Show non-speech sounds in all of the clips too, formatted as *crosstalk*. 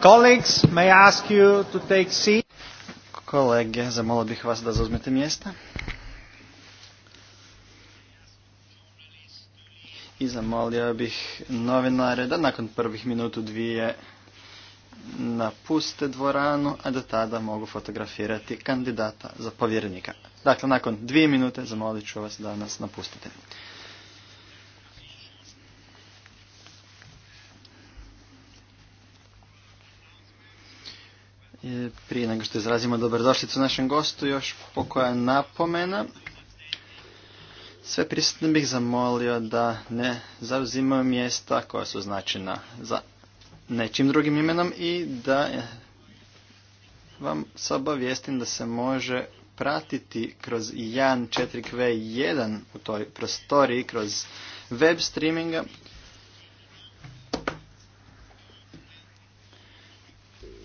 Colleagues, may I to take Kolege, zamolio bih vas da zauzmete mjesta. I zamolio bih novinare da nakon prvih minutu dvije napuste dvoranu, a da tada mogu fotografirati kandidata za povjerenika. Dakle, nakon dvije minute zamolit ću vas da nas napustite. Prije nego što izrazimo dobrodošlicu našem gostu, još pokoja napomena. Sve prisutne bih zamolio da ne zauzimaju mjesta koja su značena za nečim drugim imenom i da vam se obavijestim da se može pratiti kroz Jan 4Q1 u toj prostoriji, kroz web streaminga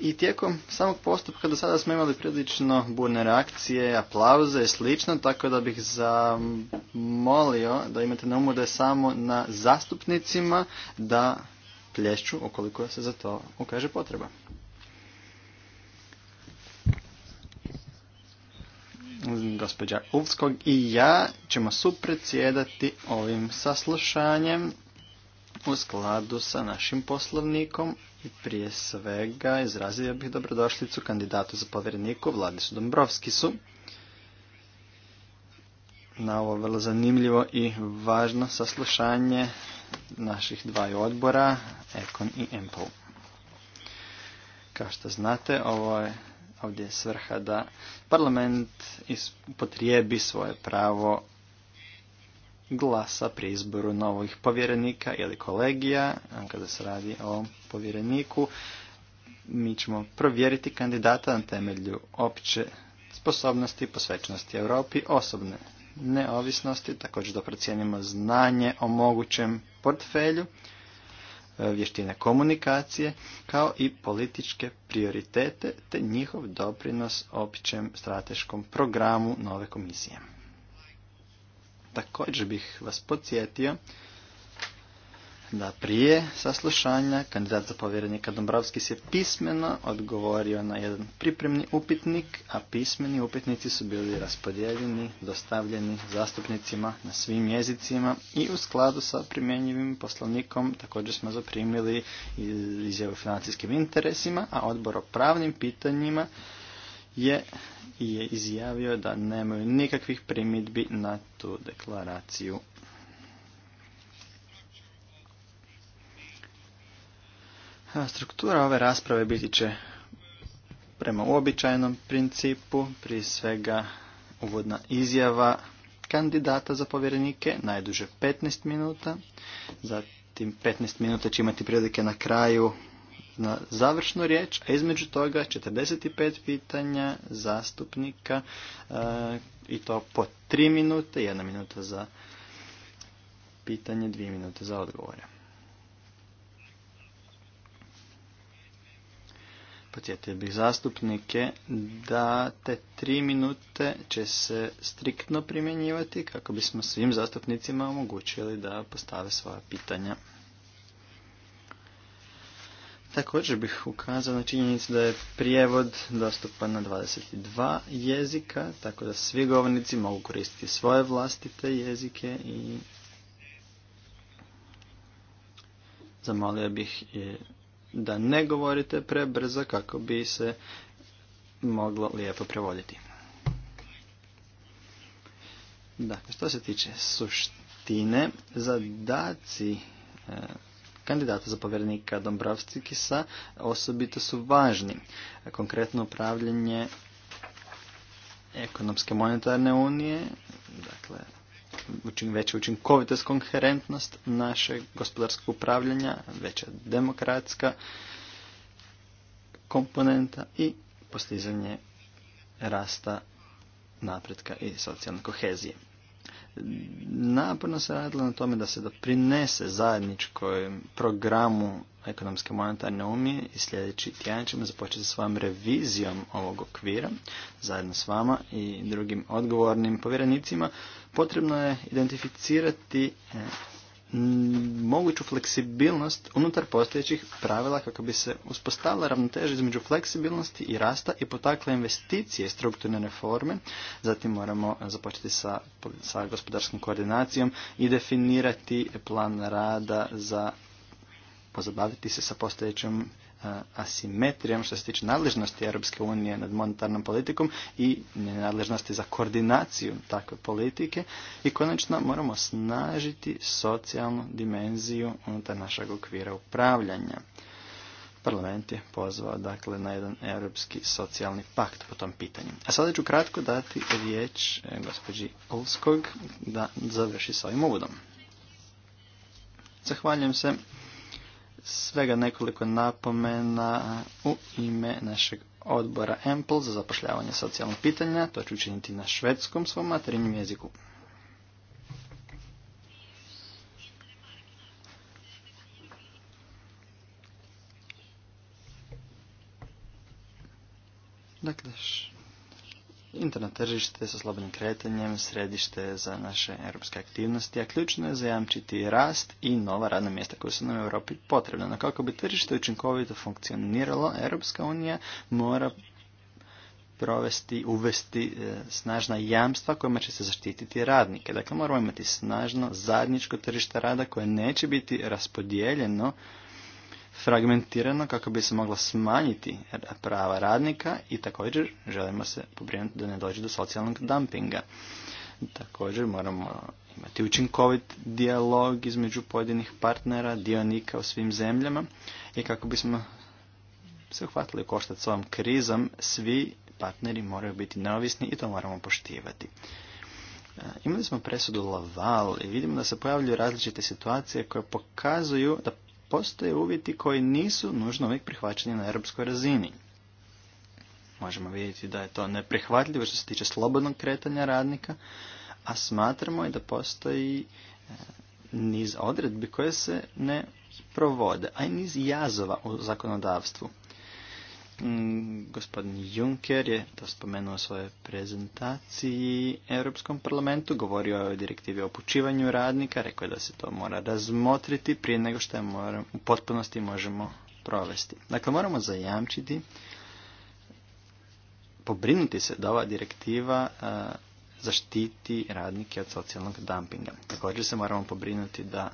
I tijekom samog postupka do sada smo imali prilično burne reakcije, aplauze i slično, tako da bih zamolio da imate na umu da je samo na zastupnicima da plješću ukoliko se za to ukaže potreba. Gospođa Ulskog i ja ćemo supredsjedati ovim saslušanjem u skladu sa našim poslovnikom i prije svega izrazio bih dobrodošlicu kandidatu za povjereniku Vladisu Dombrovskisu na ovo vrlo zanimljivo i važno saslušanje naših dvaju odbora, Ekon i Empol. Kao što znate, ovo je, ovdje je svrha da parlament potrijebi svoje pravo glasa pri izboru novih povjerenika ili kolegija, kada se radi o povjereniku, mi ćemo provjeriti kandidata na temelju opće sposobnosti i posvećenosti Europi, osobne neovisnosti, također da procijenimo znanje o mogućem portfelju, vještine komunikacije, kao i političke prioritete te njihov doprinos općem strateškom programu nove komisije. Također bih vas podsjetio da prije saslušanja kandidat za povjerenika Dombrovski se pismeno odgovorio na jedan pripremni upitnik, a pismeni upitnici su bili raspodijeljeni, dostavljeni zastupnicima na svim jezicima i u skladu sa primjenjivim poslovnikom također smo zaprimili izjavu financijskim interesima, a odbor o pravnim pitanjima je je izjavio da nemaju nikakvih primitbi na tu deklaraciju. Struktura ove rasprave biti će prema uobičajenom principu, prije svega uvodna izjava kandidata za povjerenike, najduže 15 minuta, zatim 15 minuta će imati prilike na kraju na završnu riječ, a između toga 45 pitanja zastupnika e, i to po 3 minute, jedna minuta za pitanje, 2 minute za odgovore. Podsjetio bih zastupnike da te tri minute će se striktno primjenjivati kako bismo svim zastupnicima omogućili da postave svoja pitanja. Također bih ukazao na činjenicu da je prijevod dostupan na 22 jezika, tako da svi govornici mogu koristiti svoje vlastite jezike i zamolio bih da ne govorite prebrzo kako bi se moglo lijepo prevoditi. Dakle, što se tiče suštine, zadaci e, kandidata za povjerenika Dombrovskisa osobito su važni. Konkretno upravljanje ekonomske monetarne unije, dakle učin, veća učinkovitost, konherentnost našeg gospodarskog upravljanja, veća demokratska komponenta i postizanje rasta napretka i socijalne kohezije naporno se radilo na tome da se doprinese zajedničkom programu ekonomske monetarne umije i sljedeći tjedan ćemo započeti s vam revizijom ovog okvira zajedno s vama i drugim odgovornim povjerenicima. Potrebno je identificirati moguću fleksibilnost unutar postojećih pravila kako bi se uspostavila ravnoteža između fleksibilnosti i rasta i potakle investicije strukturne reforme. Zatim moramo započeti sa, sa gospodarskom koordinacijom i definirati plan rada za pozabaviti se sa postojećom asimetrijom što se tiče nadležnosti Europske unije nad monetarnom politikom i nadležnosti za koordinaciju takve politike i konačno moramo snažiti socijalnu dimenziju unutar našeg okvira upravljanja. Parlament je pozvao dakle na jedan europski socijalni pakt po tom pitanju. A sada ću kratko dati riječ e, gospođi Olskog da završi s ovim uvodom. Zahvaljujem se svega nekoliko napomena u ime našeg odbora EMPL za zapošljavanje socijalnog pitanja. To ću učiniti na švedskom svom materinjem jeziku. Dakle, Internet tržište sa slobodnim kretanjem središte za naše europske aktivnosti, a ključno je zajamčiti rast i nova radna mjesta koja su nam u Europi potrebna. No kako bi tržište učinkovito funkcioniralo, Europska unija mora provesti, uvesti e, snažna jamstva kojima će se zaštititi radnike. Dakle, moramo imati snažno zadničko tržište rada koje neće biti raspodijeljeno fragmentirano kako bi se mogla smanjiti prava radnika i također želimo se pobrinuti da ne dođe do socijalnog dumpinga. Također moramo imati učinkovit dijalog između pojedinih partnera, dionika u svim zemljama i kako bismo se uhvatili koštati s ovom krizom, svi partneri moraju biti neovisni i to moramo poštivati. E, imali smo presudu Laval i vidimo da se pojavljuju različite situacije koje pokazuju da postoje uvjeti koji nisu nužno uvijek prihvaćeni na europskoj razini. Možemo vidjeti da je to neprihvatljivo što se tiče slobodnog kretanja radnika, a smatramo i da postoji e, niz odredbi koje se ne provode, a i niz jazova u zakonodavstvu. Mm, gospodin Juncker je to spomenuo u svojoj prezentaciji Europskom parlamentu, govorio je o direktivi o upućivanju radnika, rekao je da se to mora razmotriti prije nego što je u potpunosti možemo provesti. Dakle, moramo zajamčiti, pobrinuti se da ova direktiva zaštiti radnike od socijalnog dumpinga. Također se moramo pobrinuti da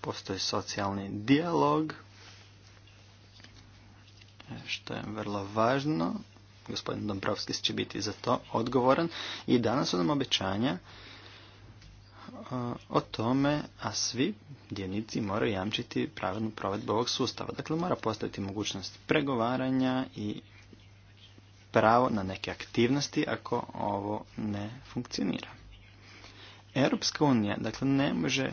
postoji socijalni dijalog, što je vrlo važno. Gospodin Dombrovski će biti za to odgovoran. I danas su nam obećanja e, o tome, a svi djenici moraju jamčiti pravilnu provedbu ovog sustava. Dakle, mora postaviti mogućnost pregovaranja i pravo na neke aktivnosti ako ovo ne funkcionira. Europska unija, dakle, ne može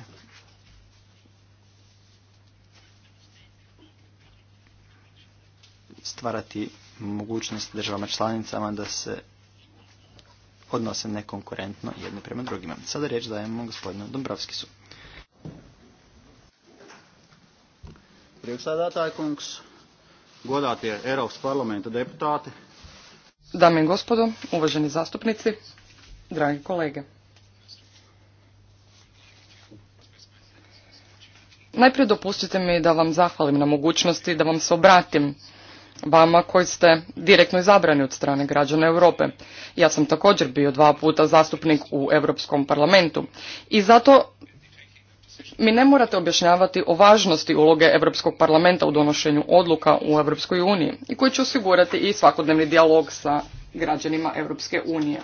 stvarati mogućnost državama članicama da se odnose nekonkurentno jedni prema drugima. Sada riječ dajemo gospodinu Dombrovskisu. Dame i gospodo, uvaženi zastupnici, dragi kolege. Najprije dopustite mi da vam zahvalim na mogućnosti da vam se obratim vama koji ste direktno izabrani od strane građana Europe. Ja sam također bio dva puta zastupnik u Europskom parlamentu i zato mi ne morate objašnjavati o važnosti uloge Europskog parlamenta u donošenju odluka u Europskoj uniji i koji će osigurati i svakodnevni dijalog sa građanima Europske unije.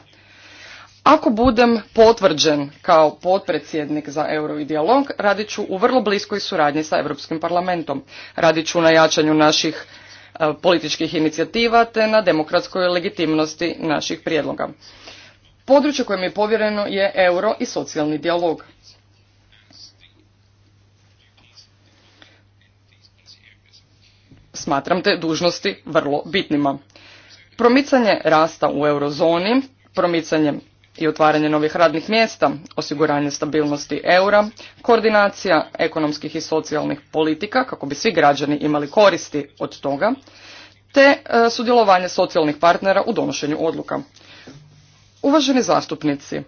Ako budem potvrđen kao potpredsjednik za euro i dijalog, radit ću u vrlo bliskoj suradnji sa Europskim parlamentom. Radit ću na jačanju naših E, političkih inicijativa te na demokratskoj legitimnosti naših prijedloga. Područje kojem je povjereno je euro i socijalni dijalog. Smatram te dužnosti vrlo bitnima. Promicanje rasta u eurozoni, promicanje i otvaranje novih radnih mjesta, osiguranje stabilnosti eura, koordinacija ekonomskih i socijalnih politika kako bi svi građani imali koristi od toga, te e, sudjelovanje socijalnih partnera u donošenju odluka. Uvaženi zastupnici,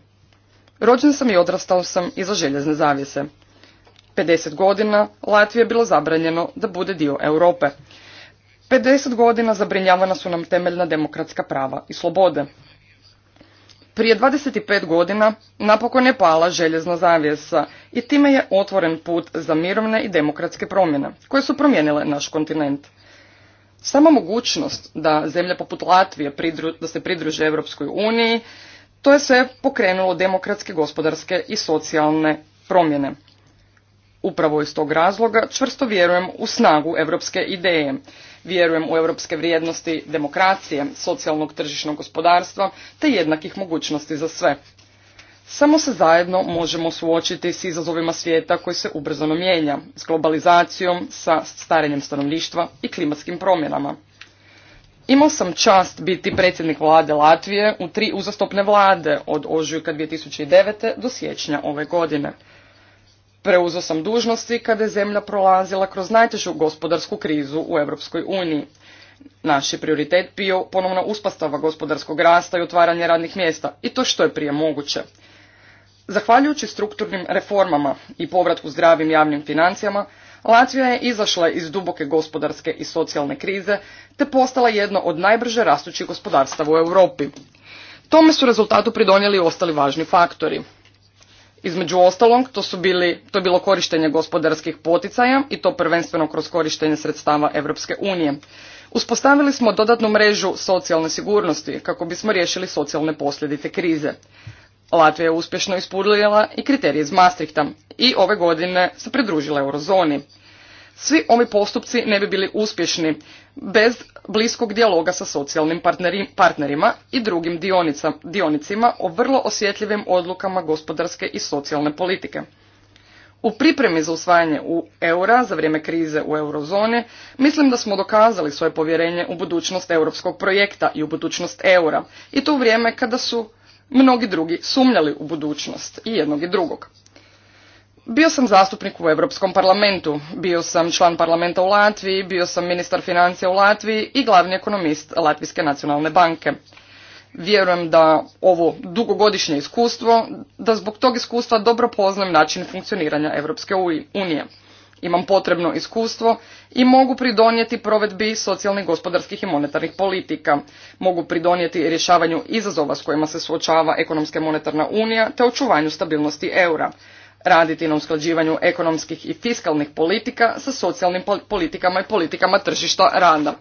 rođen sam i odrastao sam iza željezne zavjese. 50 godina Latvije je bilo zabranjeno da bude dio Europe. 50 godina zabrinjavana su nam temeljna demokratska prava i slobode. Prije 25 godina napokon je pala željezna zavijesa i time je otvoren put za mirovne i demokratske promjene koje su promijenile naš kontinent. Sama mogućnost da zemlja poput Latvije da se pridruže Europskoj uniji, to je sve pokrenulo demokratske, gospodarske i socijalne promjene. Upravo iz tog razloga čvrsto vjerujem u snagu europske ideje. Vjerujem u europske vrijednosti demokracije, socijalnog tržišnog gospodarstva te jednakih mogućnosti za sve. Samo se zajedno možemo suočiti s izazovima svijeta koji se ubrzano mijenja, s globalizacijom, sa starenjem stanovništva i klimatskim promjenama. Imao sam čast biti predsjednik vlade Latvije u tri uzastopne vlade od ožujka 2009. do siječnja ove godine. Preuzeo sam dužnosti kada je zemlja prolazila kroz najtežu gospodarsku krizu u Europskoj uniji. Naš je prioritet bio ponovno uspostava gospodarskog rasta i otvaranje radnih mjesta, i to što je prije moguće. Zahvaljujući strukturnim reformama i povratku zdravim javnim financijama, Latvija je izašla iz duboke gospodarske i socijalne krize te postala jedno od najbrže rastućih gospodarstava u Europi. Tome su rezultatu pridonijeli ostali važni faktori. Između ostalog, to, su bili, to je bilo korištenje gospodarskih poticaja i to prvenstveno kroz korištenje sredstava Europske unije. Uspostavili smo dodatnu mrežu socijalne sigurnosti kako bismo riješili socijalne posljedice krize. Latvija je uspješno ispunila i kriterije iz Maastrichta i ove godine se pridružila eurozoni svi ovi postupci ne bi bili uspješni bez bliskog dijaloga sa socijalnim partnerima i drugim dionicima o vrlo osjetljivim odlukama gospodarske i socijalne politike. U pripremi za usvajanje u eura za vrijeme krize u eurozoni mislim da smo dokazali svoje povjerenje u budućnost europskog projekta i u budućnost eura i to u vrijeme kada su mnogi drugi sumnjali u budućnost i jednog i drugog bio sam zastupnik u Europskom parlamentu, bio sam član parlamenta u Latviji, bio sam ministar financija u Latviji i glavni ekonomist Latvijske nacionalne banke. Vjerujem da ovo dugogodišnje iskustvo, da zbog tog iskustva dobro poznam način funkcioniranja Europske unije. Imam potrebno iskustvo i mogu pridonijeti provedbi socijalnih, gospodarskih i monetarnih politika. Mogu pridonijeti rješavanju izazova s kojima se suočava ekonomska monetarna unija te očuvanju stabilnosti eura raditi na usklađivanju ekonomskih i fiskalnih politika sa socijalnim politikama i politikama tržišta rada.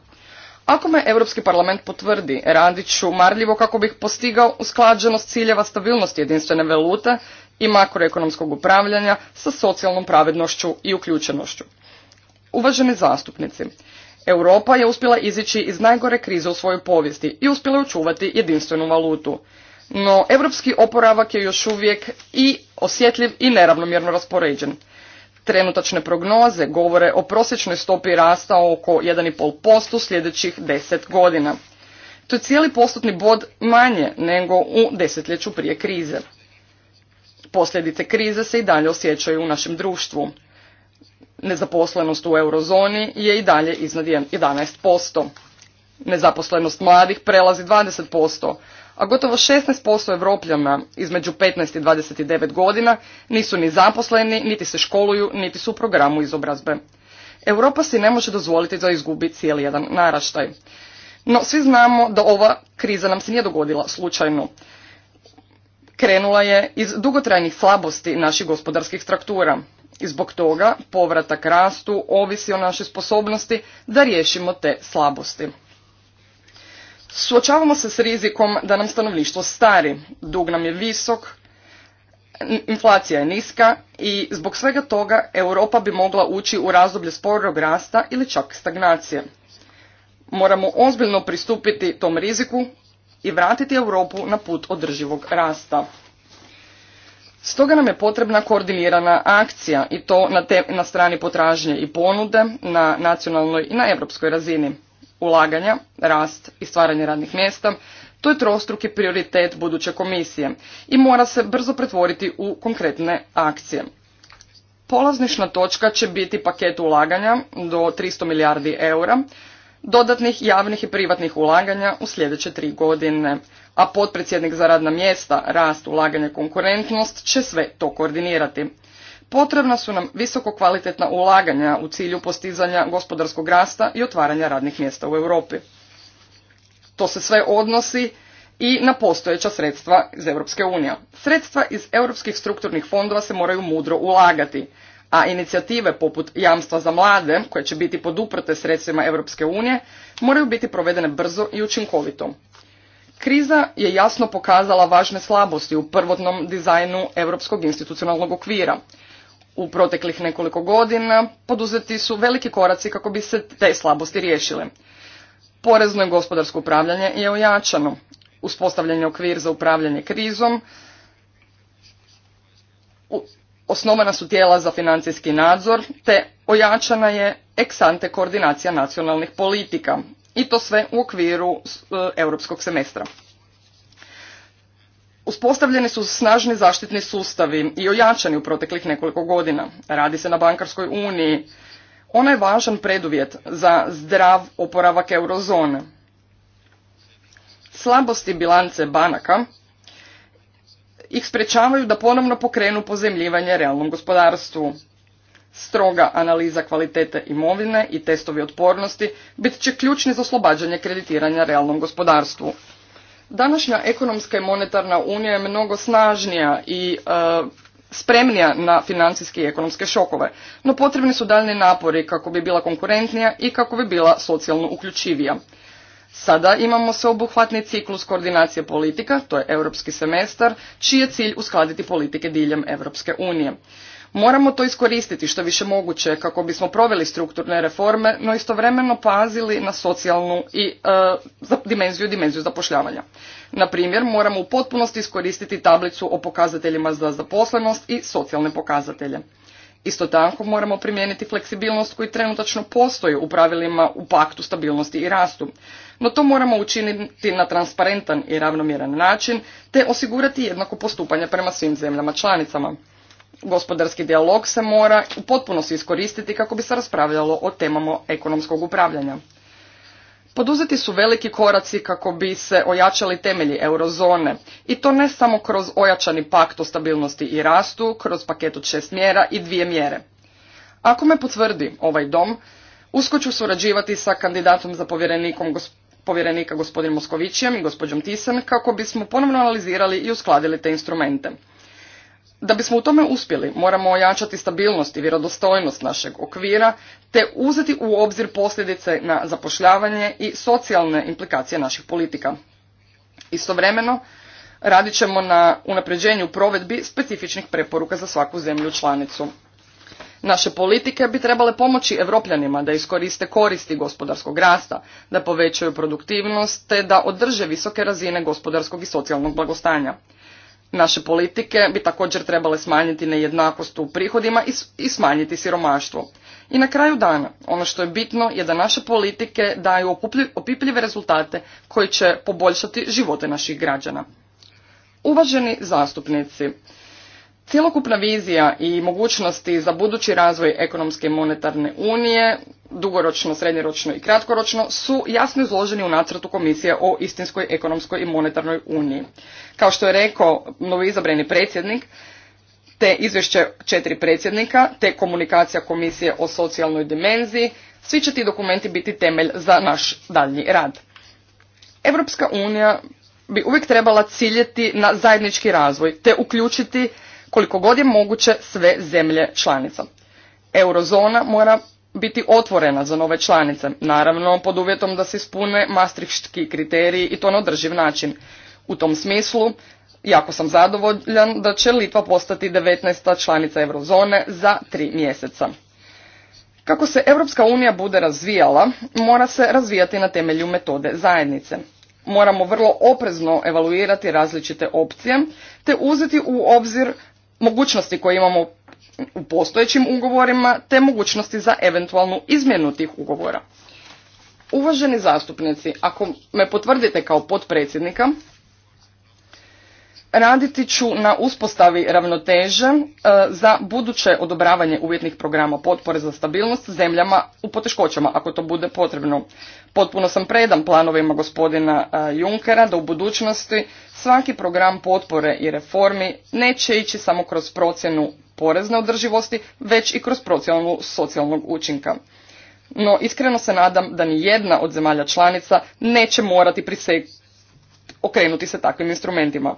Ako me Europski parlament potvrdi, radit ću marljivo kako bih postigao usklađenost ciljeva stabilnosti jedinstvene valute i makroekonomskog upravljanja sa socijalnom pravednošću i uključenošću. Uvaženi zastupnici, Europa je uspjela izići iz najgore krize u svojoj povijesti i uspjela je očuvati jedinstvenu valutu. No, europski oporavak je još uvijek i osjetljiv i neravnomjerno raspoređen. Trenutačne prognoze govore o prosječnoj stopi rasta oko 1,5% sljedećih 10 godina. To je cijeli postotni bod manje nego u desetljeću prije krize. Posljedice krize se i dalje osjećaju u našem društvu. Nezaposlenost u eurozoni je i dalje iznad 11%. Nezaposlenost mladih prelazi 20%, a gotovo 16% Evropljana između 15 i 29 godina nisu ni zaposleni, niti se školuju, niti su u programu izobrazbe. Europa si ne može dozvoliti da izgubi cijeli jedan naraštaj. No, svi znamo da ova kriza nam se nije dogodila slučajno. Krenula je iz dugotrajnih slabosti naših gospodarskih struktura. I zbog toga povratak rastu ovisi o našoj sposobnosti da riješimo te slabosti. Suočavamo se s rizikom da nam stanovništvo stari, dug nam je visok, inflacija je niska i zbog svega toga Europa bi mogla ući u razdoblje sporog rasta ili čak stagnacije. Moramo ozbiljno pristupiti tom riziku i vratiti Europu na put održivog rasta. Stoga nam je potrebna koordinirana akcija i to na, na strani potražnje i ponude na nacionalnoj i na europskoj razini ulaganja, rast i stvaranje radnih mjesta, to je trostruki prioritet buduće komisije i mora se brzo pretvoriti u konkretne akcije. Polaznišna točka će biti paket ulaganja do 300 milijardi eura, dodatnih javnih i privatnih ulaganja u sljedeće tri godine, a potpredsjednik za radna mjesta, rast, ulaganje, konkurentnost će sve to koordinirati. Potrebna su nam visoko kvalitetna ulaganja u cilju postizanja gospodarskog rasta i otvaranja radnih mjesta u Europi. To se sve odnosi i na postojeća sredstva iz Europske unije. Sredstva iz europskih strukturnih fondova se moraju mudro ulagati, a inicijative poput jamstva za mlade, koje će biti poduprte sredstvima Europske unije, moraju biti provedene brzo i učinkovito. Kriza je jasno pokazala važne slabosti u prvotnom dizajnu europskog institucionalnog okvira – u proteklih nekoliko godina poduzeti su veliki koraci kako bi se te slabosti riješile. Porezno i gospodarsko upravljanje je ojačano. Uspostavljen je okvir za upravljanje krizom. Osnovana su tijela za financijski nadzor, te ojačana je eksante koordinacija nacionalnih politika. I to sve u okviru e, europskog semestra. Uspostavljeni su snažni zaštitni sustavi i ojačani u proteklih nekoliko godina. Radi se na bankarskoj uniji. Ona je važan preduvjet za zdrav oporavak eurozone. Slabosti bilance banaka ih sprečavaju da ponovno pokrenu pozemljivanje realnom gospodarstvu. Stroga analiza kvalitete imovine i testovi otpornosti bit će ključni za oslobađanje kreditiranja realnom gospodarstvu. Današnja ekonomska i monetarna unija je mnogo snažnija i e, spremnija na financijske i ekonomske šokove, no potrebni su daljni napori kako bi bila konkurentnija i kako bi bila socijalno uključivija. Sada imamo sveobuhvatni ciklus koordinacije politika, to je europski semestar, čiji je cilj uskladiti politike diljem Europske unije. Moramo to iskoristiti što više moguće kako bismo proveli strukturne reforme, no istovremeno pazili na socijalnu i e, dimenziju, dimenziju zapošljavanja. Na primjer, moramo u potpunosti iskoristiti tablicu o pokazateljima za zaposlenost i socijalne pokazatelje. Isto tako moramo primijeniti fleksibilnost koji trenutačno postoji u pravilima u paktu stabilnosti i rastu, no to moramo učiniti na transparentan i ravnomjeran način te osigurati jednako postupanje prema svim zemljama članicama. Gospodarski dijalog se mora u potpunosti iskoristiti kako bi se raspravljalo o temama ekonomskog upravljanja. Poduzeti su veliki koraci kako bi se ojačali temelji eurozone i to ne samo kroz ojačani pakt o stabilnosti i rastu, kroz paket od šest mjera i dvije mjere. Ako me potvrdi ovaj dom, usko ću surađivati sa kandidatom za povjerenikom povjerenika gospodinom Moskovićem i gospođom Tisen kako bismo ponovno analizirali i uskladili te instrumente. Da bismo u tome uspjeli, moramo ojačati stabilnost i vjerodostojnost našeg okvira, te uzeti u obzir posljedice na zapošljavanje i socijalne implikacije naših politika. Istovremeno, radit ćemo na unapređenju provedbi specifičnih preporuka za svaku zemlju članicu. Naše politike bi trebale pomoći evropljanima da iskoriste koristi gospodarskog rasta, da povećaju produktivnost te da održe visoke razine gospodarskog i socijalnog blagostanja. Naše politike bi također trebale smanjiti nejednakost u prihodima i smanjiti siromaštvo. I na kraju dana, ono što je bitno je da naše politike daju opipljive rezultate koji će poboljšati živote naših građana. Uvaženi zastupnici, Cjelokupna vizija i mogućnosti za budući razvoj ekonomske i monetarne unije, dugoročno, srednjeročno i kratkoročno, su jasno izloženi u nacrtu Komisije o istinskoj ekonomskoj i monetarnoj uniji. Kao što je rekao novoizabrani predsjednik, te izvješće četiri predsjednika, te komunikacija Komisije o socijalnoj dimenziji, svi će ti dokumenti biti temelj za naš daljnji rad. Europska unija bi uvijek trebala ciljeti na zajednički razvoj, te uključiti koliko god je moguće sve zemlje članica. Eurozona mora biti otvorena za nove članice, naravno pod uvjetom da se ispune mastrištki kriteriji i to na održiv način. U tom smislu, jako sam zadovoljan da će Litva postati 19. članica eurozone za tri mjeseca. Kako se Europska unija bude razvijala, mora se razvijati na temelju metode zajednice. Moramo vrlo oprezno evaluirati različite opcije, te uzeti u obzir mogućnosti koje imamo u postojećim ugovorima te mogućnosti za eventualnu izmjenu tih ugovora. Uvaženi zastupnici, ako me potvrdite kao potpredsjednika, Raditi ću na uspostavi ravnoteže e, za buduće odobravanje uvjetnih programa potpore za stabilnost zemljama u poteškoćama, ako to bude potrebno. Potpuno sam predan planovima gospodina e, Junkera da u budućnosti svaki program potpore i reformi neće ići samo kroz procjenu porezne održivosti, već i kroz procjenu socijalnog učinka. No, iskreno se nadam da ni jedna od zemalja članica neće morati priseg okrenuti se takvim instrumentima.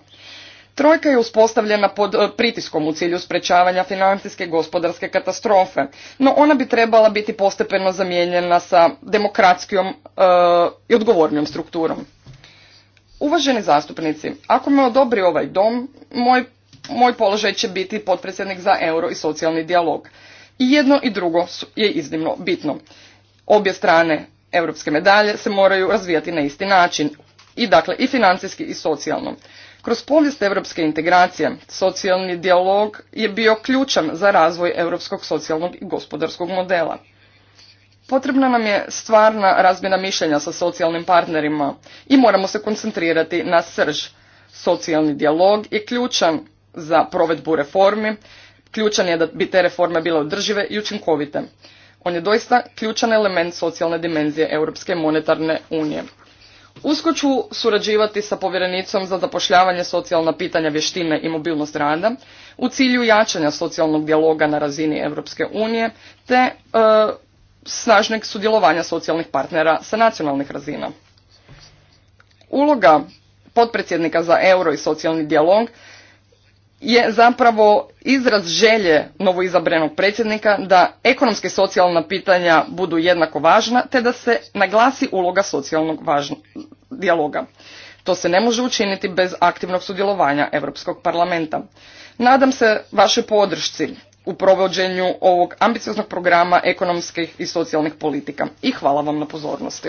Trojka je uspostavljena pod e, pritiskom u cilju sprečavanja financijske gospodarske katastrofe, no ona bi trebala biti postepeno zamijenjena sa demokratskijom e, i odgovornijom strukturom. Uvaženi zastupnici, ako me odobri ovaj dom, moj, položaj će biti potpredsjednik za euro i socijalni dijalog. I jedno i drugo je iznimno bitno. Obje strane europske medalje se moraju razvijati na isti način, i dakle i financijski i socijalno. Kroz povijest europske integracije socijalni dijalog je bio ključan za razvoj europskog socijalnog i gospodarskog modela. Potrebna nam je stvarna razmjena mišljenja sa socijalnim partnerima i moramo se koncentrirati na srž. Socijalni dijalog je ključan za provedbu reformi, ključan je da bi te reforme bile održive i učinkovite. On je doista ključan element socijalne dimenzije Europske monetarne unije. Usko ću surađivati sa povjerenicom za zapošljavanje socijalna pitanja vještine i mobilnost rada u cilju jačanja socijalnog dijaloga na razini Europske unije te e, snažnog sudjelovanja socijalnih partnera sa nacionalnih razina. Uloga potpredsjednika za euro i socijalni dijalog je zapravo izraz želje novoizabranog predsjednika da ekonomske i socijalna pitanja budu jednako važna te da se naglasi uloga socijalnog dijaloga. To se ne može učiniti bez aktivnog sudjelovanja Europskog parlamenta. Nadam se vašoj podršci u provođenju ovog ambicioznog programa ekonomskih i socijalnih politika i hvala vam na pozornosti.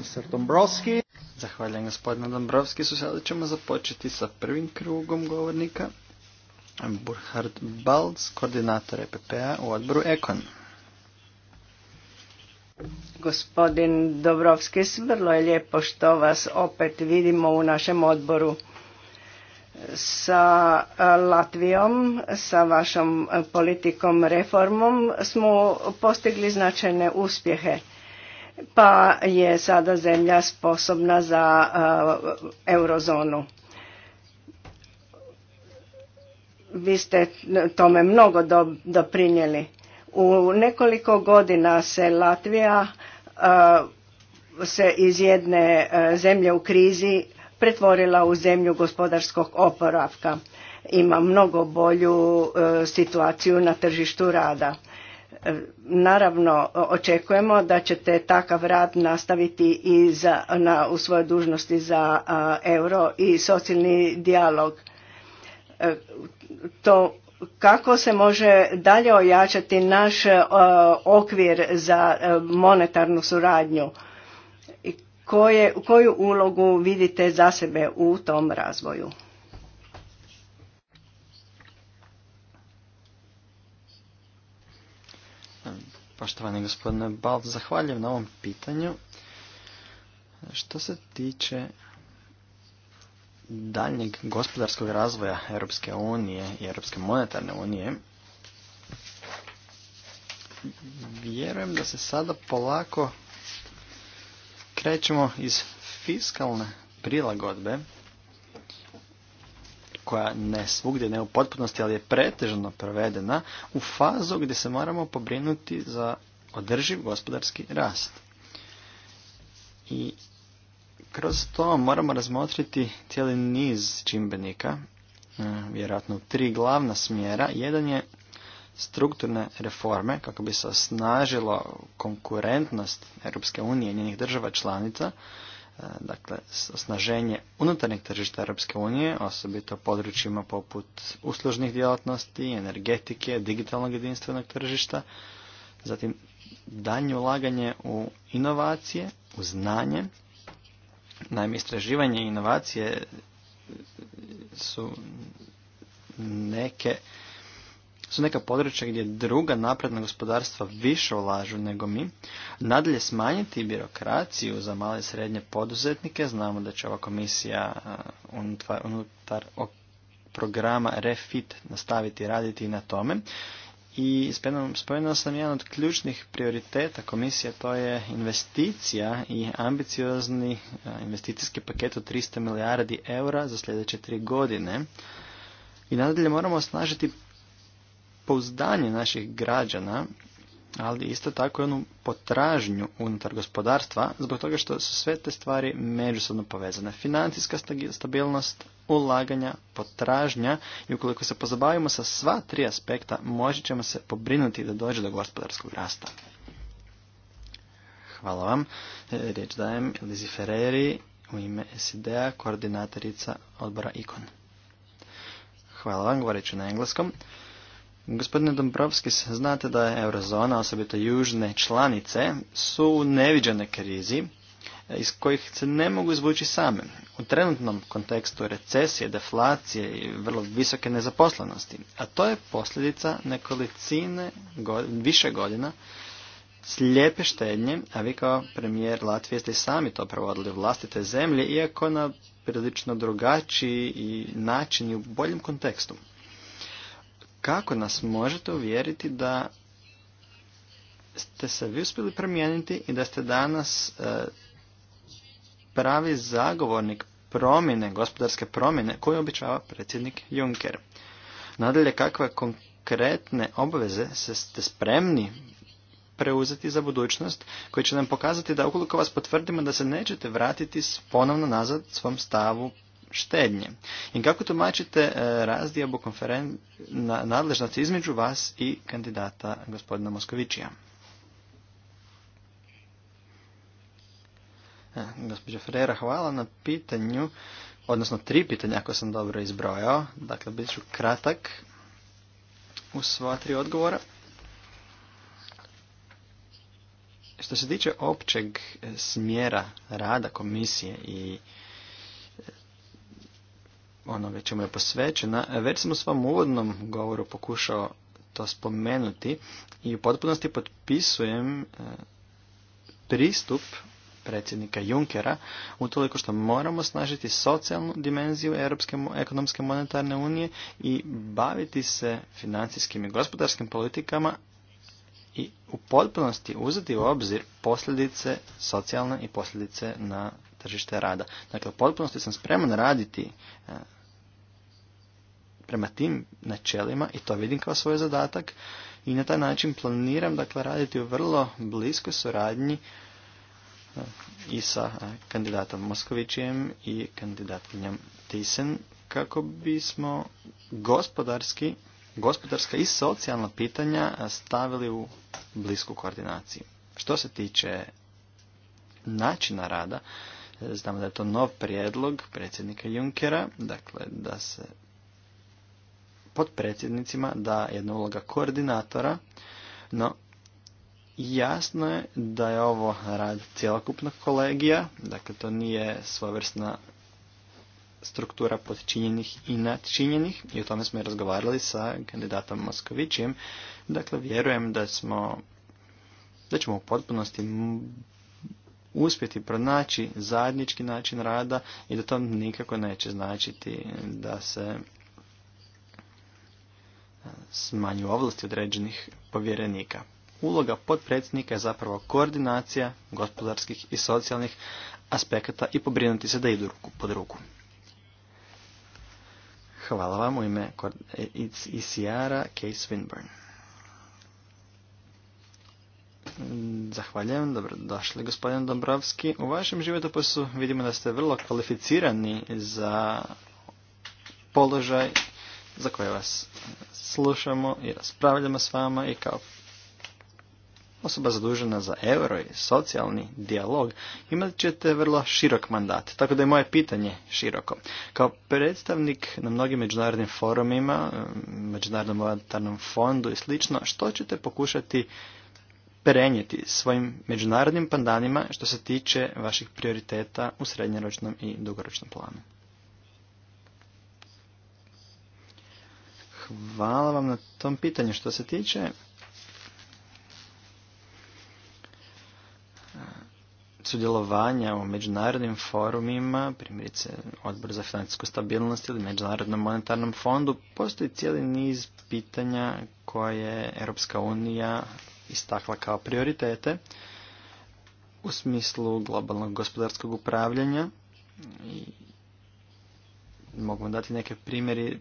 Mr. Dombrovski. Zahvaljujem gospodine Dombrovski. sada ćemo započeti sa prvim krugom govornika. Burhard Balz, koordinator EPP-a u odboru Ekon. Gospodin Dobrovski, vrlo je lijepo što vas opet vidimo u našem odboru sa Latvijom, sa vašom politikom reformom smo postigli značajne uspjehe pa je sada zemlja sposobna za eh, eurozonu. Vi ste tome mnogo doprinijeli. U nekoliko godina se Latvija eh, se iz jedne eh, zemlje u krizi pretvorila u zemlju gospodarskog oporavka. Ima mnogo bolju situaciju na tržištu rada Naravno, očekujemo da ćete takav rad nastaviti i za, na, u svojoj dužnosti za euro i socijalni dijalog. E, to kako se može dalje ojačati naš e, okvir za e, monetarnu suradnju i koje, koju ulogu vidite za sebe u tom razvoju? Poštovani gospodine Balt, zahvaljujem na ovom pitanju. Što se tiče daljnjeg gospodarskog razvoja Europske unije i Europske monetarne unije, vjerujem da se sada polako krećemo iz fiskalne prilagodbe koja ne svugdje, ne u potpunosti, ali je pretežno provedena u fazu gdje se moramo pobrinuti za održiv gospodarski rast. I kroz to moramo razmotriti cijeli niz čimbenika, e, vjerojatno tri glavna smjera. Jedan je strukturne reforme kako bi se osnažilo konkurentnost Europske unije i njenih država članica, E, dakle, osnaženje unutarnjeg tržišta Europske unije, osobito područjima poput uslužnih djelatnosti, energetike, digitalnog jedinstvenog tržišta, zatim danje ulaganje u inovacije, u znanje. Naime, istraživanje i inovacije su neke su neka područja gdje druga napredna gospodarstva više ulažu nego mi. Nadalje smanjiti birokraciju za male i srednje poduzetnike. Znamo da će ova komisija uh, unutar programa Refit nastaviti raditi i na tome. I spomenuo sam jedan od ključnih prioriteta komisije, to je investicija i ambiciozni uh, investicijski paket od 300 milijardi eura za sljedeće tri godine. I nadalje moramo osnažiti pouzdanje naših građana, ali isto tako i onu potražnju unutar gospodarstva, zbog toga što su sve te stvari međusobno povezane. Financijska stabilnost, ulaganja, potražnja i ukoliko se pozabavimo sa sva tri aspekta, moći ćemo se pobrinuti da dođe do gospodarskog rasta. Hvala vam. E, riječ dajem Ferreri u ime sid koordinatorica odbora ICON. Hvala vam, govorit ću na engleskom. Gospodine Dombrovskis, znate da je eurozona, osobito južne članice, su u neviđene krizi iz kojih se ne mogu izvući same. U trenutnom kontekstu recesije, deflacije i vrlo visoke nezaposlenosti. A to je posljedica nekolicine više godina slijepe štednje, a vi kao premijer Latvije ste sami to provodili u vlastite zemlje, iako na prilično drugačiji način i u boljem kontekstu kako nas možete uvjeriti da ste se vi uspjeli promijeniti i da ste danas e, pravi zagovornik promjene, gospodarske promjene koju običava predsjednik Juncker. Nadalje, kakve konkretne obveze ste spremni preuzeti za budućnost, koji će nam pokazati da ukoliko vas potvrdimo da se nećete vratiti ponovno nazad svom stavu štednje. I kako tumačite eh, razdijabu konferen... na nadležnosti između vas i kandidata gospodina Moskovićija? Gospođo eh, gospođa Ferreira, hvala na pitanju, odnosno tri pitanja ako sam dobro izbrojao. Dakle, bit ću kratak u sva tri odgovora. Što se tiče općeg eh, smjera rada komisije i ono čemu je posvećena. Već sam u svom uvodnom govoru pokušao to spomenuti i u potpunosti potpisujem e, pristup predsjednika Junkera utoliko što moramo snažiti socijalnu dimenziju Europske ekonomske monetarne unije i baviti se financijskim i gospodarskim politikama i u potpunosti uzeti u obzir posljedice socijalne i posljedice na tržište rada. Dakle, u potpunosti sam spreman raditi e, prema tim načelima i to vidim kao svoj zadatak i na taj način planiram dakle, raditi u vrlo bliskoj suradnji e, i sa e, kandidatom Moskovićem i kandidatkinjom Tisen kako bismo gospodarski, gospodarska i socijalna pitanja stavili u blisku koordinaciju. Što se tiče načina rada, Znamo da je to nov prijedlog predsjednika Junkera, dakle da se predsjednicima da jedna uloga koordinatora, no jasno je da je ovo rad cjelokupnog kolegija, dakle to nije svojevrsna struktura podčinjenih i nadčinjenih i o tome smo i razgovarali sa kandidatom Moskovićem. Dakle, vjerujem da smo da ćemo u potpunosti uspjeti pronaći zajednički način rada i da to nikako neće značiti da se e, smanju ovlasti određenih povjerenika. Uloga potpredsjednika je zapravo koordinacija gospodarskih i socijalnih aspekata i pobrinuti se da idu ruku pod ruku. Hvala vam u ime ICR-a Case Winburn. Zahvaljujem, dobrodošli gospodin Dombrovski. U vašem životopisu vidimo da ste vrlo kvalificirani za položaj za koje vas slušamo i raspravljamo s vama i kao osoba zadužena za euro i socijalni dijalog, imat ćete vrlo širok mandat, tako da je moje pitanje široko. Kao predstavnik na mnogim međunarodnim forumima, Međunarodnom monetarnom fondu i slično, što ćete pokušati prenijeti svojim međunarodnim pandanima što se tiče vaših prioriteta u srednjoročnom i dugoročnom planu. Hvala vam na tom pitanju. Što se tiče sudjelovanja u međunarodnim forumima, primjerice Odbor za financijsku stabilnost ili Međunarodnom monetarnom fondu, postoji cijeli niz pitanja koje Europska unija istakla kao prioritete u smislu globalnog gospodarskog upravljanja i mogu vam dati neke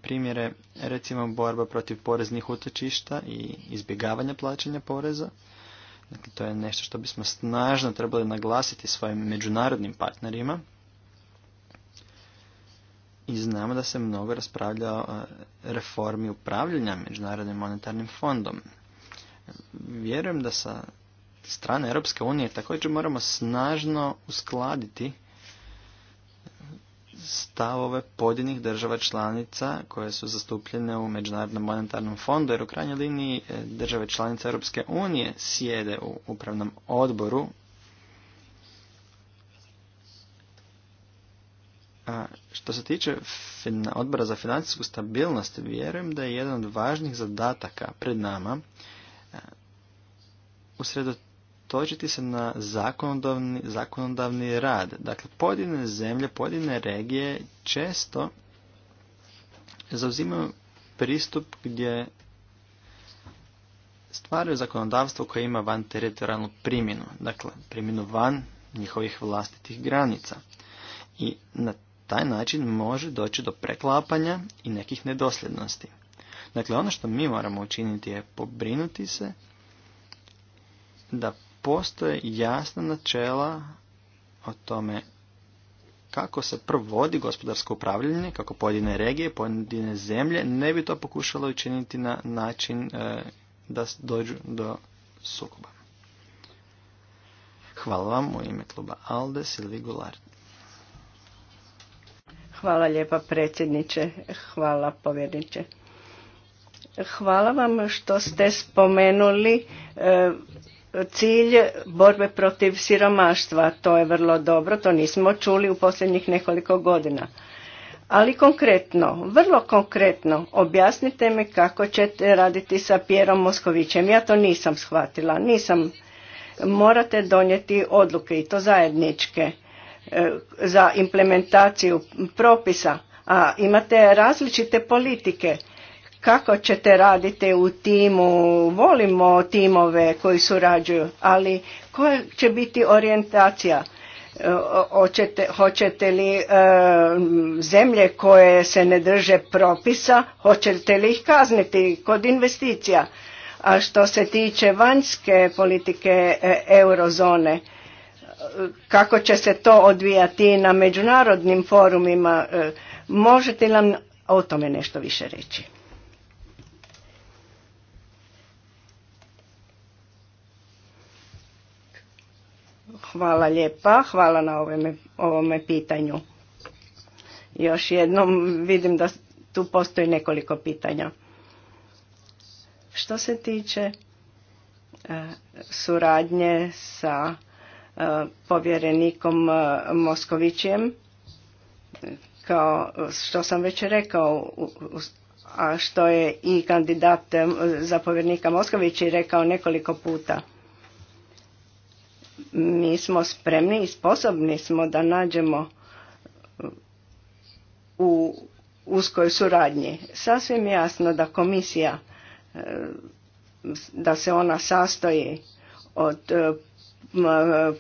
primjere, recimo borba protiv poreznih utočišta i izbjegavanja plaćanja poreza. Dakle, to je nešto što bismo snažno trebali naglasiti svojim međunarodnim partnerima. I znamo da se mnogo raspravlja o e, reformi upravljanja Međunarodnim monetarnim fondom vjerujem da sa strane Europske unije također moramo snažno uskladiti stavove pojedinih država članica koje su zastupljene u Međunarodnom monetarnom fondu, jer u krajnjoj liniji e, države članice Europske unije sjede u upravnom odboru A što se tiče odbora za financijsku stabilnost, vjerujem da je jedan od važnih zadataka pred nama usredotočiti se na zakonodavni, zakonodavni rad. Dakle, pojedine zemlje, pojedine regije često zauzimaju pristup gdje stvaraju zakonodavstvo koje ima van teritorijalnu primjenu, dakle primjenu van njihovih vlastitih granica. I na taj način može doći do preklapanja i nekih nedosljednosti. Dakle, ono što mi moramo učiniti je pobrinuti se da postoje jasna načela o tome kako se provodi gospodarsko upravljanje, kako pojedine regije, pojedine zemlje ne bi to pokušalo učiniti na način e, da dođu do sukoba. Hvala vam u ime kluba Alde Silvi Hvala lijepa predsjedniče, hvala povjedniče. Hvala vam što ste spomenuli e, cilj borbe protiv siromaštva. To je vrlo dobro, to nismo čuli u posljednjih nekoliko godina. Ali konkretno, vrlo konkretno, objasnite mi kako ćete raditi sa Pjerom Moskovićem. Ja to nisam shvatila, nisam. Morate donijeti odluke i to zajedničke e, za implementaciju propisa, a imate različite politike kako ćete raditi u timu, volimo timove koji surađuju, ali koja će biti orijentacija? Hoćete, e, hoćete li e, zemlje koje se ne drže propisa, hoćete li ih kazniti kod investicija? A što se tiče vanjske politike e, eurozone, kako će se to odvijati na međunarodnim forumima, možete li nam o tome nešto više reći? Hvala lijepa, hvala na ovome, pitanju. Još jednom vidim da tu postoji nekoliko pitanja. Što se tiče e, suradnje sa e, povjerenikom e, Moskovićem, kao što sam već rekao, a što je i kandidat za povjerenika Mosković rekao nekoliko puta mi smo spremni i sposobni smo da nađemo u uskoj suradnji. Sasvim jasno da komisija, e, da se ona sastoji od e,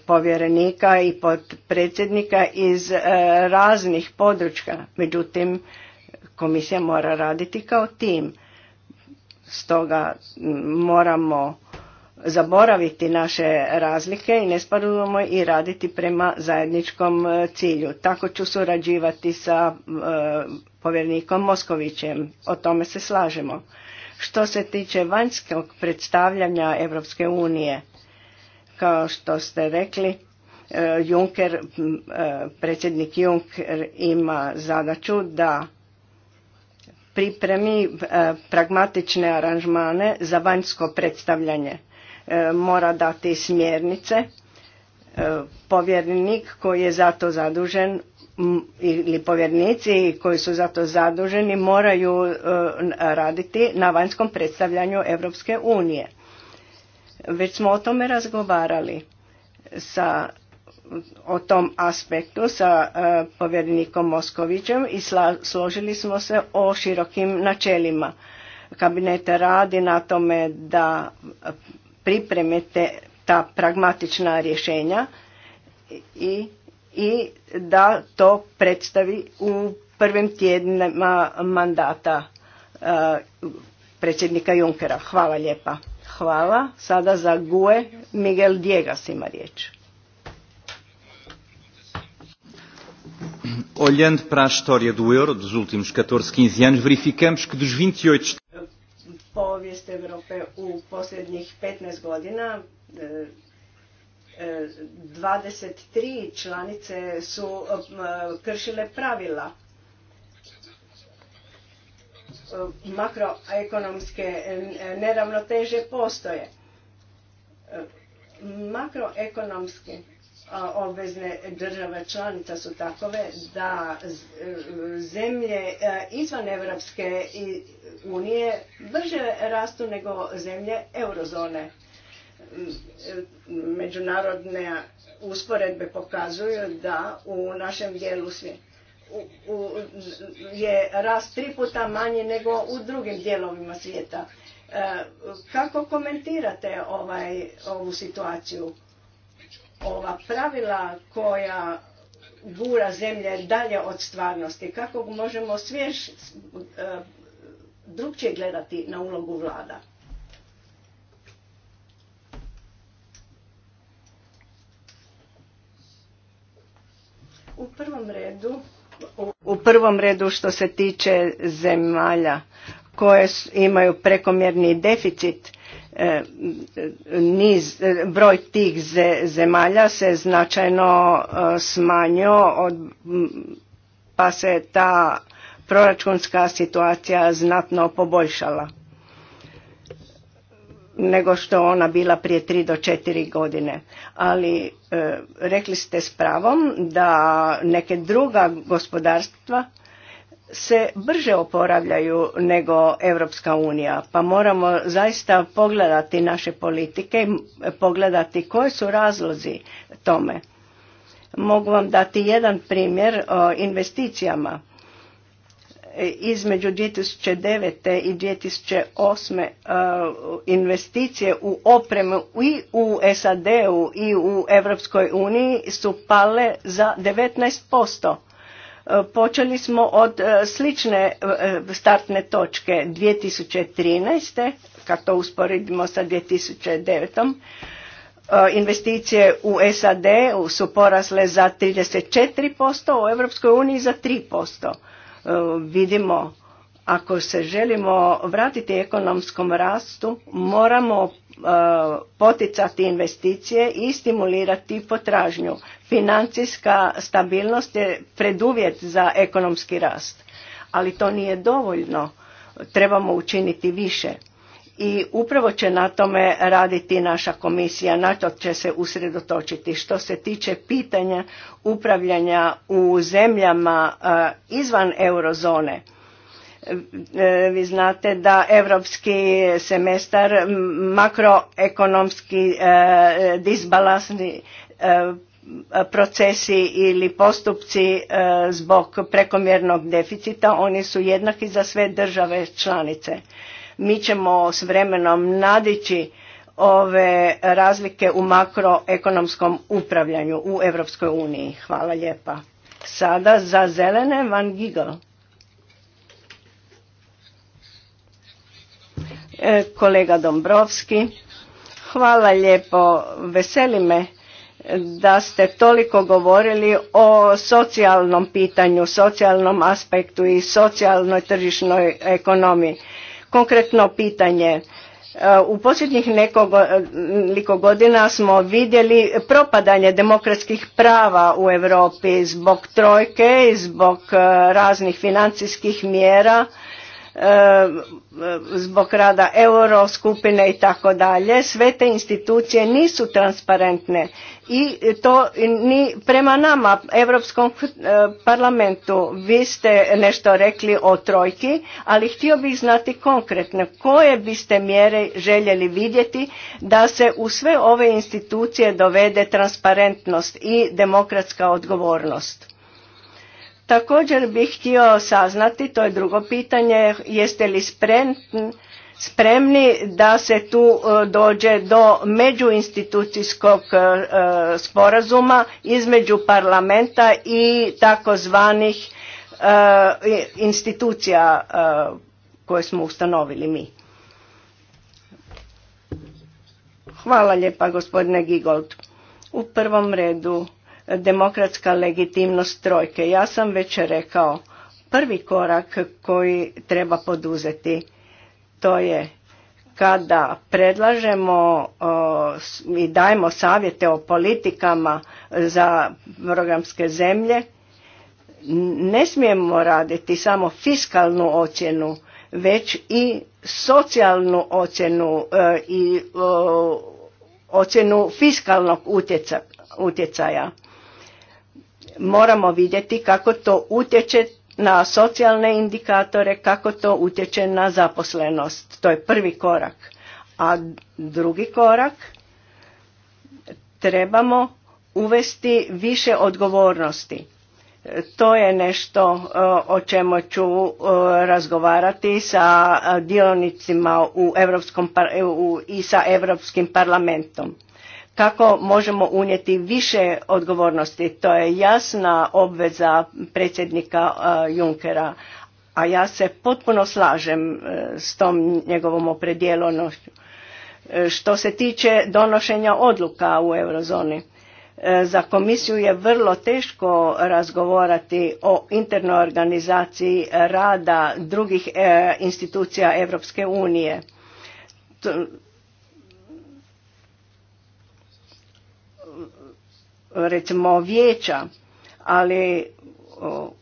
povjerenika i predsjednika iz e, raznih područja. Međutim, komisija mora raditi kao tim. Stoga moramo zaboraviti naše razlike i ne spadujemo i raditi prema zajedničkom e, cilju. Tako ću surađivati sa e, povjernikom Moskovićem. O tome se slažemo. Što se tiče vanjskog predstavljanja Europske unije, kao što ste rekli, e, Juncker, predsjednik Juncker ima zadaću da pripremi pragmatične aranžmane za vanjsko predstavljanje E, mora dati smjernice. E, povjernik koji je za to zadužen ili povjernici koji su za to zaduženi moraju e, raditi na vanjskom predstavljanju Europske unije. Već smo o tome razgovarali sa o tom aspektu sa povjerenikom Moskovićem i složili smo se o širokim načelima. Kabinete radi na tome da pripremite ta pragmatična rješenja i, i da to predstavi u prvim tjednima mandata e, predsjednika Junkera. Hvala lijepa. Hvala. Sada za GUE Miguel Diegas ima riječ. Olhando para a história do euro dos últimos 14, 15 anos, verificamos que dos 28 povijest Europe u posljednjih 15 godina. 23 e, e, članice su kršile pravila e, makroekonomske neravnoteže postoje. Makroekonomske obvezne države članica su takove da e, zemlje e, izvan europske unije brže rastu nego zemlje eurozone. Mm, e, međunarodne usporedbe pokazuju da u našem dijelu je rast tri puta manji nego u drugim dijelovima svijeta. Kako komentirate ovaj, ovu situaciju? ova pravila koja gura zemlje dalje od stvarnosti, kako možemo svjež e, drugčije gledati na ulogu vlada. U prvom redu u prvom redu što se tiče zemalja koje imaju prekomjerni deficit E, niz, e, broj tih zemalja se značajno e, smanjio od, pa se ta proračunska situacija znatno poboljšala nego što ona bila prije tri do četiri godine. Ali rekli ste s pravom da neke druga gospodarstva se brže oporavljaju nego Europska unija, pa moramo zaista pogledati naše politike, i pogledati koji su razlozi tome. Mogu vam dati jedan primjer o investicijama. E, između 2009. i 2008. E, investicije u opremu i u SAD-u i u Europskoj uniji su pale za 19%. Počeli smo od e, slične e, startne točke 2013. kad to usporedimo sa 2009. E, investicije u SAD su porasle za 34%, u Europskoj uniji za 3%. Vidimo, ako se želimo vratiti ekonomskom rastu, moramo poticati investicije i stimulirati potražnju. Financijska stabilnost je preduvjet za ekonomski rast, ali to nije dovoljno. Trebamo učiniti više. I upravo će na tome raditi naša komisija, na to će se usredotočiti. Što se tiče pitanja upravljanja u zemljama eh, izvan eurozone, eh, vi znate da europski semestar makroekonomski eh, disbalansni procesi ili postupci e, zbog prekomjernog deficita, oni su jednaki za sve države članice. Mi ćemo s vremenom nadići ove razlike u makroekonomskom upravljanju u Europskoj uniji. Hvala lijepa. Sada za zelene Van Giegel. E, kolega Dombrovski, hvala lijepo, veseli me da ste toliko govorili o socijalnom pitanju, socijalnom aspektu i socijalnoj tržišnoj ekonomiji. Konkretno pitanje, e, u posljednjih nekoliko godina smo vidjeli propadanje demokratskih prava u Europi zbog trojke, zbog e, raznih financijskih mjera, E, zbog rada euro skupine i tako dalje. Sve te institucije nisu transparentne i to ni prema nama, Europskom e, parlamentu. Vi ste nešto rekli o trojki, ali htio bih znati konkretno koje biste mjere željeli vidjeti da se u sve ove institucije dovede transparentnost i demokratska odgovornost. Također bih htio saznati, to je drugo pitanje, jeste li spremni da se tu e, dođe do međuinstitucijskog e, sporazuma između parlamenta i takozvanih e, institucija koje smo ustanovili mi. Hvala lijepa gospodine Gigold. U prvom redu demokratska legitimnost trojke. Ja sam već rekao, prvi korak koji treba poduzeti to je kada predlažemo i dajemo savjete o politikama za programske zemlje, ne smijemo raditi samo fiskalnu ocjenu, već i socijalnu ocjenu e, i ocjenu fiskalnog utjecaja moramo vidjeti kako to utječe na socijalne indikatore, kako to utječe na zaposlenost. To je prvi korak. A drugi korak, trebamo uvesti više odgovornosti. To je nešto o čemu ću razgovarati sa dionicima u europskom i sa Europskim parlamentom. Kako možemo unijeti više odgovornosti? To je jasna obveza predsjednika e, Junkera, a ja se potpuno slažem e, s tom njegovom opredjelonošću. E, što se tiče donošenja odluka u eurozoni, za komisiju je vrlo teško razgovarati o internoj organizaciji rada drugih institucija Europske unije. recimo vijeća, ali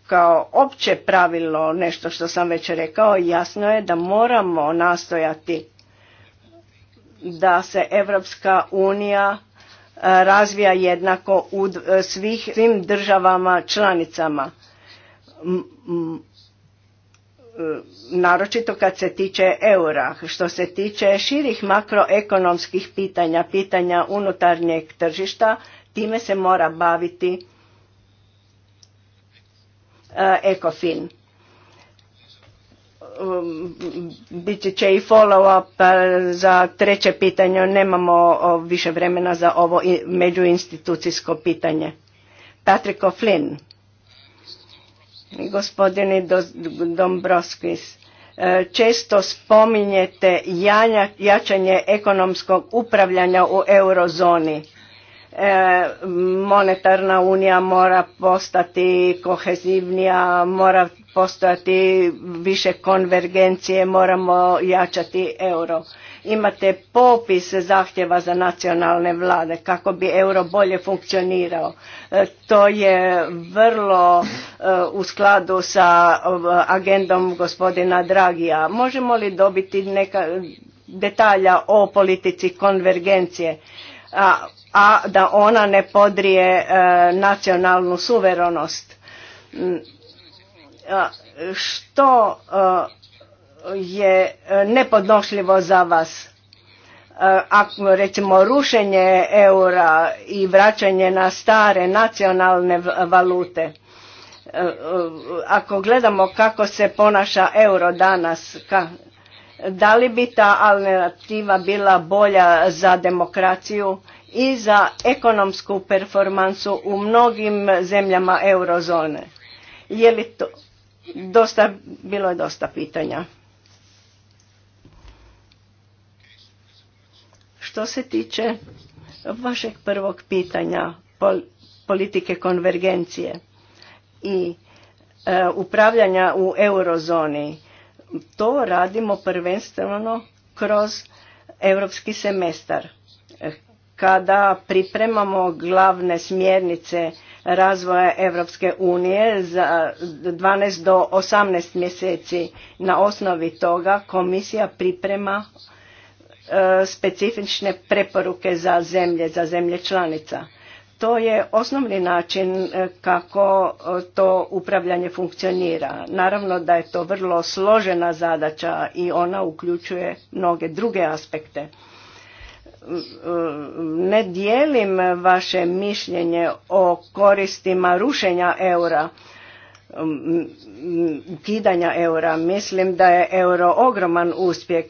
kao opće pravilo, nešto što sam već rekao, jasno je da moramo nastojati da se Evropska unija e, razvija jednako u svih, svim državama članicama. E, naročito kad se tiče eura, što se tiče širih makroekonomskih pitanja, pitanja unutarnjeg tržišta, Time se mora baviti e, ECOFIN. Um, Biće će i follow up e, za treće pitanje. Nemamo više vremena za ovo međuinstitucijsko pitanje. Patrick O'Flynn, gospodini Dombrovskis, e, često spominjete jačanje ekonomskog upravljanja u eurozoni E, monetarna unija mora postati kohezivnija, mora postojati više konvergencije, moramo jačati euro. Imate popis zahtjeva za nacionalne vlade kako bi euro bolje funkcionirao. E, to je vrlo e, u skladu sa agendom gospodina Dragija. Možemo li dobiti neka detalja o politici konvergencije? a a da ona ne podrije e, nacionalnu suverenost. Mm, što e, je nepodnošljivo za vas? E, ako recimo rušenje eura i vraćanje na stare nacionalne valute, ako gledamo kako se ponaša euro danas, da li bi ta alternativa bila bolja za demokraciju i za ekonomsku performansu u mnogim zemljama eurozone. Je li to dosta, bilo je dosta pitanja. Što se tiče vašeg prvog pitanja politike konvergencije i e, upravljanja u eurozoni, to radimo prvenstveno kroz europski semestar kada pripremamo glavne smjernice razvoja Europske unije za 12 do 18 mjeseci. Na osnovi toga komisija priprema e, specifične preporuke za zemlje, za zemlje članica. To je osnovni način e, kako e, to upravljanje funkcionira. Naravno da je to vrlo složena zadaća i ona uključuje mnoge druge aspekte ne dijelim vaše mišljenje o koristima rušenja eura kidanja eura. Mislim da je euro ogroman uspjeh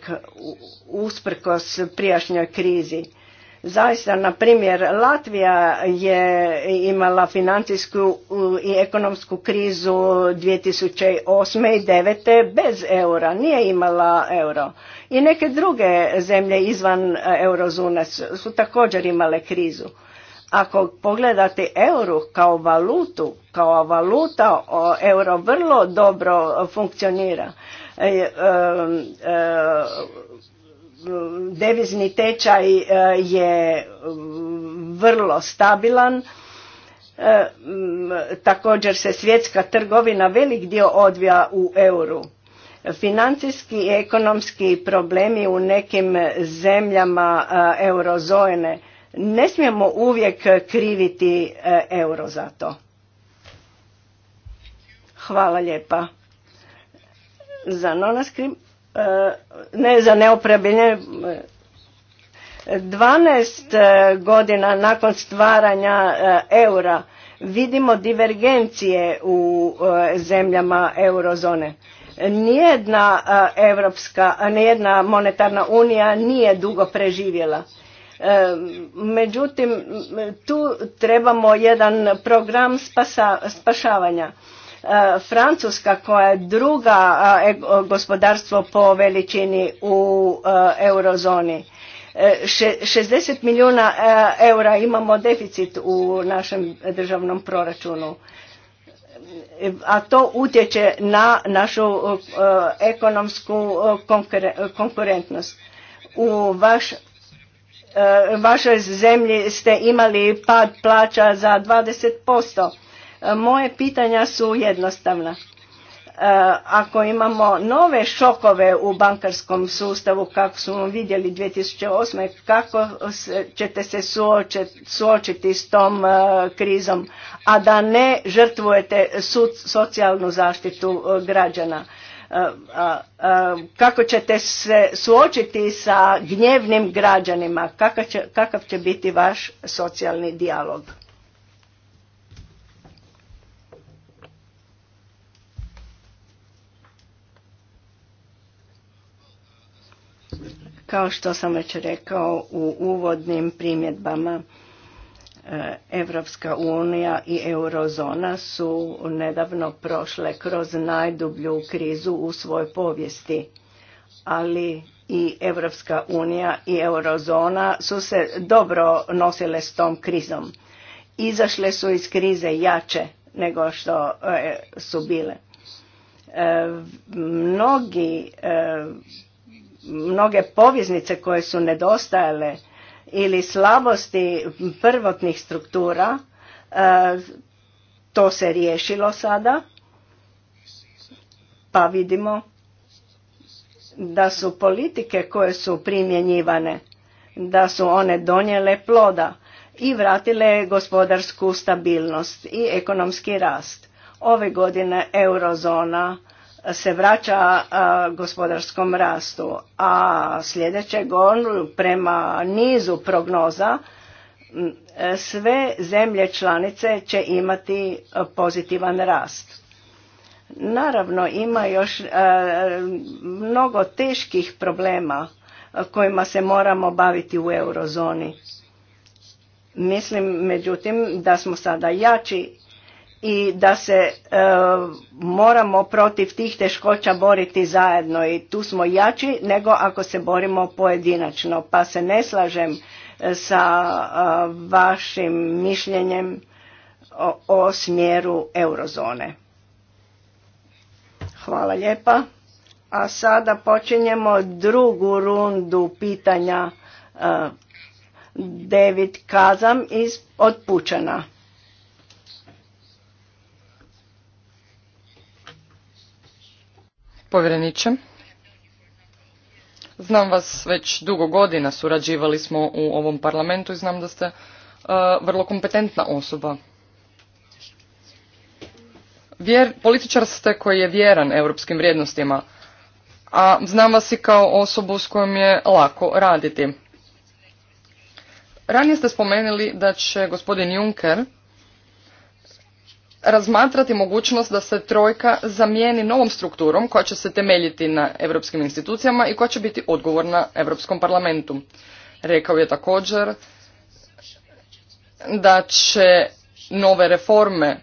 usprkos prijašnjoj krizi. Zaista, na primjer, Latvija je imala financijsku i ekonomsku krizu 2008. i 2009. bez eura, nije imala euro. I neke druge zemlje izvan e, eurozone su također imale krizu. Ako pogledate euro kao valutu, kao valuta, euro vrlo dobro funkcionira. E, e, devizni tečaj e, je vrlo stabilan. E, također se svjetska trgovina velik dio odvija u euru. Financijski i ekonomski problemi u nekim zemljama e, eurozone ne smijemo uvijek kriviti euro za to. Hvala lijepa. Za nonaskrim E, ne za neopravljenje 12 e, e, godina nakon stvaranja eura vidimo divergencije u zemljama eurozone. Nijedna evropska, nijedna monetarna unija nije dugo preživjela. Međutim, tu trebamo jedan program spašavanja E, Francuska koja je druga e, gospodarstvo po veličini u e, eurozoni. 60 milijuna eura imamo deficit u našem državnom proračunu. A to utječe na našu ekonomsku konkurentnost. U vaš vašoj zemlji ste imali pad plaća za 20%. Moje pitanja su jednostavna. E, ako imamo nove šokove u bankarskom sustavu, kako smo vidjeli 2008. kako ćete se suočiti s tom e, krizom, a da ne žrtvujete socijalnu zaštitu e, građana? kako ćete se suočiti sa gnjevnim građanima, kakav će, kakav će biti vaš socijalni dijalog. Kao što sam već rekao u uvodnim primjedbama, e, Evropska unija i eurozona su nedavno prošle kroz najdublju krizu u svojoj povijesti, ali i Evropska unija i eurozona su se dobro nosile s tom krizom. Izašle su iz krize jače nego što e, su bile. E, mnogi mnoge poviznice koje su nedostajale ili slabosti prvotnih struktura, e, to se riješilo sada, pa vidimo da su politike koje su primjenjivane, da su one donijele ploda i vratile gospodarsku stabilnost i ekonomski rast. Ove godine eurozona se vraća gospodarskom rastu, a sljedeće godinu prema nizu prognoza sve zemlje članice će imati pozitivan rast. Naravno ima još mnogo teških problema kojima se moramo baviti u eurozoni. Mislim međutim da smo sada jači i da se e, moramo protiv tih teškoća boriti zajedno i tu smo jači nego ako se borimo pojedinačno. Pa se ne slažem e, sa e, vašim mišljenjem o, smjeru eurozone. Hvala lijepa. A sada počinjemo drugu rundu pitanja. A, David Kazam iz, od Pučana. povjereniče. Znam vas već dugo godina, surađivali smo u ovom parlamentu i znam da ste e, vrlo kompetentna osoba. političar ste koji je vjeran europskim vrijednostima, a znam vas i kao osobu s kojom je lako raditi. Ranije ste spomenuli da će gospodin Juncker razmatrati mogućnost da se trojka zamijeni novom strukturom koja će se temeljiti na europskim institucijama i koja će biti odgovorna Europskom parlamentu. Rekao je također da će nove reforme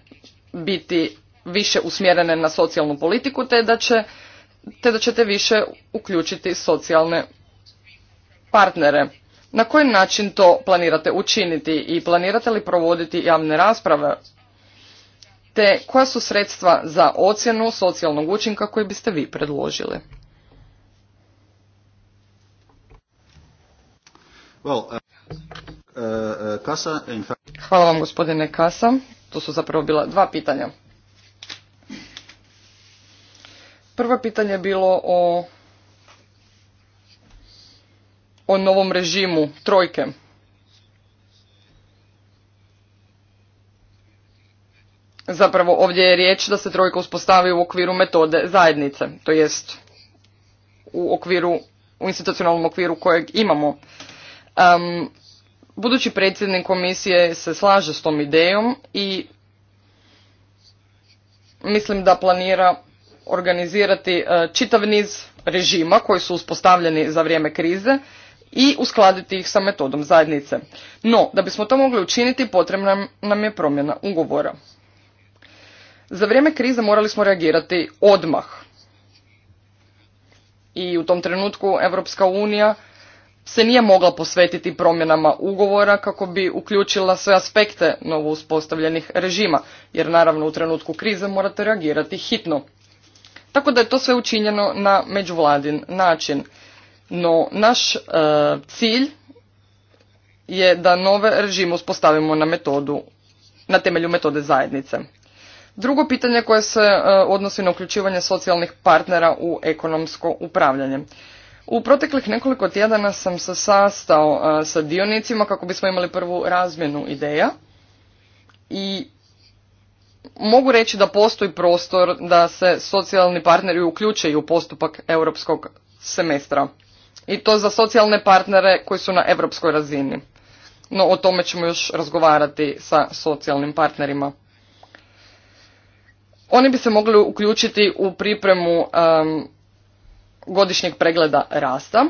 biti više usmjerene na socijalnu politiku te da, će, te da ćete više uključiti socijalne partnere. Na koji način to planirate učiniti i planirate li provoditi javne rasprave te koja su sredstva za ocjenu socijalnog učinka koji biste vi predložili? Uh, uh, uh, Hvala vam gospodine Kasa. To su zapravo bila dva pitanja. Prvo pitanje je bilo o o novom režimu trojke. Zapravo ovdje je riječ da se trojka uspostavi u okviru metode zajednice, to jest u okviru, u institucionalnom okviru kojeg imamo. budući predsjednik komisije se slaže s tom idejom i mislim da planira organizirati e, čitav niz režima koji su uspostavljeni za vrijeme krize i uskladiti ih sa metodom zajednice. No, da bismo to mogli učiniti potrebna nam je promjena ugovora. Za vrijeme krize morali smo reagirati odmah. I u tom trenutku Europska unija se nije mogla posvetiti promjenama ugovora kako bi uključila sve aspekte novo uspostavljenih režima, jer naravno u trenutku krize morate reagirati hitno. Tako da je to sve učinjeno na međuvladin način. No naš e, cilj je da nove režime uspostavimo na metodu, na temelju metode zajednice. Drugo pitanje koje se e, odnosi na uključivanje socijalnih partnera u ekonomsko upravljanje. U proteklih nekoliko tjedana sam se sastao e, sa dionicima kako bismo imali prvu razmjenu ideja i mogu reći da postoji prostor da se socijalni partneri uključe u postupak europskog semestra. I to za socijalne partnere koji su na europskoj razini. No o tome ćemo još razgovarati sa socijalnim partnerima. Oni bi se mogli uključiti u pripremu godišnjeg pregleda rasta,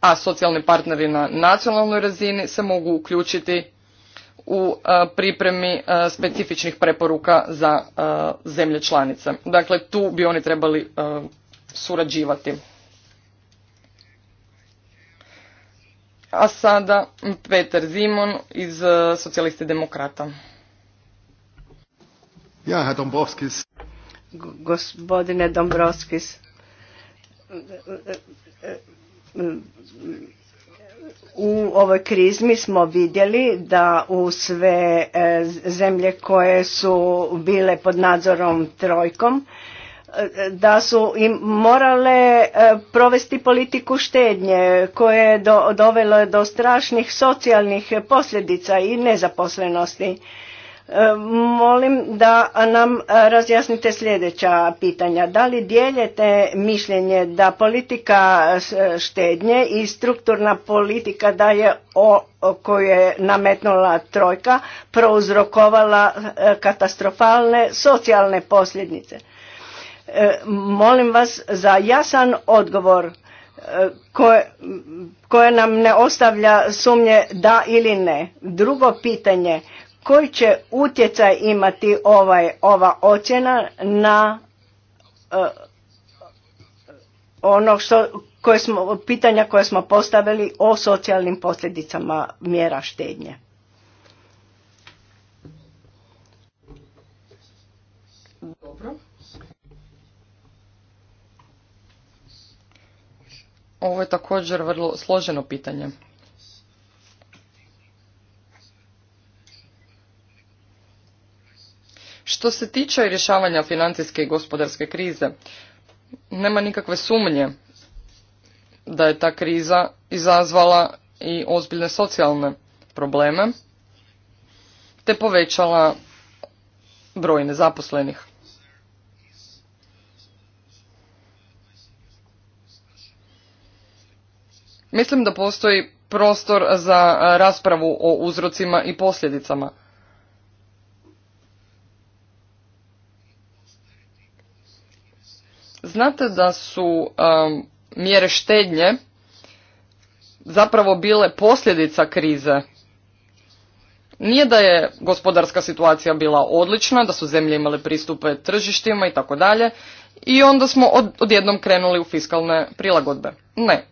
a socijalni partneri na nacionalnoj razini se mogu uključiti u e, pripremi e, specifičnih preporuka za e, zemlje članice. Dakle, tu bi oni trebali surađivati. A sada Peter Zimon iz e, Socijaliste demokrata. Ja, Gospodine Dombrovskis, u ovoj krizmi smo vidjeli da u sve e, zemlje koje su bile pod nadzorom trojkom, da su im morale e, provesti politiku štednje koje je do, dovelo do strašnih socijalnih posljedica i nezaposlenosti. E, molim da nam razjasnite sljedeća pitanja. Da li dijeljete mišljenje da politika štednje i strukturna politika da je o, koju je nametnula trojka prouzrokovala e, katastrofalne socijalne posljedice? E, molim vas za jasan odgovor e, koje, nam ne ostavlja sumnje da ili ne. Drugo pitanje, koji će utjecaj imati ovaj, ova ocjena na e, ono što, smo, pitanja koje smo postavili o socijalnim posljedicama mjera štednje? Ovo je također vrlo složeno pitanje. Što se tiče rješavanja financijske i gospodarske krize, nema nikakve sumnje da je ta kriza izazvala i ozbiljne socijalne probleme, te povećala broj nezaposlenih. Mislim da postoji prostor za raspravu o uzrocima i posljedicama. Znate da su mjere štednje zapravo bile posljedica krize. Nije da je gospodarska situacija bila odlična, da su zemlje imale pristupe tržištima i tako dalje i onda smo od, odjednom krenuli u fiskalne prilagodbe. Ne,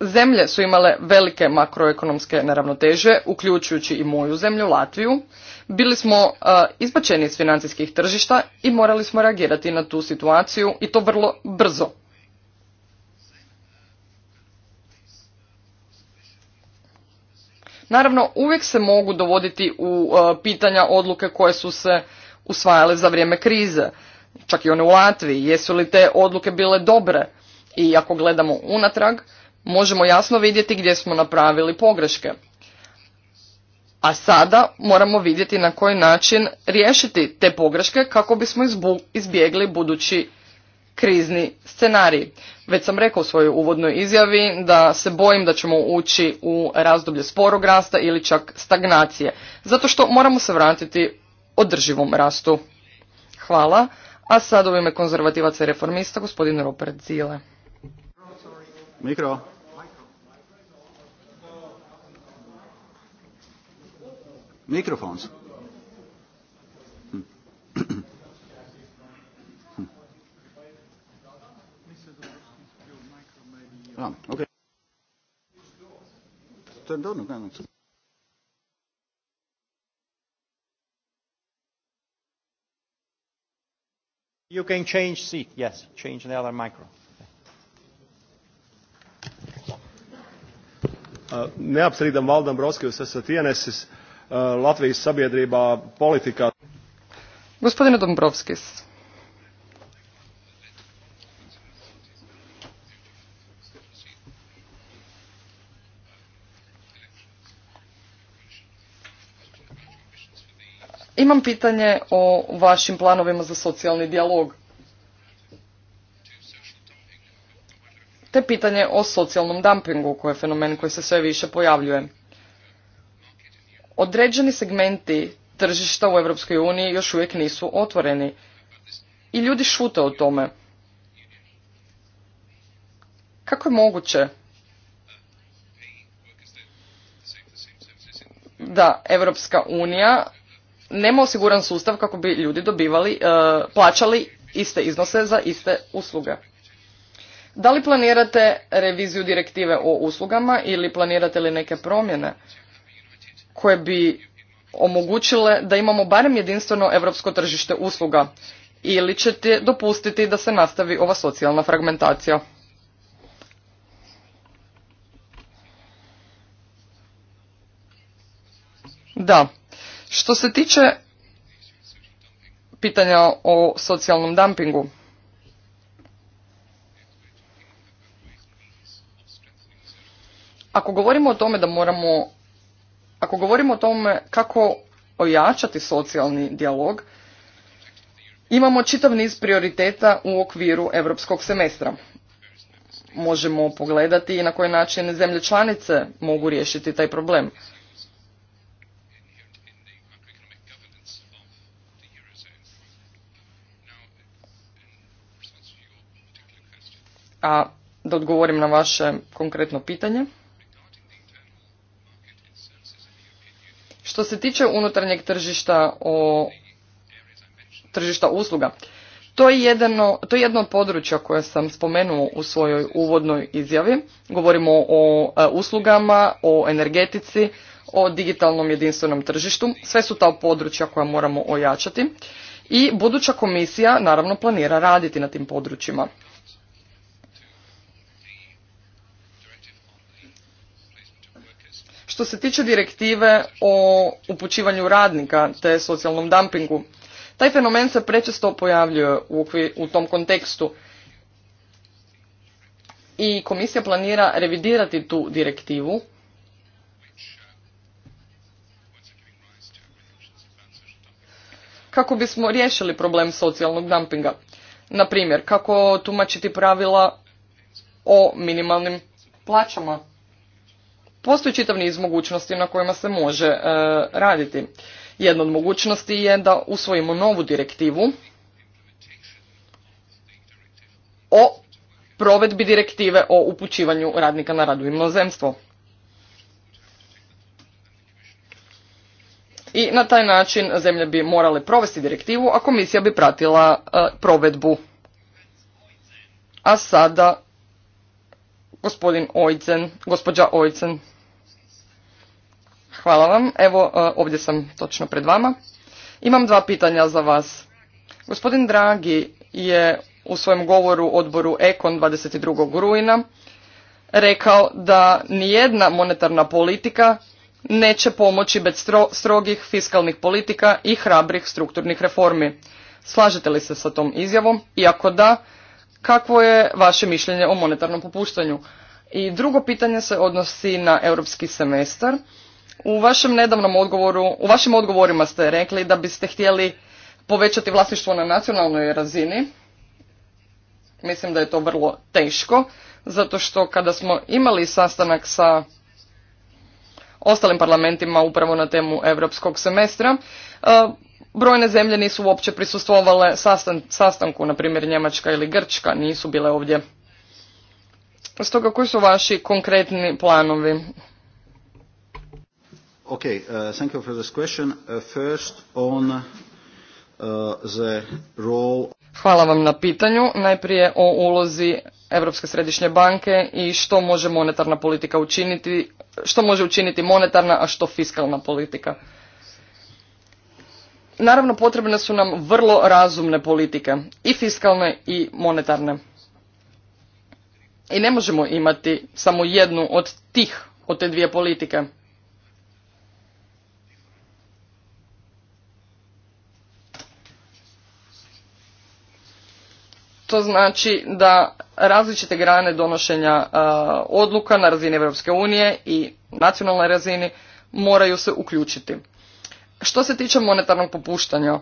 Zemlje su imale velike makroekonomske neravnoteže, uključujući i moju zemlju, Latviju. Bili smo e, izbačeni iz financijskih tržišta i morali smo reagirati na tu situaciju i to vrlo brzo. Naravno, uvijek se mogu dovoditi u e, pitanja odluke koje su se usvajale za vrijeme krize. Čak i one u Latviji. Jesu li te odluke bile dobre? I ako gledamo unatrag, možemo jasno vidjeti gdje smo napravili pogreške. A sada moramo vidjeti na koji način riješiti te pogreške kako bismo izbjegli budući krizni scenarij. Već sam rekao u svojoj uvodnoj izjavi da se bojim da ćemo ući u razdoblje sporog rasta ili čak stagnacije, zato što moramo se vratiti održivom rastu. Hvala, a sad u ime konzervativaca i reformista gospodin Robert Zile. Mikro. Mikrofons. You can change seat, yes, change the other micro. Neapstrīdam valdam Broskijus esat ienesis Eh, Latvijas sabiedrībā politikā. Gospodine Dombrovskis. Imam pitanje o vašim planovima za socijalni dijalog. Te pitanje o socijalnom dumpingu, koje je fenomen koji se sve više pojavljuje. Određeni segmenti tržišta u Europskoj uniji još uvijek nisu otvoreni i ljudi šute o tome. Kako je moguće da Europska unija nema osiguran sustav kako bi ljudi dobivali, e, plaćali iste iznose za iste usluge? Da li planirate reviziju direktive o uslugama ili planirate li neke promjene? koje bi omogućile da imamo barem jedinstveno europsko tržište usluga ili ćete dopustiti da se nastavi ova socijalna fragmentacija? Da. Što se tiče pitanja o socijalnom dumpingu, ako govorimo o tome da moramo ako govorimo o tome kako ojačati socijalni dijalog, imamo čitav niz prioriteta u okviru europskog semestra. Možemo pogledati i na koji način zemlje članice mogu riješiti taj problem. A da odgovorim na vaše konkretno pitanje. Što se tiče unutarnjeg tržišta o tržišta usluga, to je, jedno, to je jedno od područja koje sam spomenuo u svojoj uvodnoj izjavi. Govorimo o e, uslugama, o energetici, o digitalnom jedinstvenom tržištu. Sve su ta područja koja moramo ojačati. I buduća komisija naravno planira raditi na tim područjima. Što se tiče direktive o upućivanju radnika te socijalnom dumpingu, taj fenomen se prečesto pojavljuje u, tom kontekstu i komisija planira revidirati tu direktivu kako bismo riješili problem socijalnog dumpinga. Na primjer, kako tumačiti pravila o minimalnim plaćama Postoji čitav niz mogućnosti na kojima se može e, raditi. Jedna od mogućnosti je da usvojimo novu direktivu o provedbi direktive o upućivanju radnika na radu inozemstvo. I na taj način zemlje bi morale provesti direktivu, a komisija bi pratila e, provedbu. A sada gospodin Ojcen, gospođa Ojcen. Hvala vam. Evo, e, ovdje sam točno pred vama. Imam dva pitanja za vas. Gospodin Dragi je u svojem govoru odboru Ekon 22. rujna rekao da nijedna monetarna politika neće pomoći bez strogih fiskalnih politika i hrabrih strukturnih reformi. Slažete li se sa tom izjavom? Iako da, kakvo je vaše mišljenje o monetarnom popuštanju? I drugo pitanje se odnosi na europski semestar u vašem nedavnom odgovoru, u vašim odgovorima ste rekli da biste htjeli povećati vlasništvo na nacionalnoj razini. Mislim da je to vrlo teško, zato što kada smo imali sastanak sa ostalim parlamentima upravo na temu europskog semestra, e, brojne zemlje nisu uopće prisustvovale sastanku, na primjer Njemačka ili Grčka, nisu bile ovdje. Stoga koji su vaši konkretni planovi Okay, uh, thank you for this question. Uh, first on uh, the role... Hvala vam na pitanju. Najprije o ulozi Europske središnje banke i što može monetarna politika učiniti, što može učiniti monetarna, a što fiskalna politika. Naravno, potrebne su nam vrlo razumne politike, i fiskalne i monetarne. I ne možemo imati samo jednu od tih, od te dvije politike. To znači da različite grane donošenja e, odluka na razini Europske unije i nacionalnoj razini moraju se uključiti. Što se tiče monetarnog popuštanja,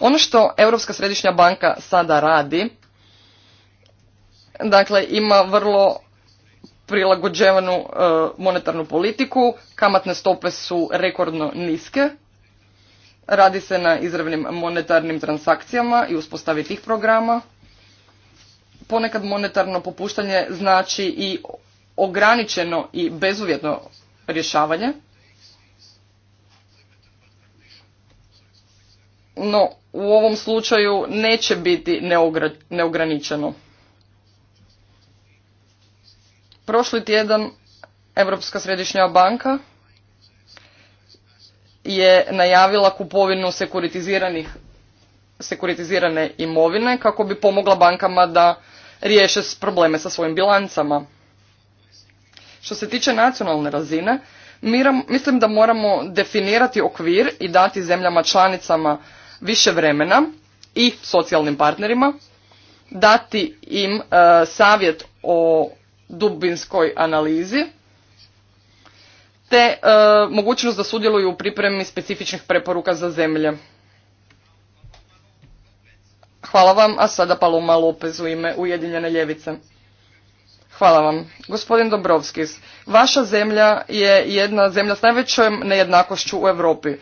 ono što Europska središnja banka sada radi, dakle ima vrlo prilagođevanu e, monetarnu politiku, kamatne stope su rekordno niske, Radi se na izravnim monetarnim transakcijama i uspostavi tih programa. Ponekad monetarno popuštanje znači i ograničeno i bezuvjetno rješavanje. No, u ovom slučaju neće biti neograničeno. Prošli tjedan Europska središnja banka je najavila kupovinu sekuritiziranih sekuritizirane imovine kako bi pomogla bankama da riješe probleme sa svojim bilancama. Što se tiče nacionalne razine, mislim da moramo definirati okvir i dati zemljama članicama više vremena i socijalnim partnerima, dati im e, savjet o dubinskoj analizi te e, mogućnost da sudjeluju u pripremi specifičnih preporuka za zemlje. Hvala vam, a sada Paloma Lopez u ime Ujedinjene ljevice. Hvala vam. Gospodin Dobrovskis, vaša zemlja je jedna zemlja s najvećom nejednakošću u Europi,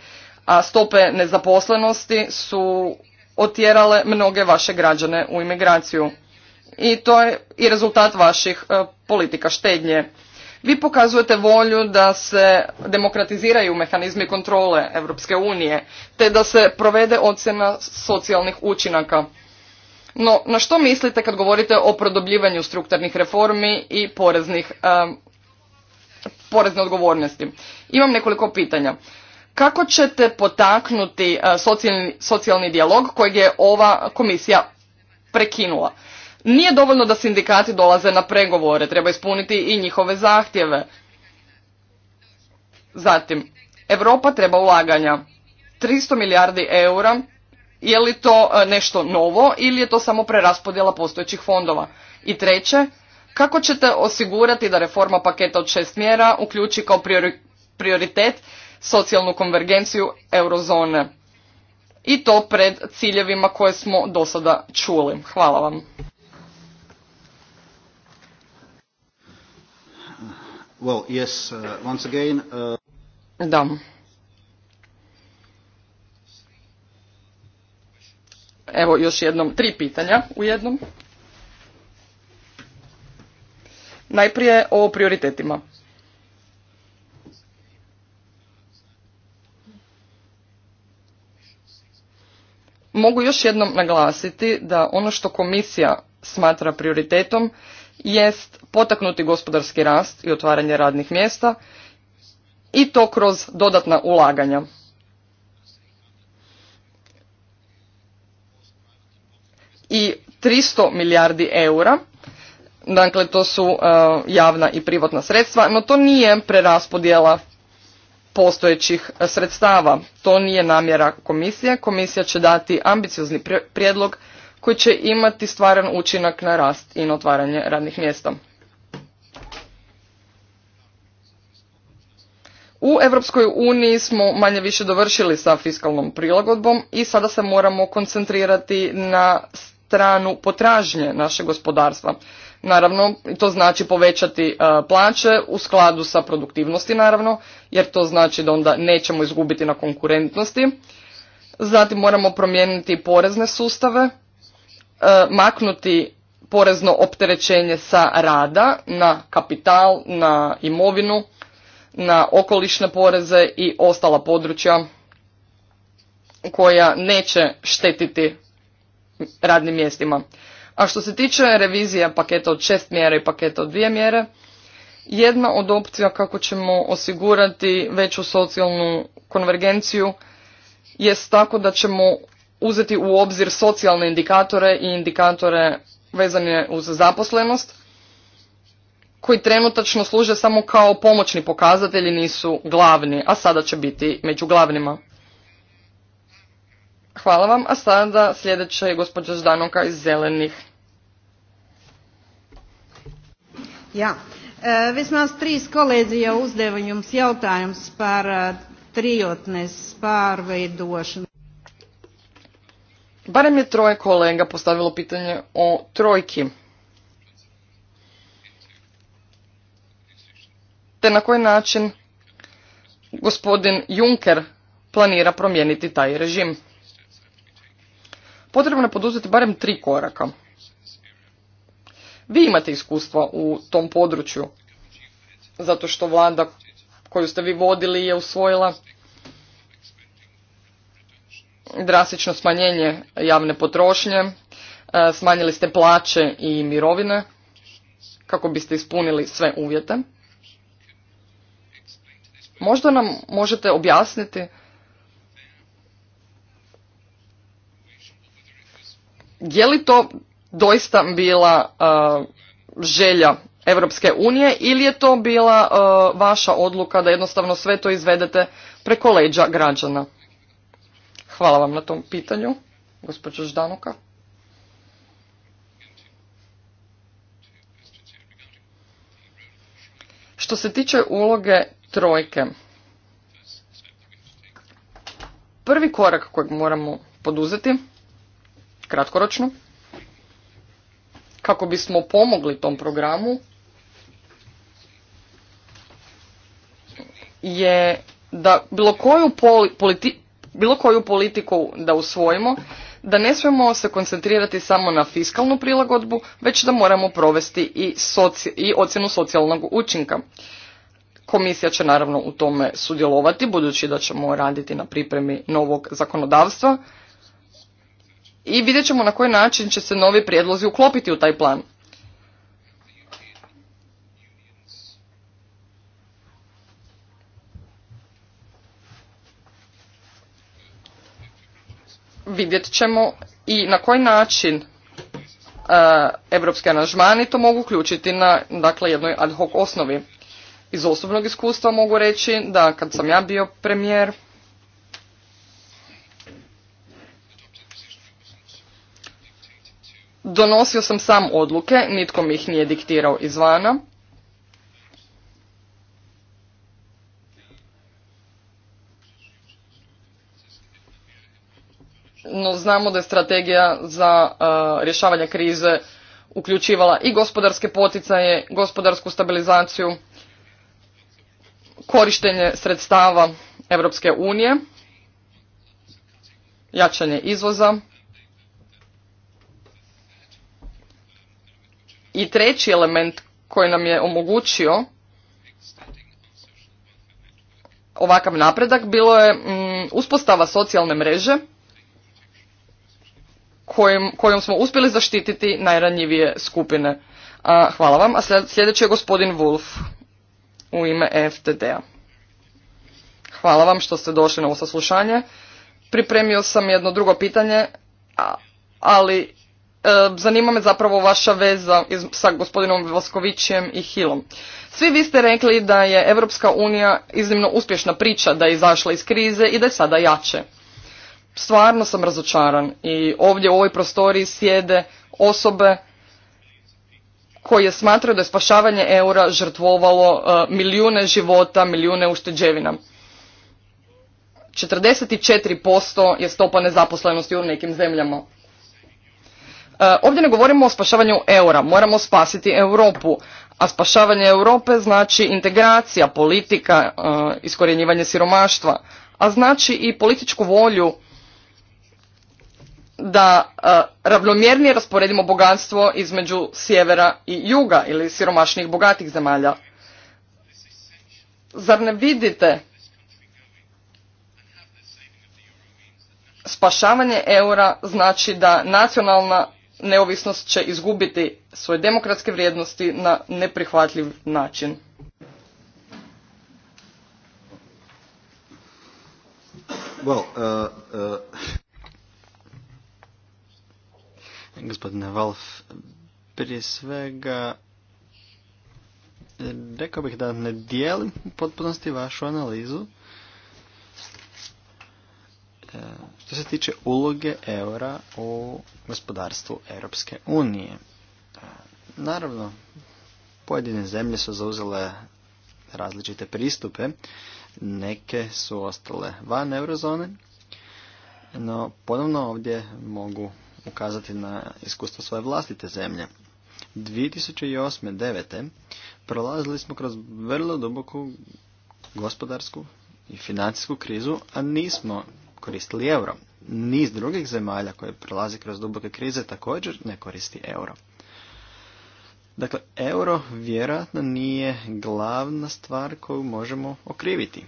a stope nezaposlenosti su otjerale mnoge vaše građane u imigraciju. I to je i rezultat vaših e, politika štednje. Vi pokazujete volju da se demokratiziraju mehanizmi kontrole Europske unije, te da se provede ocjena socijalnih učinaka. No, na što mislite kad govorite o produbljivanju strukturnih reformi i poreznih, porezne odgovornosti? Imam nekoliko pitanja. Kako ćete potaknuti socijalni, socijalni dijalog kojeg je ova komisija prekinula? Nije dovoljno da sindikati dolaze na pregovore, treba ispuniti i njihove zahtjeve. Zatim, Europa treba ulaganja. 300 milijardi eura, je li to e, nešto novo ili je to samo preraspodjela postojećih fondova? I treće, kako ćete osigurati da reforma paketa od šest mjera uključi kao prioritet socijalnu konvergenciju eurozone? I to pred ciljevima koje smo do sada čuli. Hvala vam. Well, uh, uh, Evo još jednom tri pitanja u jednom. Najprije o prioritetima. Mogu još jednom naglasiti da ono što komisija smatra prioritetom jest potaknuti gospodarski rast i otvaranje radnih mjesta i to kroz dodatna ulaganja. I 300 milijardi eura, dakle to su e, javna i privatna sredstva, no to nije preraspodjela postojećih sredstava. To nije namjera komisije. Komisija će dati ambiciozni prijedlog koji će imati stvaran učinak na rast i na otvaranje radnih mjesta. U Europskoj uniji smo manje više dovršili sa fiskalnom prilagodbom i sada se moramo koncentrirati na stranu potražnje našeg gospodarstva. Naravno, to znači povećati e, plaće u skladu sa produktivnosti, naravno, jer to znači da onda nećemo izgubiti na konkurentnosti. Zatim moramo promijeniti porezne sustave, e, maknuti porezno opterećenje sa rada na kapital, na imovinu, na okolišne poreze i ostala područja koja neće štetiti radnim mjestima. A što se tiče revizije paketa od šest mjera i paketa od dvije mjere, jedna od opcija kako ćemo osigurati veću socijalnu konvergenciju jest tako da ćemo uzeti u obzir socijalne indikatore i indikatore vezane uz zaposlenost koji trenutačno služe samo kao pomoćni pokazatelji, nisu glavni, a sada će biti među glavnima. Hvala vam, a sada sljedeća je gospođa Ždanoka iz Zelenih. Ja, tri e, nas tri jau ja jums jautājums par e, trijotnes pārveidošanu. Barem je troje kolega postavilo pitanje o trojki. te na koji način gospodin Juncker planira promijeniti taj režim. Potrebno je poduzeti barem tri koraka. Vi imate iskustva u tom području, zato što vlada koju ste vi vodili je usvojila drastično smanjenje javne potrošnje, e, smanjili ste plaće i mirovine kako biste ispunili sve uvjete. Možda nam možete objasniti je li to doista bila e, želja Europske unije ili je to bila e, vaša odluka da jednostavno sve to izvedete preko leđa građana? Hvala vam na tom pitanju, gospođo Ždanuka. Što se tiče uloge trojke. Prvi korak kojeg moramo poduzeti, kratkoročno, kako bismo pomogli tom programu, je da bilo koju, bilo koju politiku da usvojimo, da ne smijemo se koncentrirati samo na fiskalnu prilagodbu, već da moramo provesti i, soci, i ocjenu socijalnog učinka. Komisija će naravno u tome sudjelovati, budući da ćemo raditi na pripremi novog zakonodavstva i vidjet ćemo na koji način će se novi prijedlozi uklopiti u taj plan. Vidjet ćemo i na koji način Europske aranžmani to mogu uključiti na dakle, jednoj ad hoc osnovi. Iz osobnog iskustva mogu reći da kad sam ja bio premijer, donosio sam sam odluke, nitko mi ih nije diktirao izvana. No znamo da je strategija za uh, rješavanje krize uključivala i gospodarske poticaje, gospodarsku stabilizaciju, korištenje sredstava Europske unije, jačanje izvoza. I treći element koji nam je omogućio ovakav napredak bilo je mm, uspostava socijalne mreže kojom smo uspjeli zaštititi najranjivije skupine. hvala vam. A sljedeći je gospodin Wolf u ime FTD-a. Hvala vam što ste došli na ovo saslušanje. Pripremio sam jedno drugo pitanje, ali e, zanima me zapravo vaša veza sa gospodinom Voskovićem i Hilom. Svi vi ste rekli da je Evropska unija iznimno uspješna priča da je izašla iz krize i da je sada jače. Stvarno sam razočaran i ovdje u ovoj prostoriji sjede osobe koji je smatrao da je spašavanje eura žrtvovalo e, milijune života, milijune ušteđevina. 44% je stopa nezaposlenosti u nekim zemljama. E, ovdje ne govorimo o spašavanju eura, moramo spasiti Europu, a spašavanje Europe znači integracija, politika, e, iskorjenjivanje siromaštva, a znači i političku volju da e, ravnomjernije rasporedimo bogatstvo između sjevera i juga ili siromašnih bogatih zemalja. Zar ne vidite spašavanje eura znači da nacionalna neovisnost će izgubiti svoje demokratske vrijednosti na neprihvatljiv način. Well, uh... uh Gospodine Valf, prije svega rekao bih da ne dijelim u potpunosti vašu analizu. E, što se tiče uloge eura u gospodarstvu Europske unije. E, naravno, pojedine zemlje su zauzele različite pristupe, neke su ostale van eurozone, no ponovno ovdje mogu ukazati na iskustvo svoje vlastite zemlje. 2008. 2009. prolazili smo kroz vrlo duboku gospodarsku i financijsku krizu, a nismo koristili euro. Niz drugih zemalja koje prolazi kroz duboke krize također ne koristi euro. Dakle, euro vjerojatno nije glavna stvar koju možemo okriviti.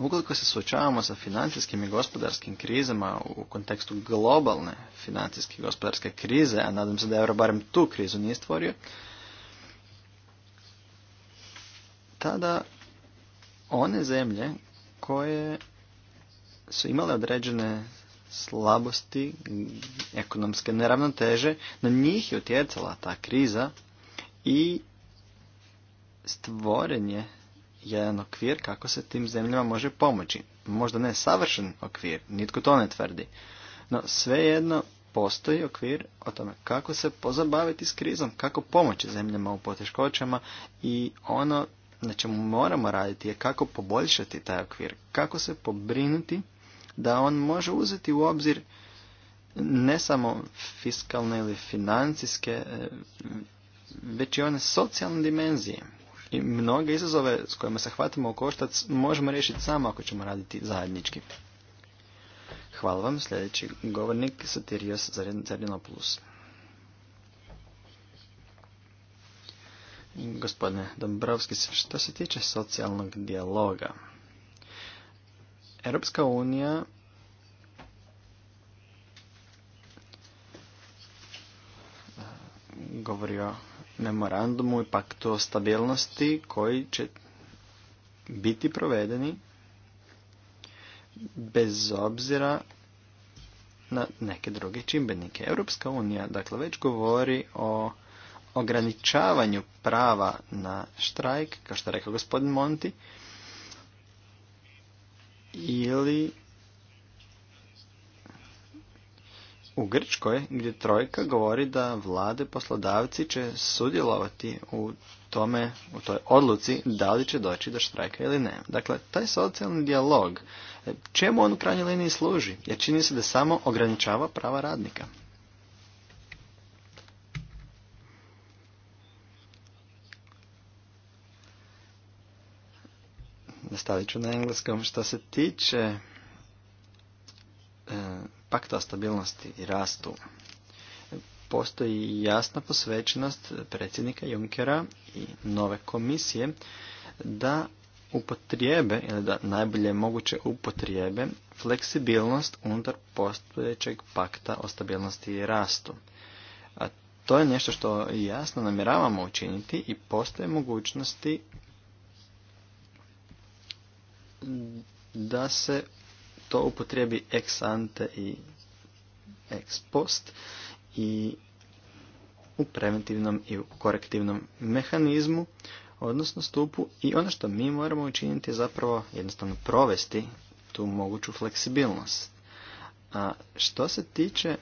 Ukoliko se suočavamo sa financijskim i gospodarskim krizama u kontekstu globalne financijske i gospodarske krize, a nadam se da euro barem tu krizu nije stvorio, tada one zemlje koje su imale određene slabosti, ekonomske neravnoteže, na njih je utjecala ta kriza i stvorenje jedan okvir kako se tim zemljama može pomoći. Možda ne savršen okvir, nitko to ne tvrdi. No svejedno postoji okvir o tome kako se pozabaviti s krizom, kako pomoći zemljama u poteškoćama i ono na čemu moramo raditi je kako poboljšati taj okvir, kako se pobrinuti da on može uzeti u obzir ne samo fiskalne ili financijske, eh, već i one socijalne dimenzije. I mnoge izazove s kojima se hvatimo u koštac možemo riješiti samo ako ćemo raditi zajednički. Hvala vam. Sljedeći govornik Satirios plus. Gospodine Dombrovski, što se tiče socijalnog dijaloga, Europska unija govori memorandumu i paktu o stabilnosti koji će biti provedeni bez obzira na neke druge čimbenike. Europska unija dakle već govori o ograničavanju prava na štrajk, kao što je rekao gospodin Monti, ili u Grčkoj gdje trojka govori da vlade poslodavci će sudjelovati u tome, u toj odluci da li će doći do štrajka ili ne. Dakle, taj socijalni dijalog, čemu on u krajnjoj liniji služi? Jer čini se da samo ograničava prava radnika. Nastavit ću na engleskom. Što se tiče e, pakta o stabilnosti i rastu postoji jasna posvećenost predsjednika Junkera i nove komisije da upotrijebe ili da najbolje moguće upotrijebe fleksibilnost unutar postojećeg pakta o stabilnosti i rastu. A to je nešto što jasno namjeravamo učiniti i postoje mogućnosti da se to upotrijebi ex ante i ex post i u preventivnom i u korektivnom mehanizmu, odnosno stupu i ono što mi moramo učiniti je zapravo jednostavno provesti tu moguću fleksibilnost. A što se tiče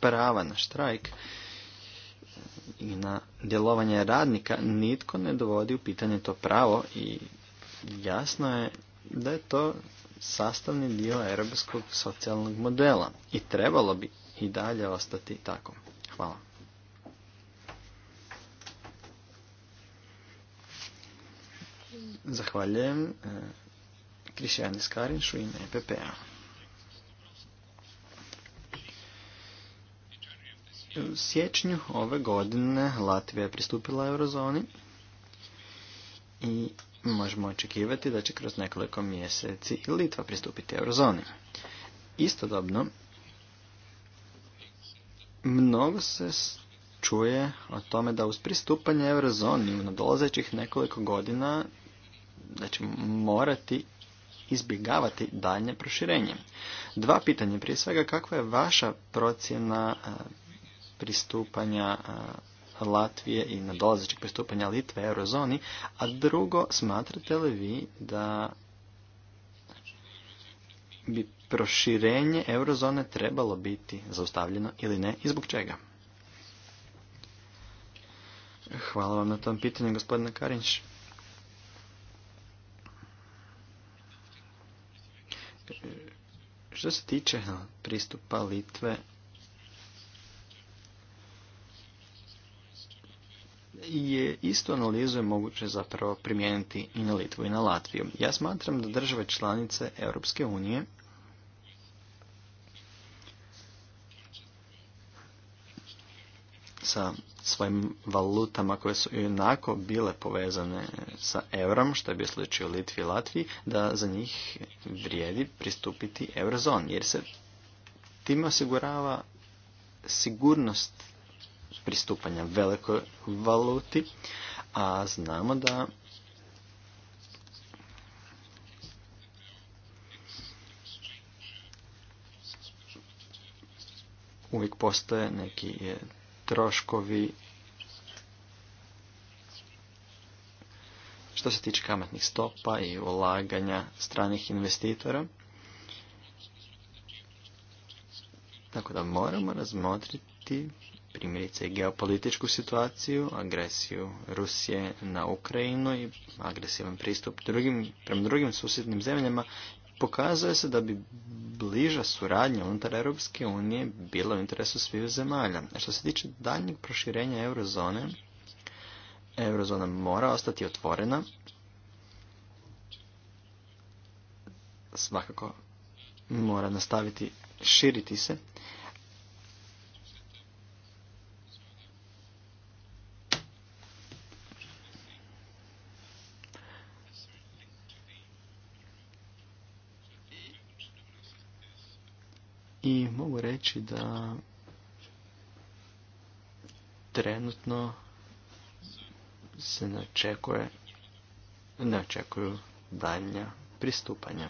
prava na štrajk i na djelovanje radnika, nitko ne dovodi u pitanje to pravo i jasno je da je to sastavni dio europskog socijalnog modela i trebalo bi i dalje ostati tako. Hvala. Zahvaljujem eh, Krišijani Skarinšu i EPP-a. U siječnju ove godine Latvija je pristupila eurozoni i možemo očekivati da će kroz nekoliko mjeseci i Litva pristupiti eurozoni. Istodobno, mnogo se čuje o tome da uz pristupanje eurozoni u nadolazećih nekoliko godina da morati izbjegavati daljnje proširenje. Dva pitanja. Prije svega, kakva je vaša procjena e, pristupanja e, Latvije i na dolazećeg pristupanja Litve eurozoni, a drugo, smatrate li vi da bi proširenje eurozone trebalo biti zaustavljeno ili ne i zbog čega? Hvala vam na tom pitanju, gospodine Karinš. Što se tiče pristupa Litve je istu analizu je moguće zapravo primijeniti i na Litvu i na Latviju. Ja smatram da države članice Europske unije sa svojim valutama koje su jednako bile povezane sa eurom, što je bio slučaj u Litvi i Latviji, da za njih vrijedi pristupiti eurozon, jer se time osigurava sigurnost pristupanja velikoj valuti, a znamo da uvijek postoje neki e, troškovi što se tiče kamatnih stopa i ulaganja stranih investitora. Tako da moramo razmotriti primjerice geopolitičku situaciju, agresiju Rusije na Ukrajinu i agresivan pristup drugim, prema drugim susjednim zemljama, pokazuje se da bi bliža suradnja unutar Europske unije bila u interesu svih zemalja. A što se tiče daljnjeg proširenja eurozone, eurozona mora ostati otvorena. Svakako mora nastaviti širiti se i mogu reći da trenutno se ne očekuju daljnja pristupanja.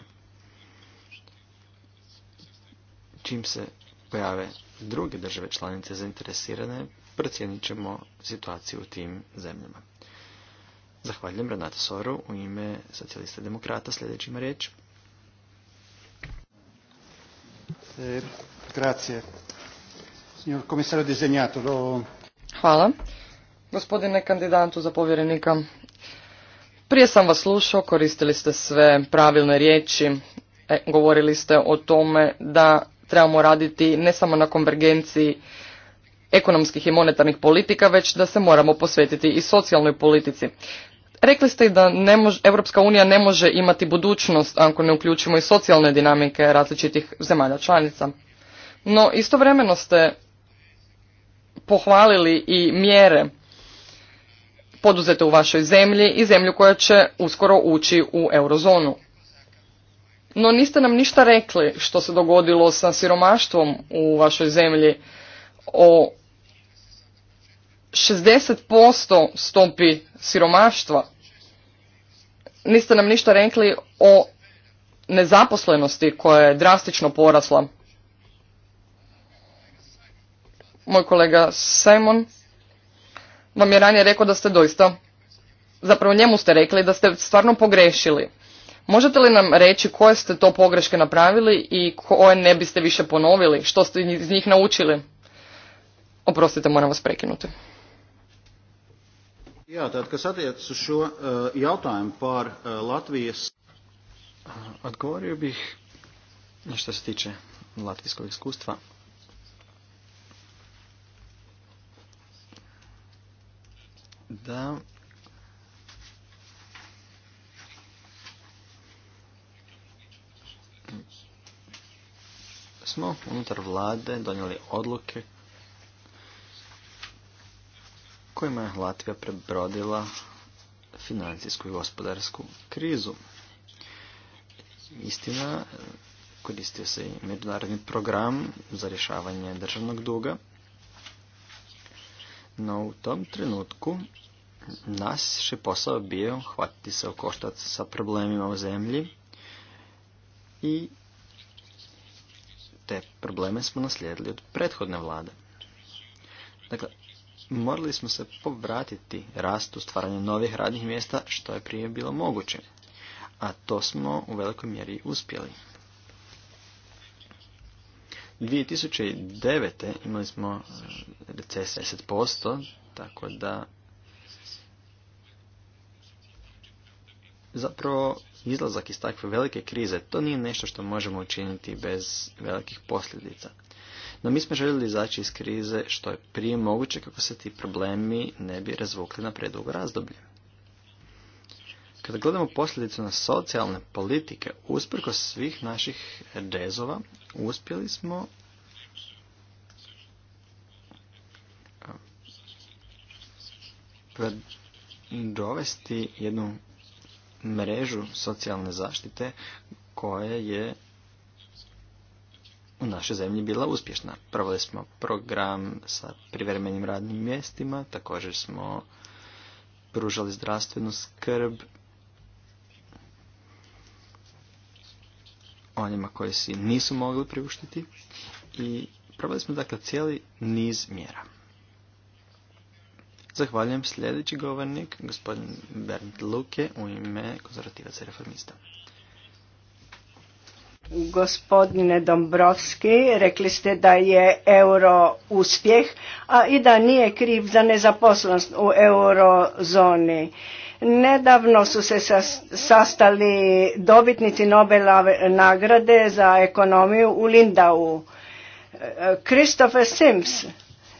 Čim se pojave druge države članice zainteresirane, procijenit ćemo situaciju u tim zemljama. Zahvaljujem Renata Soru u ime socijalista demokrata sljedećima riječ. Eh, Hvala. Gospodine kandidatu za povjerenika, prije sam vas slušao, koristili ste sve pravilne riječi, e, govorili ste o tome da trebamo raditi ne samo na konvergenciji ekonomskih i monetarnih politika, već da se moramo posvetiti i socijalnoj politici. Rekli ste i da ne Europska unija ne može imati budućnost ako ne uključimo i socijalne dinamike različitih zemalja članica. No istovremeno ste pohvalili i mjere poduzete u vašoj zemlji i zemlju koja će uskoro ući u eurozonu. No niste nam ništa rekli što se dogodilo sa siromaštvom u vašoj zemlji o 60% stopi siromaštva niste nam ništa rekli o nezaposlenosti koja je drastično porasla. Moj kolega Simon vam je ranije rekao da ste doista, zapravo njemu ste rekli da ste stvarno pogrešili. Možete li nam reći koje ste to pogreške napravili i koje ne biste više ponovili? Što ste iz njih naučili? Oprostite, moram vas prekinuti. Jā, tad, kas attiecas uz šo eh, jautājumu par uh, Latvijas... Odgovorio eh, bih što se tiče latvijskog iskustva. Da... Smo unutar vlade donijeli odluke kojima je Latvija prebrodila financijsku i gospodarsku krizu. Istina, koristio se i međunarodni program za rješavanje državnog duga, no u tom trenutku nas je posao bio hvatiti se u koštac sa problemima u zemlji i te probleme smo naslijedili od prethodne vlade. Dakle, morali smo se povratiti rastu stvaranja novih radnih mjesta što je prije bilo moguće. A to smo u velikoj mjeri uspjeli. 2009. imali smo e, recesiju 10%, tako da zapravo izlazak iz takve velike krize, to nije nešto što možemo učiniti bez velikih posljedica. No mi smo željeli izaći iz krize što je prije moguće kako se ti problemi ne bi razvukli na predugo razdoblje. Kada gledamo posljedicu na socijalne politike, usprkos svih naših rezova, uspjeli smo e, dovesti jednu mrežu socijalne zaštite koja je u našoj zemlji bila uspješna. Proveli smo program sa privremenim radnim mjestima, također smo pružali zdravstvenu skrb onima koji si nisu mogli priuštiti i proveli smo dakle cijeli niz mjera. Zahvaljujem sljedeći govornik, gospodin Bernd Luke, u ime konzervativaca reformista. Gospodine Dombrovski, rekli ste da je euro uspjeh, a i da nije kriv za nezaposlenost u eurozoni. Nedavno su se sastali dobitnici Nobela nagrade za ekonomiju u Lindau. Christopher Sims,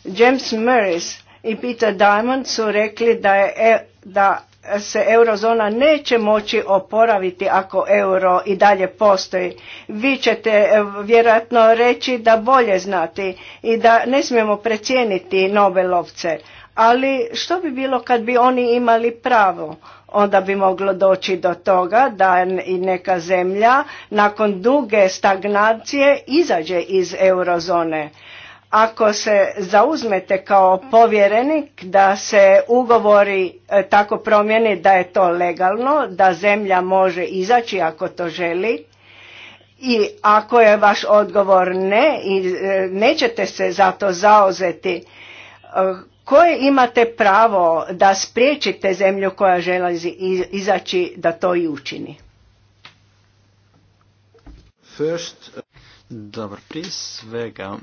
James Murray i Peter Diamond su rekli da je e, da se eurozona neće moći oporaviti ako euro i dalje postoji. Vi ćete eh, vjerojatno reći da bolje znati i da ne smijemo precijeniti lovce. Ali što bi bilo kad bi oni imali pravo? Onda bi moglo doći do toga da i neka zemlja nakon duge stagnacije izađe iz eurozone ako se zauzmete kao povjerenik da se ugovori e, tako promjeni da je to legalno, da zemlja može izaći ako to želi i ako je vaš odgovor ne i e, nećete se za to zauzeti, e, koje imate pravo da spriječite zemlju koja želi izaći da to i učini? First, prije svega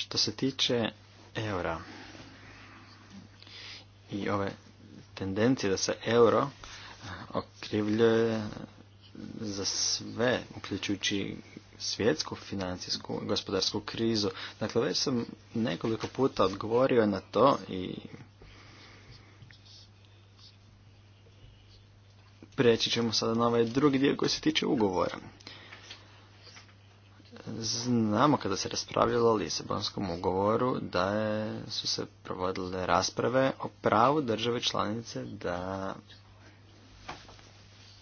što se tiče eura i ove tendencije da se euro eh, okrivljuje za sve, uključujući svjetsku financijsku gospodarsku krizu. Dakle, već sam nekoliko puta odgovorio na to i preći ćemo sada na ovaj drugi dio koji se tiče ugovora. Znamo kada se raspravljalo o Lisabonskom ugovoru da je, su se provodile rasprave o pravu države članice da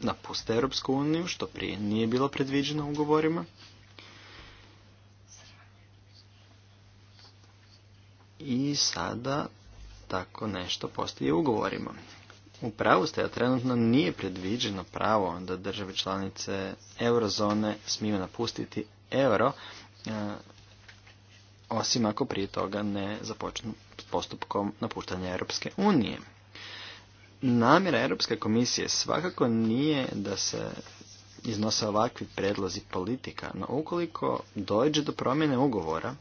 napuste Europsku uniju, što prije nije bilo predviđeno ugovorima. I sada tako nešto postoji u ugovorima. U pravu ste, a trenutno nije predviđeno pravo da države članice eurozone smiju napustiti euro, e, osim ako prije toga ne započnu postupkom napuštanja Europske unije. Namjera Europske komisije svakako nije da se iznose ovakvi predlozi politika, no ukoliko dođe do promjene ugovora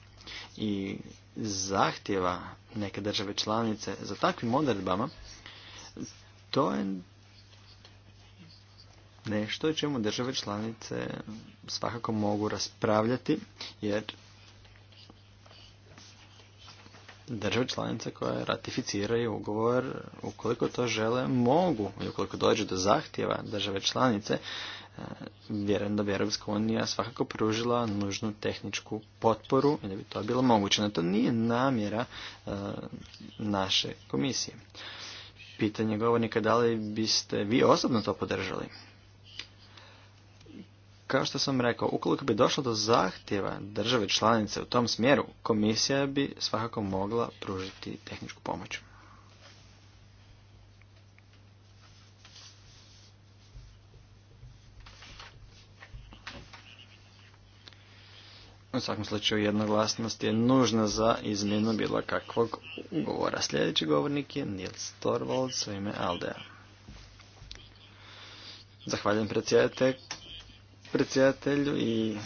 i zahtjeva neke države članice za takvim odredbama, to je nešto o čemu države članice svakako mogu raspravljati, jer države članice koje ratificiraju ugovor, ukoliko to žele, mogu i ukoliko dođe do zahtjeva države članice, e, vjerujem da bi Europska unija svakako pružila nužnu tehničku potporu i da bi to bilo moguće. No to nije namjera e, naše komisije. Pitanje govornika da li biste vi osobno to podržali? Kao što sam rekao, ukoliko bi došlo do zahtjeva države članice u tom smjeru, komisija bi svakako mogla pružiti tehničku pomoć. U svakom slučaju jednoglasnost je nužna za izmjenu bilo kakvog ugovora. Sljedeći govornik je Nils Torvalds u ime Aldea. Zahvaljujem predsjedatelj predsjedatelju i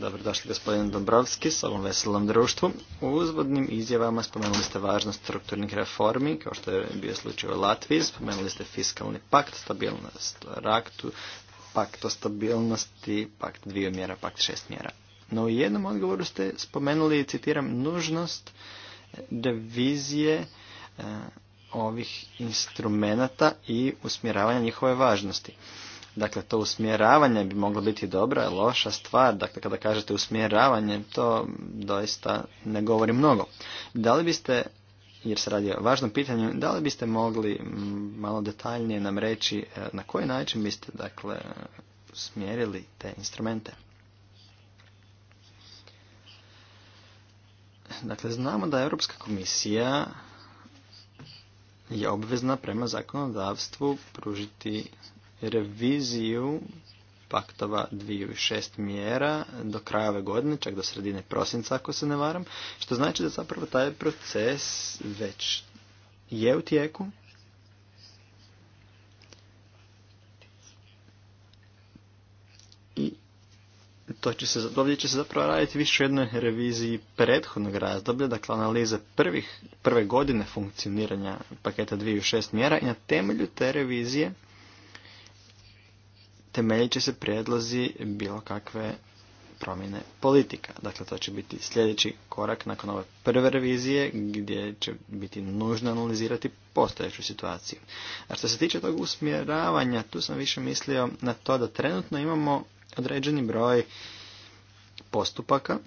dobrodošli gospodin dobrovski s ovom veselom društvu. U uzvodnim izjavama spomenuli ste važnost strukturnih reformi, kao što je bio slučaj u Latviji, spomenuli ste fiskalni pakt, stabilnost raktu, pakt o stabilnosti, pakt dvije mjera, pakt šest mjera. No u jednom odgovoru ste spomenuli, citiram, nužnost revizije e, ovih instrumenata i usmjeravanja njihove važnosti. Dakle, to usmjeravanje bi moglo biti dobra, loša stvar. Dakle, kada kažete usmjeravanje, to doista ne govori mnogo. Da li biste, jer se radi o važnom pitanju, da li biste mogli malo detaljnije nam reći e, na koji način biste, dakle, usmjerili te instrumente? Dakle, znamo da Europska komisija je obvezna prema zakonodavstvu pružiti reviziju paktova dviju i šest mjera do kraja ove godine, čak do sredine prosinca ako se ne varam, što znači da zapravo taj proces već je u tijeku. I to će se, ovdje će se zapravo raditi više u jednoj reviziji prethodnog razdoblja, dakle analize prvih, prve godine funkcioniranja paketa dviju i šest mjera i na temelju te revizije temeljit će se prijedlozi bilo kakve promjene politika. Dakle, to će biti sljedeći korak nakon ove prve revizije gdje će biti nužno analizirati postojeću situaciju. A što se tiče tog usmjeravanja, tu sam više mislio na to da trenutno imamo određeni broj postupaka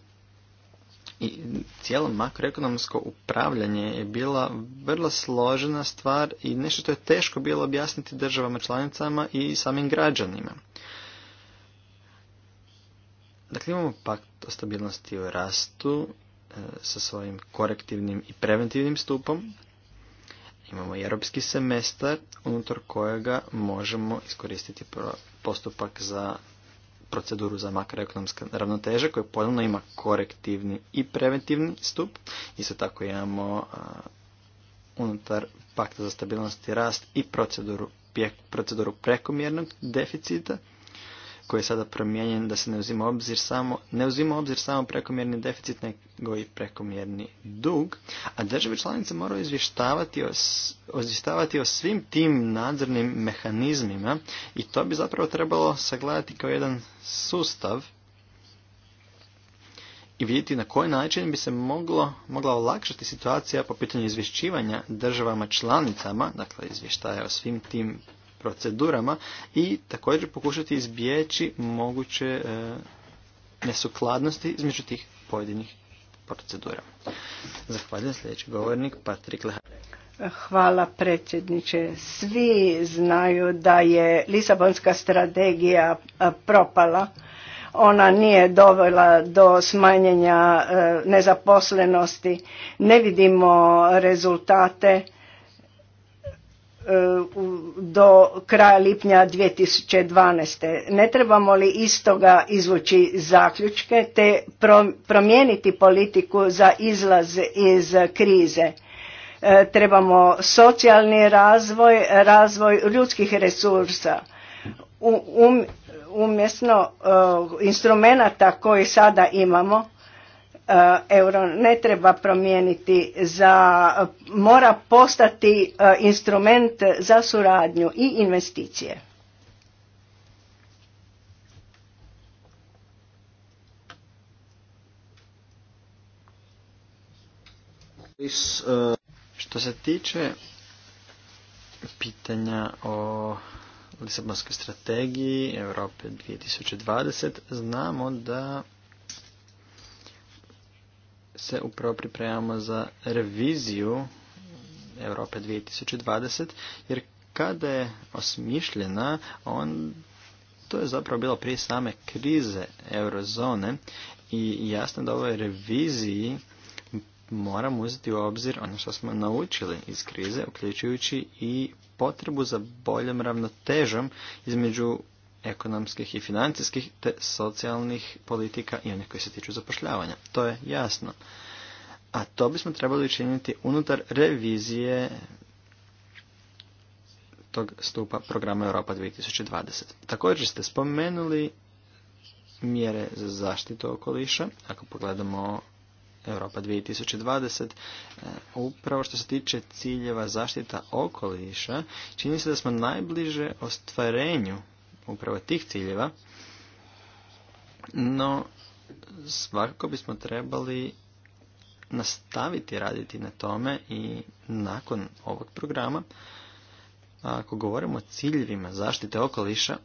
i cijelo makroekonomsko upravljanje je bila vrlo složena stvar i nešto što je teško bilo objasniti državama članicama i samim građanima. Dakle, imamo pakt o stabilnosti i rastu e, sa svojim korektivnim i preventivnim stupom. Imamo i europski semestar unutar kojega možemo iskoristiti postupak za proceduru za makroekonomske ravnoteže koja ponovno ima korektivni i preventivni stup. Isto tako imamo unutar pakta za stabilnost i rast i proceduru, proceduru prekomjernog deficita koji je sada promijenjen da se ne uzima obzir samo, ne uzima obzir samo prekomjerni deficit nego i prekomjerni dug, a države članice moraju izvještavati o, o svim tim nadzornim mehanizmima i to bi zapravo trebalo sagledati kao jedan sustav i vidjeti na koji način bi se moglo, mogla olakšati situacija po pitanju izvješćivanja državama članicama, dakle izvještaja o svim tim procedurama i također pokušati izbjeći moguće e, nesukladnosti između tih pojedinih procedura. Zahvaljujem sljedeći govornik Patrik Hvala predsjedniče. Svi znaju da je Lisabonska strategija e, propala. Ona nije dovela do smanjenja e, nezaposlenosti. Ne vidimo rezultate E, do kraja lipnja 2012. Ne trebamo li iz toga izvući zaključke te promijeniti politiku za izlaz iz krize? E, trebamo socijalni razvoj, razvoj ljudskih resursa. Um, Umjesto e, instrumenta koje sada imamo, E, euro ne treba promijeniti za mora postati e, instrument za suradnju i investicije što se tiče pitanja o Lisabonskoj strategiji Europe 2020 znamo da se upravo pripremamo za reviziju Europe 2020, jer kada je osmišljena, on, to je zapravo bilo prije same krize eurozone i jasno da ovoj reviziji moramo uzeti u obzir ono što smo naučili iz krize, uključujući i potrebu za boljom ravnotežom između ekonomskih i financijskih te socijalnih politika i onih koji se tiču zapošljavanja. To je jasno. A to bismo trebali učiniti unutar revizije tog stupa programa Europa 2020. Također ste spomenuli mjere za zaštitu okoliša. Ako pogledamo Europa 2020, e, upravo što se tiče ciljeva zaštita okoliša, čini se da smo najbliže ostvarenju upravo tih ciljeva, no svakako bismo trebali nastaviti raditi na tome i nakon ovog programa, ako govorimo o ciljevima zaštite okoliša,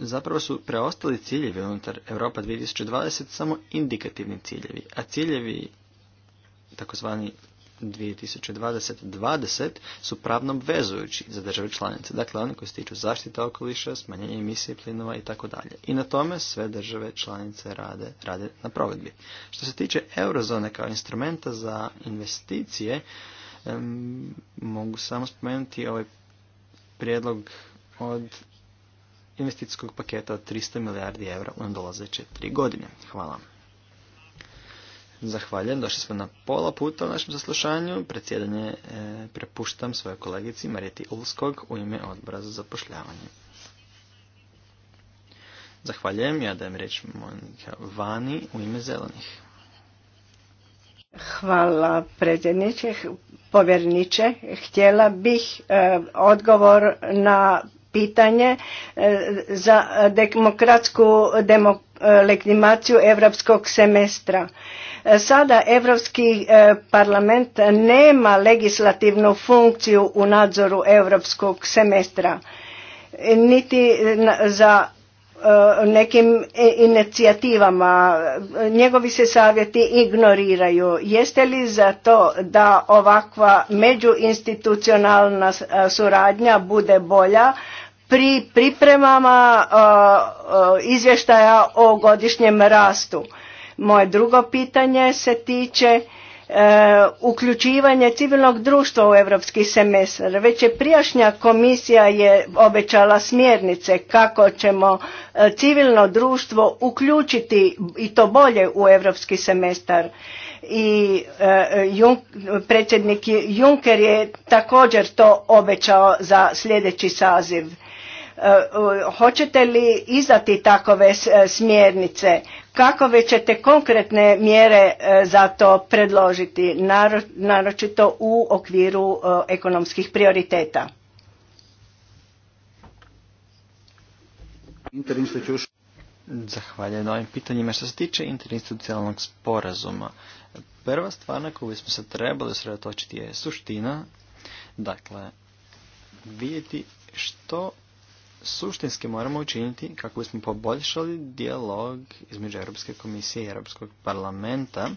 zapravo su preostali ciljevi unutar Europa 2020 samo indikativni ciljevi, a ciljevi takozvani 2020-2020 su pravno obvezujući za države članice. Dakle, oni koji se tiču zaštite okoliša, smanjenja emisije plinova i tako dalje. I na tome sve države članice rade, rade na provedbi. Što se tiče eurozone kao instrumenta za investicije, mogu samo spomenuti ovaj prijedlog od investicijskog paketa od 300 milijardi eura u nadolazeće tri godine. Hvala. Zahvaljujem, došli smo na pola puta u našem zaslušanju. Predsjedanje e, prepuštam svoje kolegici Marijeti Ulskog u ime odbora za zapošljavanje. Zahvaljujem, ja dajem reč Monika Vani u ime zelenih. Hvala predsjedniče, povjerniče. Htjela bih e, odgovor na pitanje e, za demokratsku demok e, legitimaciju europskog semestra. E, sada Europski parlament nema legislativnu funkciju u nadzoru europskog semestra, niti za nekim inicijativama. Njegovi se savjeti ignoriraju. Jeste li za to da ovakva međuinstitucionalna suradnja bude bolja, pri pripremama e, e, izvještaja o godišnjem rastu. Moje drugo pitanje se tiče e, uključivanje civilnog društva u europski semestar. Već je prijašnja komisija je obećala smjernice kako ćemo civilno društvo uključiti i to bolje u europski semestar. I predsjednik Juncker je također to obećao za sljedeći saziv E, hoćete li izdati takove e, smjernice? Kakove ćete konkretne mjere e, za to predložiti, naročito u okviru ekonomskih prioriteta? Zahvaljujem na ovim pitanjima. Što se tiče interinstitucionalnog sporazuma, prva stvar na koju smo se trebali sredotočiti je suština. Dakle, vidjeti što suštinski moramo učiniti kako bismo poboljšali dijalog između Europske komisije i Europskog parlamenta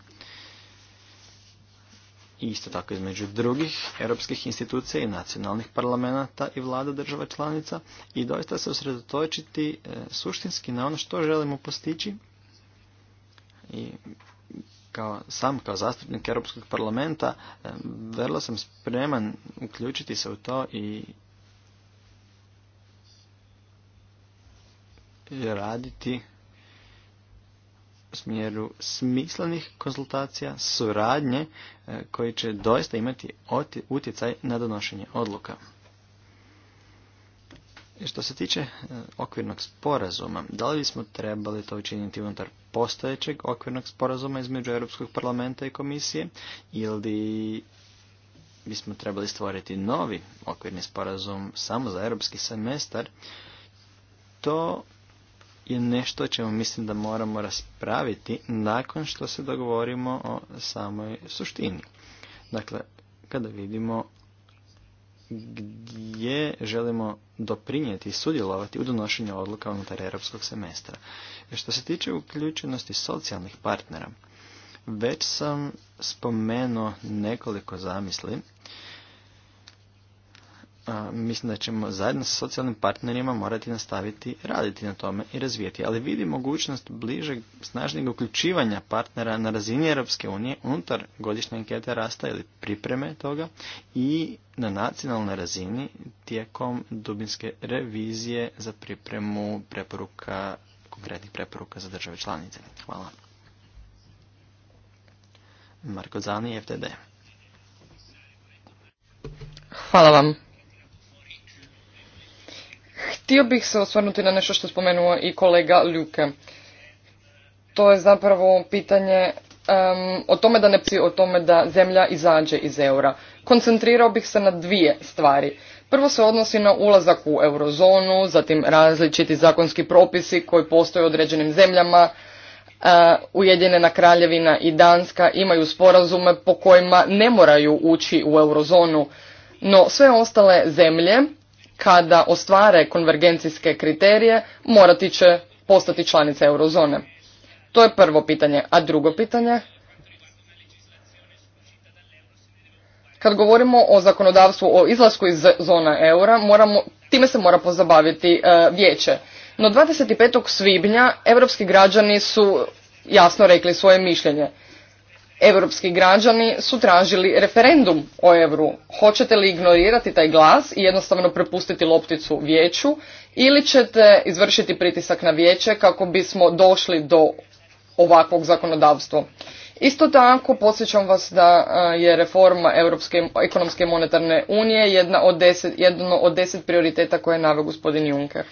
i isto tako između drugih europskih institucija i nacionalnih parlamenta i vlada država članica i doista se usredotočiti e, suštinski na ono što želimo postići i kao, sam kao zastupnik Europskog parlamenta e, vrlo sam spreman uključiti se u to i raditi u smjeru smislenih konzultacija, suradnje e, koji će doista imati utjecaj na donošenje odluka. Što se tiče e, okvirnog sporazuma, da li bismo trebali to učiniti unutar postojećeg okvirnog sporazuma između Europskog parlamenta i komisije ili bismo trebali stvoriti novi okvirni sporazum samo za europski semestar, to je nešto o čemu mislim da moramo raspraviti nakon što se dogovorimo o samoj suštini. Dakle, kada vidimo gdje želimo doprinijeti i sudjelovati u donošenju odluka unutar europskog semestra. E, što se tiče uključenosti socijalnih partnera, već sam spomenuo nekoliko zamisli mislim da ćemo zajedno sa socijalnim partnerima morati nastaviti raditi na tome i razvijeti. Ali vidi mogućnost bližeg, snažnijeg uključivanja partnera na razini Europske unije unutar godišnje ankete rasta ili pripreme toga i na nacionalnoj razini tijekom dubinske revizije za pripremu preporuka, konkretnih preporuka za države članice. Hvala. Marko Zani, Hvala vam. Htio bih se osvrnuti na nešto što je spomenuo i kolega Ljuke. To je zapravo pitanje o tome da ne psi, o tome da zemlja izađe iz eura. Koncentrirao bih se na dvije stvari. Prvo se odnosi na ulazak u eurozonu, zatim različiti zakonski propisi koji postoje u određenim zemljama. E, Ujedinjena kraljevina i Danska imaju sporazume po kojima ne moraju ući u eurozonu, no sve ostale zemlje kada ostvare konvergencijske kriterije, morati će postati članice eurozone. To je prvo pitanje. A drugo pitanje, kad govorimo o zakonodavstvu o izlasku iz zona eura, moramo, time se mora pozabaviti e, vijeće. No 25. svibnja europski građani su jasno rekli svoje mišljenje. Europski građani su tražili referendum o euru. Hoćete li ignorirati taj glas i jednostavno prepustiti lopticu vijeću ili ćete izvršiti pritisak na vijeće kako bismo došli do ovakvog zakonodavstva? Isto tako posjećam vas da e, je reforma Europske ekonomske monetarne unije jedna od deset, jedno od deset prioriteta koje je naveo gospodin Juncker.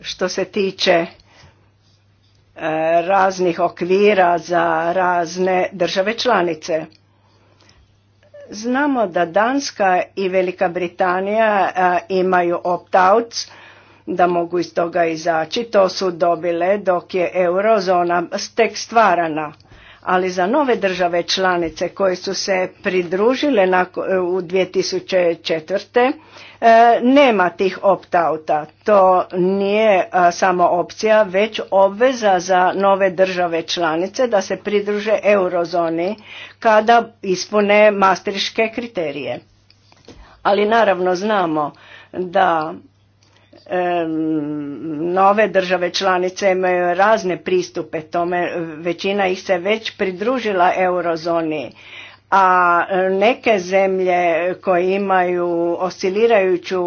Što se tiče raznih okvira za razne države članice. Znamo da Danska i Velika Britanija imaju opt-outs, da mogu iz toga izaći. To su dobile dok je eurozona tek stvarana ali za nove države članice koje su se pridružile e, u 2004. E, nema tih opt-outa. To nije e, samo opcija, već obveza za nove države članice da se pridruže eurozoni kada ispune mastriške kriterije. Ali naravno znamo da nove države članice imaju razne pristupe tome, većina ih se već pridružila eurozoni, a neke zemlje koje imaju oscilirajuću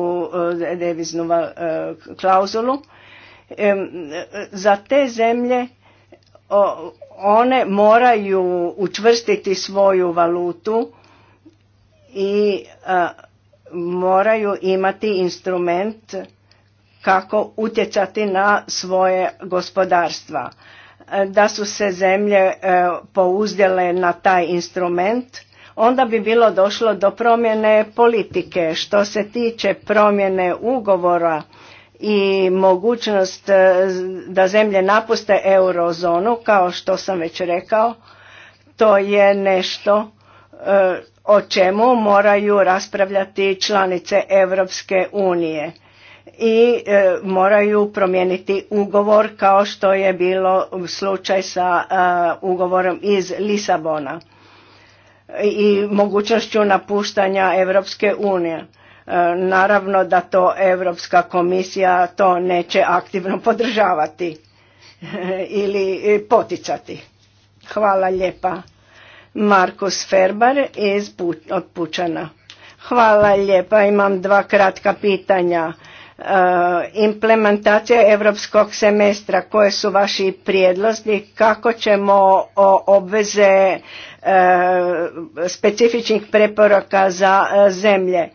e, deviznu e, klauzulu, za te zemlje one moraju učvrstiti svoju valutu i e, moraju imati instrument kako utjecati na svoje gospodarstva. E, da su se zemlje e, pouzdjele na taj instrument, onda bi bilo došlo do promjene politike. Što se tiče promjene ugovora i mogućnost e, da zemlje napuste eurozonu, kao što sam već rekao, to je nešto o čemu moraju raspravljati članice Europske unije i e, moraju promijeniti ugovor kao što je bilo slučaj sa e, ugovorom iz Lisabona i mogućnošću napuštanja Europske unije. E, naravno da to Europska komisija to neće aktivno podržavati *laughs* ili poticati. Hvala lijepa. Markus Ferbar iz Pučana. Hvala lijepa, imam dva kratka pitanja Eh, implementacija europskog semestra, koje su vaši prijedlozi, kako ćemo obveze eh, specifičnih preporoka za eh, zemlje.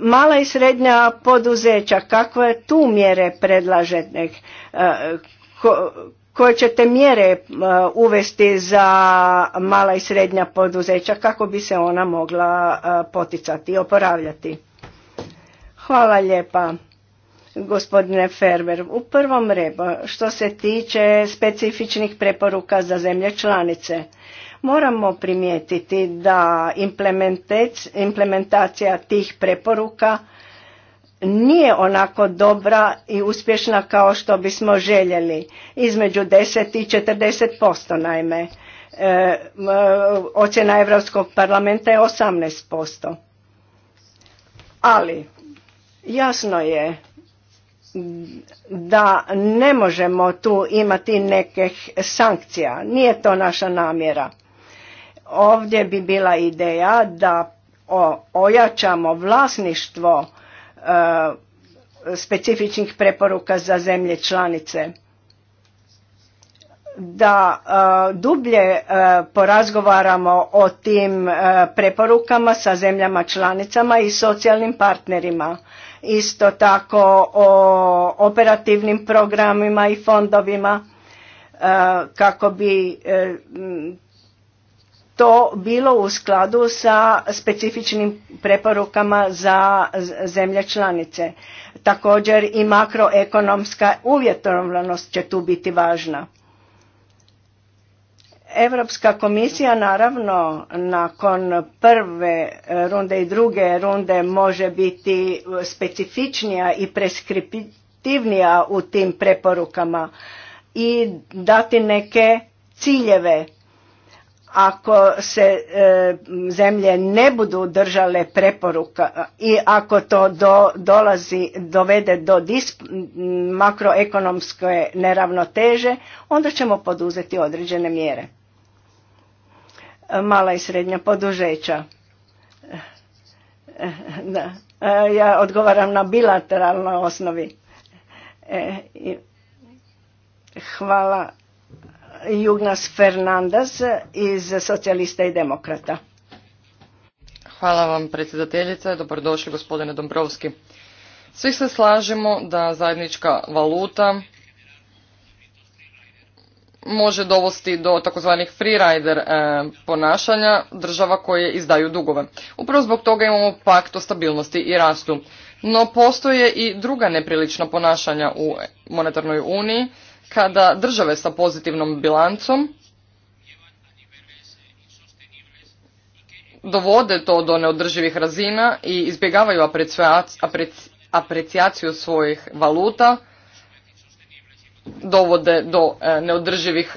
Mala i srednja poduzeća, kakve tu mjere predlažete, koje ćete mjere uvesti za mala i srednja poduzeća kako bi se ona mogla poticati i oporavljati? Hvala lijepa gospodine Ferber. U prvom redu što se tiče specifičnih preporuka za zemlje članice, moramo primijetiti da implementacija tih preporuka nije onako dobra i uspješna kao što bismo željeli, između 10 i 40% naime. E, ocjena Europskog parlamenta je 18%. Ali Jasno je da ne možemo tu imati nekih sankcija. Nije to naša namjera. Ovdje bi bila ideja da ojačamo vlasništvo e, specifičnih preporuka za zemlje članice. Da e, dublje e, porazgovaramo o tim preporukama sa zemljama članicama i socijalnim partnerima isto tako o operativnim programima i fondovima e, kako bi e, to bilo u skladu sa specifičnim preporukama za zemlje članice. Također i makroekonomska uvjetovanost će tu biti važna. Europska komisija naravno nakon prve eh, runde i druge runde može biti specifičnija i preskriptivnija u tim preporukama i dati neke ciljeve ako se e, zemlje ne budu držale preporuka e, i ako to do, dolazi dovede do makroekonomske neravnoteže onda ćemo poduzeti određene mjere e, mala i srednja poduzeća ja odgovaram na bilateralnoj osnovi hvala Jugnas Fernandez iz Socijalista i Demokrata. Hvala vam predsjedateljice, dobrodošli gospodine Dombrovski. Svi se slažemo da zajednička valuta može dovesti do takozvanih freerider eh, ponašanja država koje izdaju dugove. Upravo zbog toga imamo pakt o stabilnosti i rastu. No postoje i druga neprilična ponašanja u monetarnoj uniji kada države sa pozitivnom bilancom dovode to do neodrživih razina i izbjegavaju aprecijaciju svojih valuta, dovode do e, neodrživih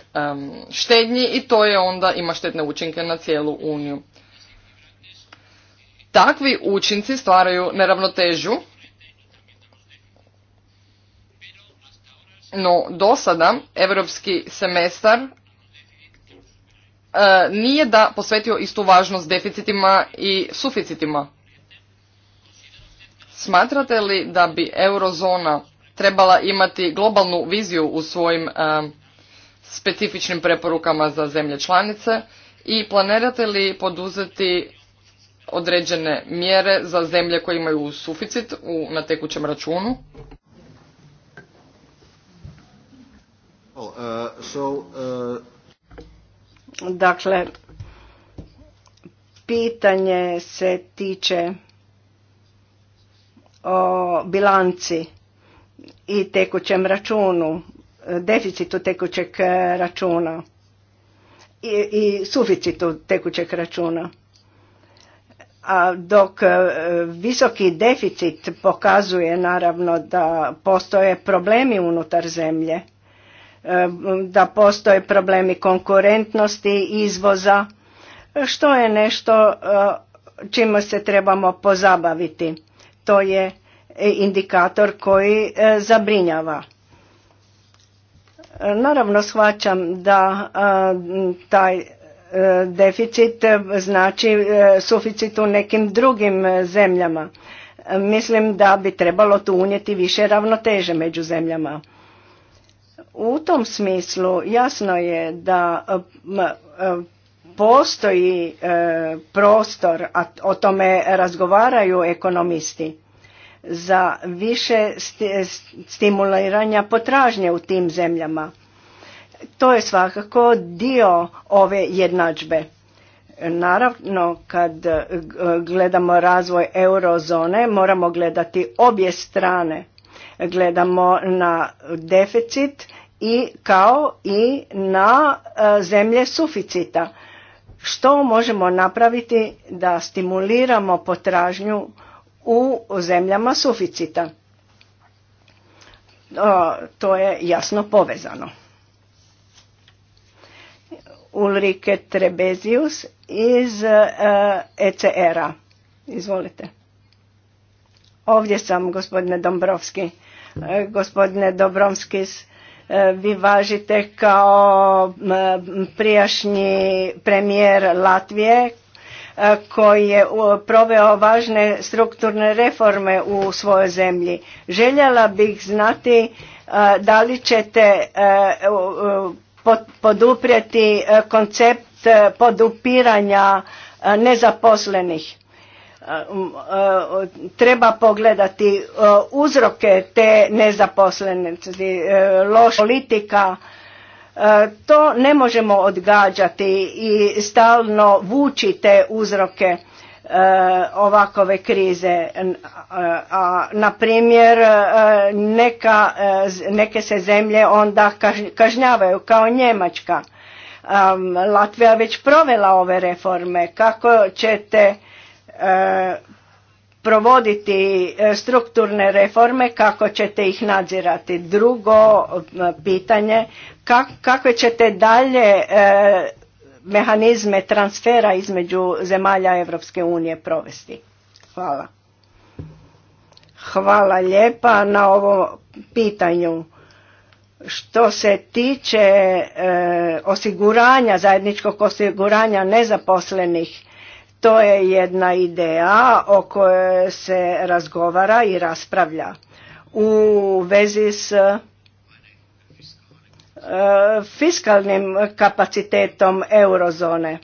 štednji i to je onda ima štetne učinke na cijelu Uniju. Takvi učinci stvaraju neravnotežu No, do sada europski semestar e, nije da posvetio istu važnost deficitima i suficitima. Smatrate li da bi eurozona trebala imati globalnu viziju u svojim e, specifičnim preporukama za zemlje članice i planirate li poduzeti određene mjere za zemlje koje imaju suficit u, na tekućem računu? Oh, uh, uh, dakle, pitanje se tiče o bilanci i tekućem računu, deficitu tekućeg računa i, i suficitu tekućeg računa. A dok uh, visoki deficit pokazuje naravno da postoje problemi unutar zemlje, da postoje problemi konkurentnosti, izvoza, što je nešto e, čime se trebamo pozabaviti. To je indikator koji e, zabrinjava. E, naravno shvaćam da taj deficit znači suficit u nekim drugim zemljama. Mislim da bi trebalo tu unijeti više ravnoteže među zemljama. U tom smislu jasno je da postoji e, prostor, a o tome razgovaraju ekonomisti, za više stimuliranja potražnje u tim zemljama. To je svakako dio ove jednadžbe. Naravno, kad gledamo razvoj eurozone, moramo gledati obje strane. Gledamo na deficit i kao i na e, zemlje suficita. Što možemo napraviti da stimuliramo potražnju u zemljama suficita? E, to je jasno povezano. Ulrike Trebezius iz ECR-a. E Izvolite. Ovdje sam, gospodine Dombrovski. Gospodine Dobromskis, vi važite kao prijašnji premijer Latvije e, koji je proveo važne strukturne reforme u svojoj zemlji. Željela bih znati e, da li ćete e, poduprijeti koncept podupiranja nezaposlenih treba pogledati uzroke te nezaposlenosti, e, loša politika, e, to ne možemo odgađati i stalno vući te uzroke e, ovakove krize. A, na primjer, neka, neke se zemlje onda kažnjavaju kao Njemačka. Latvija već provela ove reforme. Kako ćete E, provoditi e, strukturne reforme, kako ćete ih nadzirati. Drugo pitanje, kakve ćete dalje e, mehanizme transfera između zemalja Europske unije provesti? Hvala. Hvala lijepa na ovom pitanju. Što se tiče osiguranja, zajedničkog osiguranja nezaposlenih, to je jedna ideja o kojoj se razgovara i raspravlja u vezi s e, fiskalnim kapacitetom eurozone. E,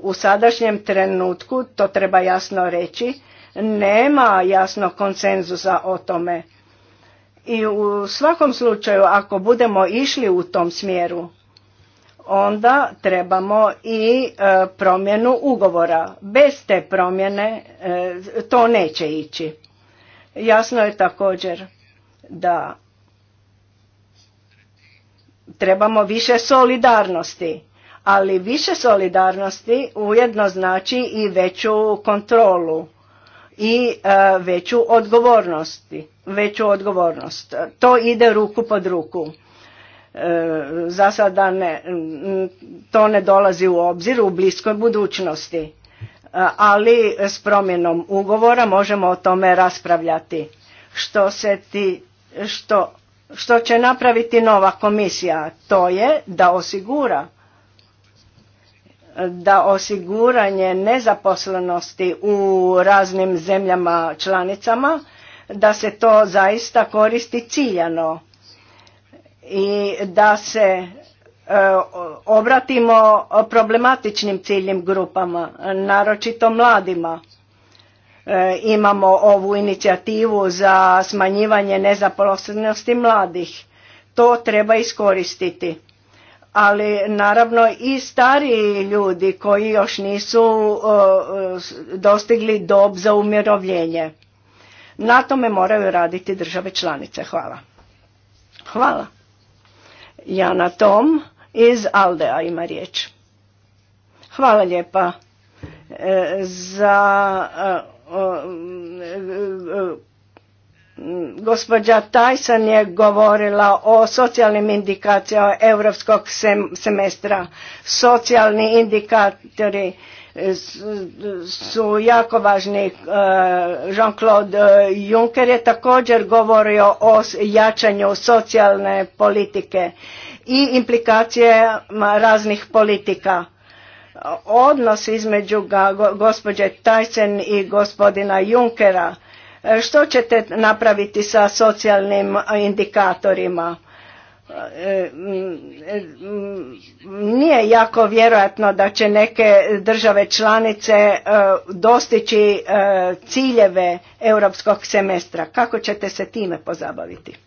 u sadašnjem trenutku, to treba jasno reći, nema jasno konsenzusa o tome. I u svakom slučaju, ako budemo išli u tom smjeru, onda trebamo i e, promjenu ugovora. Bez te promjene e, to neće ići. Jasno je također da trebamo više solidarnosti, ali više solidarnosti ujedno znači i veću kontrolu i e, veću odgovornosti, veću odgovornost. To ide ruku pod ruku E, za sada ne, to ne dolazi u obzir u bliskoj budućnosti, e, ali s promjenom ugovora možemo o tome raspravljati. Što, se ti, što, što će napraviti nova komisija? To je da osigura da osiguranje nezaposlenosti u raznim zemljama članicama, da se to zaista koristi ciljano i da se e, obratimo problematičnim ciljnim grupama, naročito mladima. E, imamo ovu inicijativu za smanjivanje nezaposlenosti mladih. To treba iskoristiti. Ali naravno i stariji ljudi koji još nisu e, dostigli dob za umirovljenje. Na tome moraju raditi države članice. Hvala. Hvala. Jana Tom iz Aldea ima riječ. Hvala lijepa e, za e, e, gospođa Tajsan je govorila o socijalnim indikacijama europskog semestra. Socijalni indikatori su jako važni. E, Jean-Claude e, Juncker je također govorio o jačanju socijalne politike i implikacije raznih politika. Odnos između gospođe Tyson i gospodina Junckera, e, Što ćete napraviti sa socijalnim indikatorima? nije jako vjerojatno da će neke države članice e, dostići e, ciljeve europskog semestra. Kako ćete se time pozabaviti?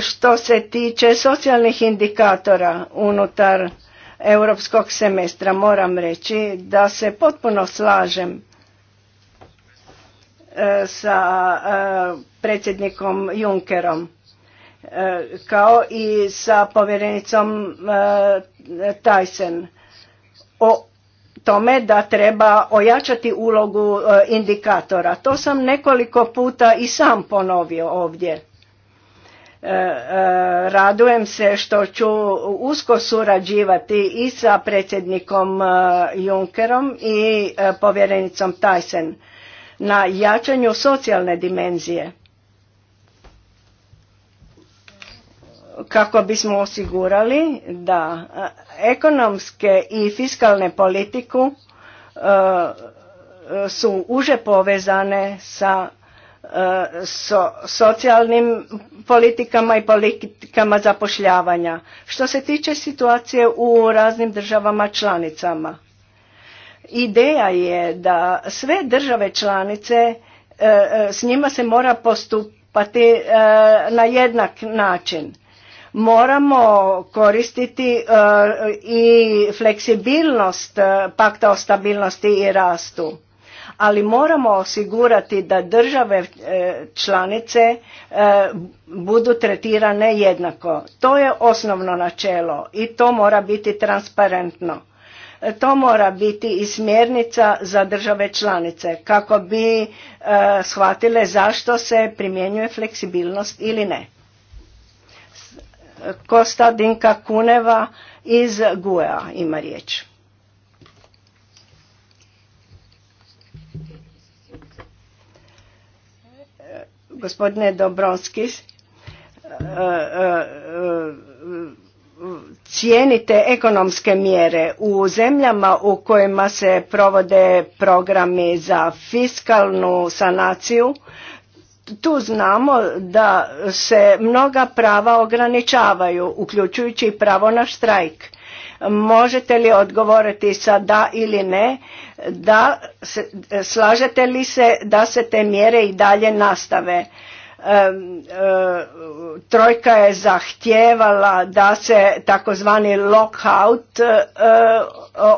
Što se tiče socijalnih indikatora unutar europskog semestra, moram reći da se potpuno slažem E, sa e, predsjednikom Junckerom e, kao i sa povjerenicom Tyson o tome da treba ojačati ulogu indikatora. To sam nekoliko puta i sam ponovio ovdje. Radujem se što ću usko surađivati i sa predsjednikom Junckerom i povjerenicom Tyson na jačanju socijalne dimenzije kako bismo osigurali da ekonomske i fiskalne politiku e, su uže povezane sa e, socijalnim politikama i politikama zapošljavanja. Što se tiče situacije u raznim državama članicama, Ideja je da sve države članice, e, e, s njima se mora postupati e, na jednak način. Moramo koristiti i fleksibilnost pakta o stabilnosti i rastu ali moramo osigurati da države članice budu tretirane jednako. To je osnovno načelo i to mora biti transparentno. To mora biti i smjernica za države članice kako bi e, shvatile zašto se primjenjuje fleksibilnost ili ne. Kosta Dinka Kuneva iz GUEA ima riječ. Gospodine Dobronski, e, e, cijenite ekonomske mjere u zemljama u kojima se provode programi za fiskalnu sanaciju tu znamo da se mnoga prava ograničavaju uključujući i pravo na štrajk možete li odgovoriti sa da ili ne da slažete li se da se te mjere i dalje nastave E, trojka je zahtijevala da se takozvani lockout e, e,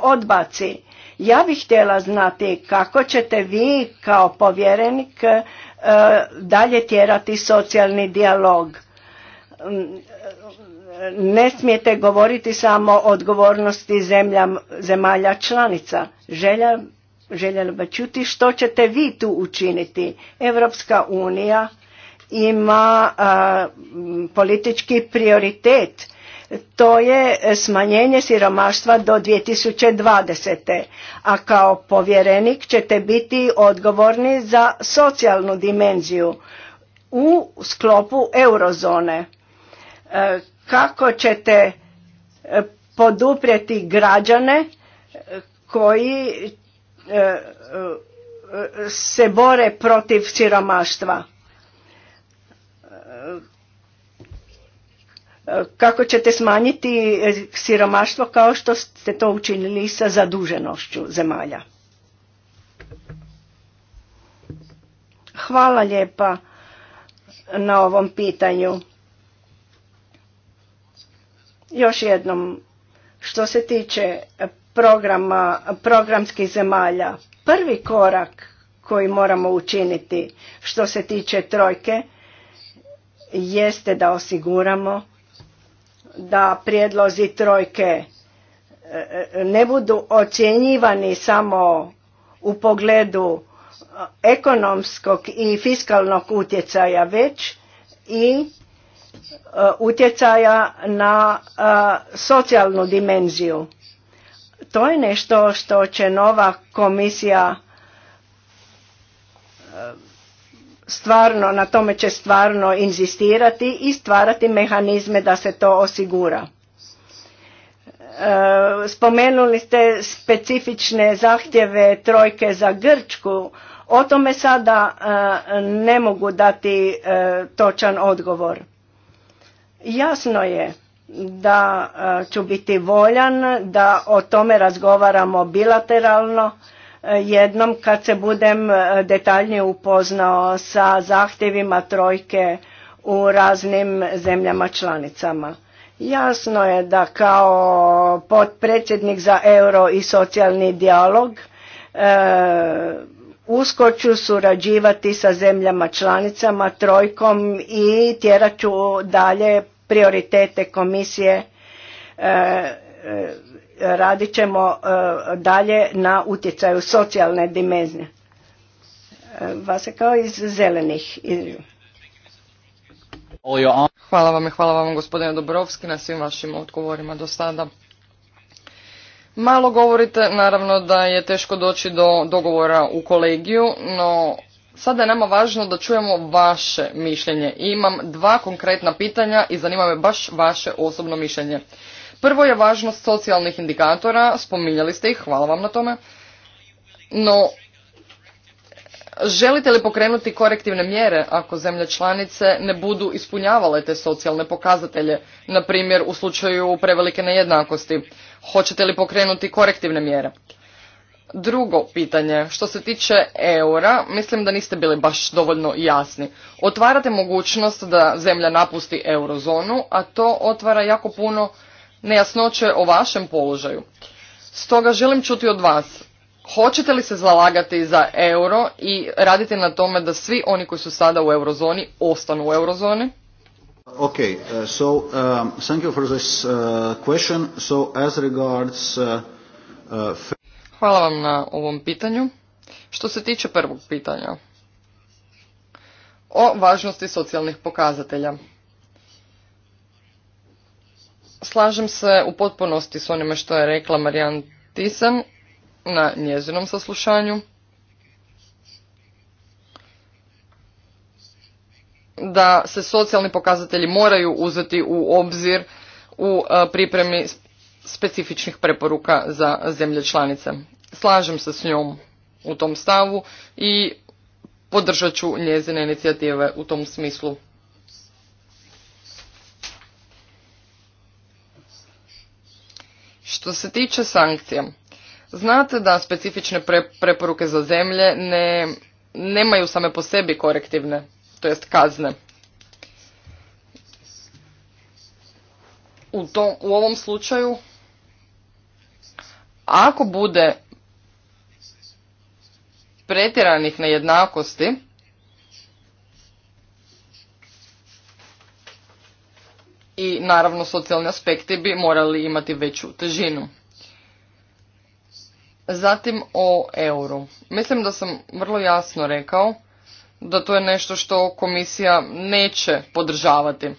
odbaci. Ja bih htjela znati kako ćete vi kao povjerenik dalje tjerati socijalni dijalog. Ne smijete govoriti samo o odgovornosti zemalja članica. Želja, željela bi čuti što ćete vi tu učiniti. Europska unija ima politički prioritet to je smanjenje siromaštva do 2020. A kao povjerenik ćete biti odgovorni za socijalnu dimenziju u sklopu eurozone. E, kako ćete e, poduprijeti građane e, koji se bore protiv siromaštva? kako ćete smanjiti e, siromaštvo kao što ste to učinili sa zaduženošću zemalja. Hvala lijepa na ovom pitanju. Još jednom, što se tiče programa, programskih zemalja, prvi korak koji moramo učiniti što se tiče trojke jeste da osiguramo da prijedlozi trojke e, e, ne budu ocjenjivani samo u pogledu e, ekonomskog i fiskalnog utjecaja već i utjecaja na socijalnu dimenziju. To je nešto što će nova komisija stvarno, na tome će stvarno inzistirati i stvarati mehanizme da se to osigura. E, spomenuli ste specifične zahtjeve trojke za Grčku. O tome sada e, ne mogu dati e, točan odgovor. Jasno je da ću biti voljan da o tome razgovaramo bilateralno jednom kad se budem e, detaljnije upoznao sa zahtjevima trojke u raznim zemljama članicama. Jasno je da kao potpredsjednik za euro i socijalni dijalog e, usko ću surađivati sa zemljama članicama, trojkom i tjerat ću dalje prioritete komisije e, e, radit ćemo e, dalje na utjecaju socijalne dimenzije. E, vas je kao iz zelenih. Hvala vam i hvala vam gospodine Dobrovski na svim vašim odgovorima do sada. Malo govorite, naravno da je teško doći do dogovora u kolegiju, no sada je nama važno da čujemo vaše mišljenje. Imam dva konkretna pitanja i zanima me baš vaše osobno mišljenje. Prvo je važnost socijalnih indikatora, spominjali ste ih, hvala vam na tome. No, želite li pokrenuti korektivne mjere ako zemlje članice ne budu ispunjavale te socijalne pokazatelje, na primjer u slučaju prevelike nejednakosti? Hoćete li pokrenuti korektivne mjere? Drugo pitanje, što se tiče eura, mislim da niste bili baš dovoljno jasni. Otvarate mogućnost da zemlja napusti eurozonu, a to otvara jako puno nejasnoće o vašem položaju. Stoga želim čuti od vas, hoćete li se zalagati za euro i raditi na tome da svi oni koji su sada u eurozoni ostanu u eurozoni? Eh, so um, thank you for this eh, question. So as regards eh, Hvala vam na ovom pitanju. Što se tiče prvog pitanja o važnosti socijalnih pokazatelja. Slažem se u potpunosti s onime što je rekla Marijan Tisan na njezinom saslušanju. Da se socijalni pokazatelji moraju uzeti u obzir u e, pripremi specifičnih preporuka za zemlje članice. Slažem se s njom u tom stavu i podržat ću njezine inicijative u tom smislu. Što se tiče sankcija, znate da specifične preporuke za zemlje ne, nemaju same po sebi korektivne, to jest kazne. U, to, u ovom slučaju, ako bude pretjeranih nejednakosti, i naravno socijalni aspekti bi morali imati veću težinu. Zatim o euru. Mislim da sam vrlo jasno rekao da to je nešto što komisija neće podržavati.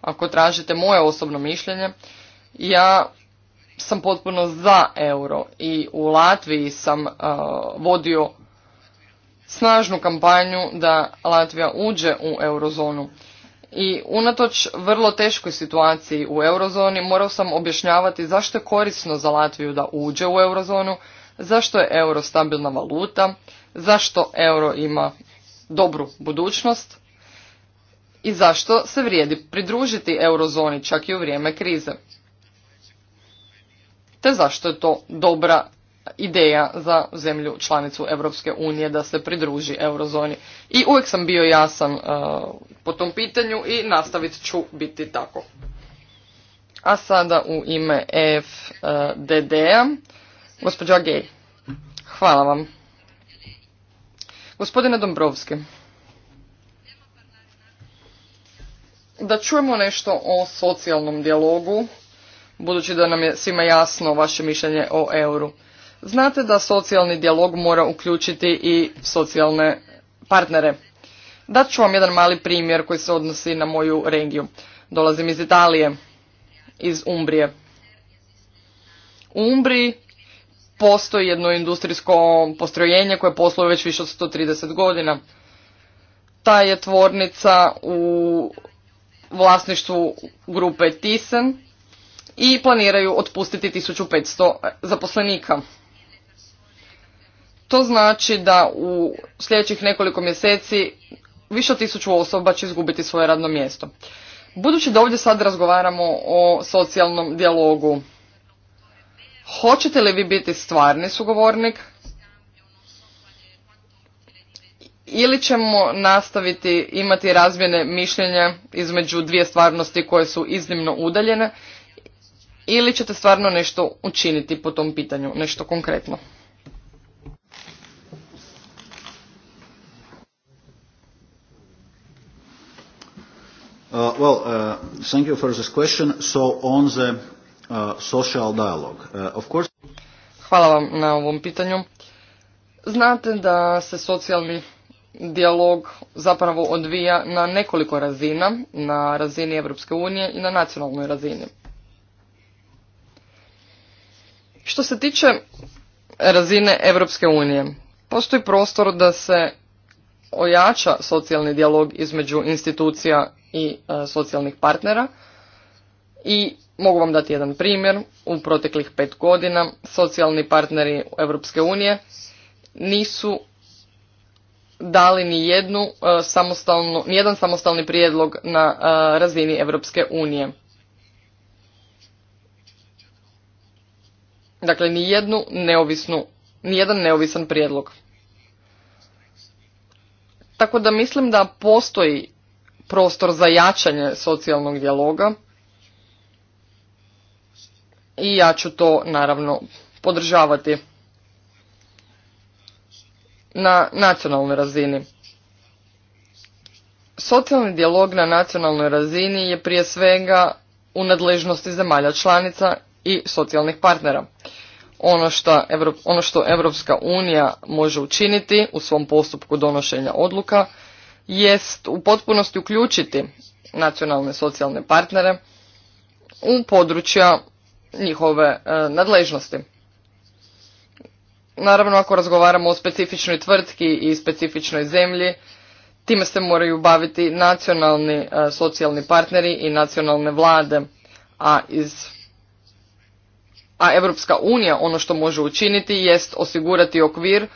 Ako tražite moje osobno mišljenje, ja sam potpuno za euro i u Latviji sam vodio snažnu kampanju da Latvija uđe u eurozonu i unatoč vrlo teškoj situaciji u eurozoni morao sam objašnjavati zašto je korisno za Latviju da uđe u eurozonu, zašto je euro stabilna valuta, zašto euro ima dobru budućnost i zašto se vrijedi pridružiti eurozoni čak i u vrijeme krize. Te zašto je to dobra ideja za zemlju članicu Europske unije da se pridruži eurozoni. I uvijek sam bio jasan e, po tom pitanju i nastavit ću biti tako. A sada u ime e FDD-a, gospođa Gej. Hvala vam. Gospodine Dombrovski. Da čujemo nešto o socijalnom dijalogu, budući da nam je svima jasno vaše mišljenje o euru. Znate da socijalni dijalog mora uključiti i socijalne partnere. Dat ću vam jedan mali primjer koji se odnosi na moju regiju. Dolazim iz Italije, iz Umbrije. U Umbriji postoji jedno industrijsko postrojenje koje posluje već više od 130 godina. Ta je tvornica u vlasništvu grupe Thyssen i planiraju otpustiti 1500 zaposlenika. To znači da u sljedećih nekoliko mjeseci više od tisuću osoba će izgubiti svoje radno mjesto. Budući da ovdje sad razgovaramo o socijalnom dijalogu, hoćete li vi biti stvarni sugovornik ili ćemo nastaviti imati razmjene mišljenja između dvije stvarnosti koje su iznimno udaljene ili ćete stvarno nešto učiniti po tom pitanju, nešto konkretno? Uh, well, uh, thank you for this question. So on the uh, social dialogue, uh, of course. Hvala vam na ovom pitanju. Znate da se socijalni dijalog zapravo odvija na nekoliko razina, na razini Europske unije i na nacionalnoj razini. Što se tiče razine Europske unije, postoji prostor da se ojača socijalni dijalog između institucija i e, socijalnih partnera i mogu vam dati jedan primjer. U proteklih pet godina socijalni partneri Europske unije nisu dali ni jednu e, samostalnu, ni jedan samostalni prijedlog na e, razini Europske unije. Dakle, ni jednu neovisnu, ni jedan neovisan prijedlog. Tako da mislim da postoji prostor za jačanje socijalnog dijaloga i ja ću to naravno podržavati na nacionalnoj razini. Socijalni dijalog na nacionalnoj razini je prije svega u nadležnosti zemalja članica i socijalnih partnera. Ono što, Evrop, ono što Evropska unija može učiniti u svom postupku donošenja odluka jest u potpunosti uključiti nacionalne socijalne partnere u područja njihove e, nadležnosti. Naravno, ako razgovaramo o specifičnoj tvrtki i specifičnoj zemlji, time se moraju baviti nacionalni e, socijalni partneri i nacionalne vlade, a iz a Europska unija ono što može učiniti jest osigurati okvir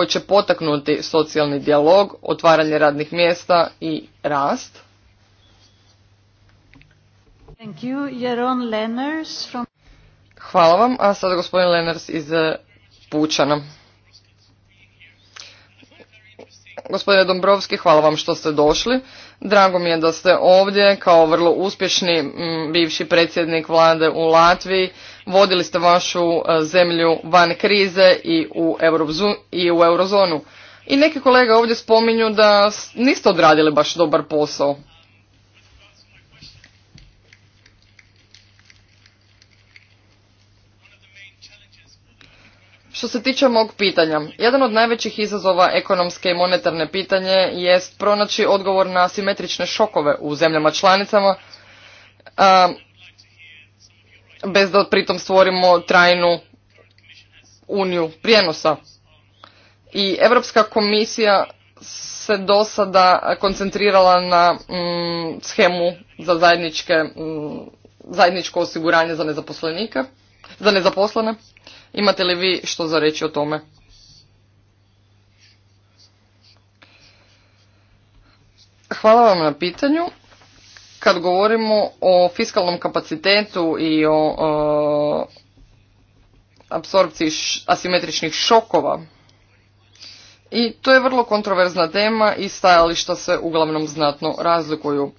koji će potaknuti socijalni dijalog, otvaranje radnih mjesta i rast. Thank you. Hvala vam, a sad gospodin Lenners iz eh, Pučana. Gospodine Dombrovski, hvala vam što ste došli. Drago mi je da ste ovdje kao vrlo uspješni bivši predsjednik vlade u Latviji. Vodili ste vašu e, zemlju van krize i u, Eurozu, i u eurozonu. I neki kolega ovdje spominju da niste odradili baš dobar posao. Što se tiče mog pitanja, jedan od najvećih izazova ekonomske i monetarne pitanje jest pronaći odgovor na simetrične šokove u zemljama članicama, a, bez da pritom stvorimo trajnu uniju prijenosa. I Europska komisija se do sada koncentrirala na mm, schemu za zajedničke, mm, zajedničko osiguranje za nezaposlenike, za nezaposlene. Imate li vi što za reći o tome? Hvala vam na pitanju. Kad govorimo o fiskalnom kapacitetu i o, apsorpciji asimetričnih šokova, i to je vrlo kontroverzna tema i stajališta se uglavnom znatno razlikuju.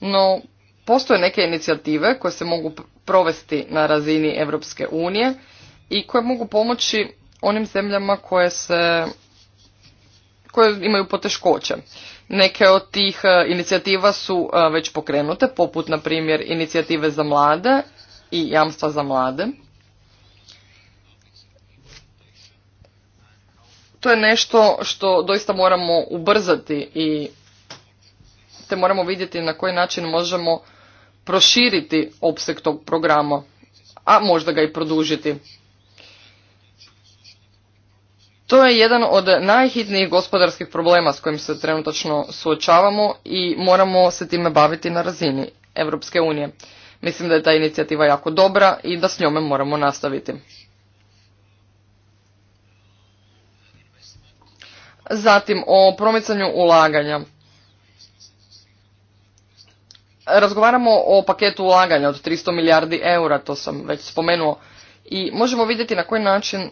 No, postoje neke inicijative koje se mogu provesti na razini Europske unije i koje mogu pomoći onim zemljama koje se koje imaju poteškoće. Neke od tih e, inicijativa su e, već pokrenute, poput na primjer inicijative za mlade i jamstva za mlade. To je nešto što doista moramo ubrzati i te moramo vidjeti na koji način možemo proširiti opseg tog programa, a možda ga i produžiti. To je jedan od najhitnijih gospodarskih problema s kojim se trenutačno suočavamo i moramo se time baviti na razini Europske unije. Mislim da je ta inicijativa jako dobra i da s njome moramo nastaviti. Zatim o promicanju ulaganja. Razgovaramo o paketu ulaganja od 300 milijardi eura, to sam već spomenuo, i možemo vidjeti na koji način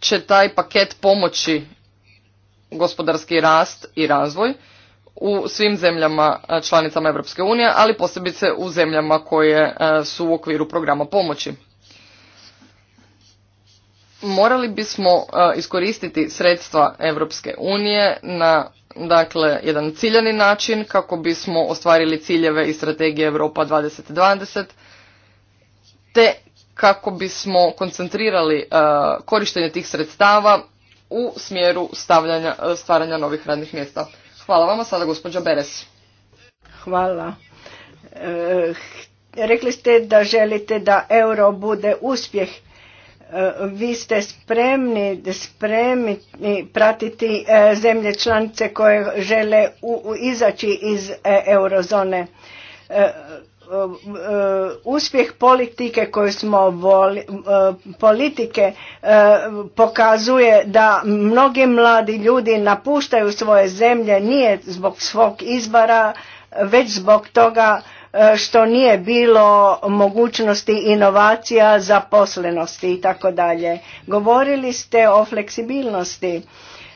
će taj paket pomoći gospodarski rast i razvoj u svim zemljama e, članicama Europske unije, ali posebice u zemljama koje e, su u okviru programa pomoći. Morali bismo e, iskoristiti sredstva Europske unije na dakle jedan ciljani način kako bismo ostvarili ciljeve i strategije Europa 2020 te kako bismo koncentrirali e, korištenje tih sredstava u smjeru e, stvaranja novih radnih mjesta. Hvala vama sada gospođa Beres. Hvala. E, rekli ste da želite da euro bude uspjeh. vi ste spremni, spremni pratiti zemlje članice koje žele izaći iz eurozone. Um, um, uspjeh politike koju smo um, politike pokazuje da mnogi mladi ljudi napuštaju svoje zemlje nije zbog svog izbora već zbog toga što nije bilo mogućnosti inovacija, zaposlenosti i tako dalje. Govorili ste o fleksibilnosti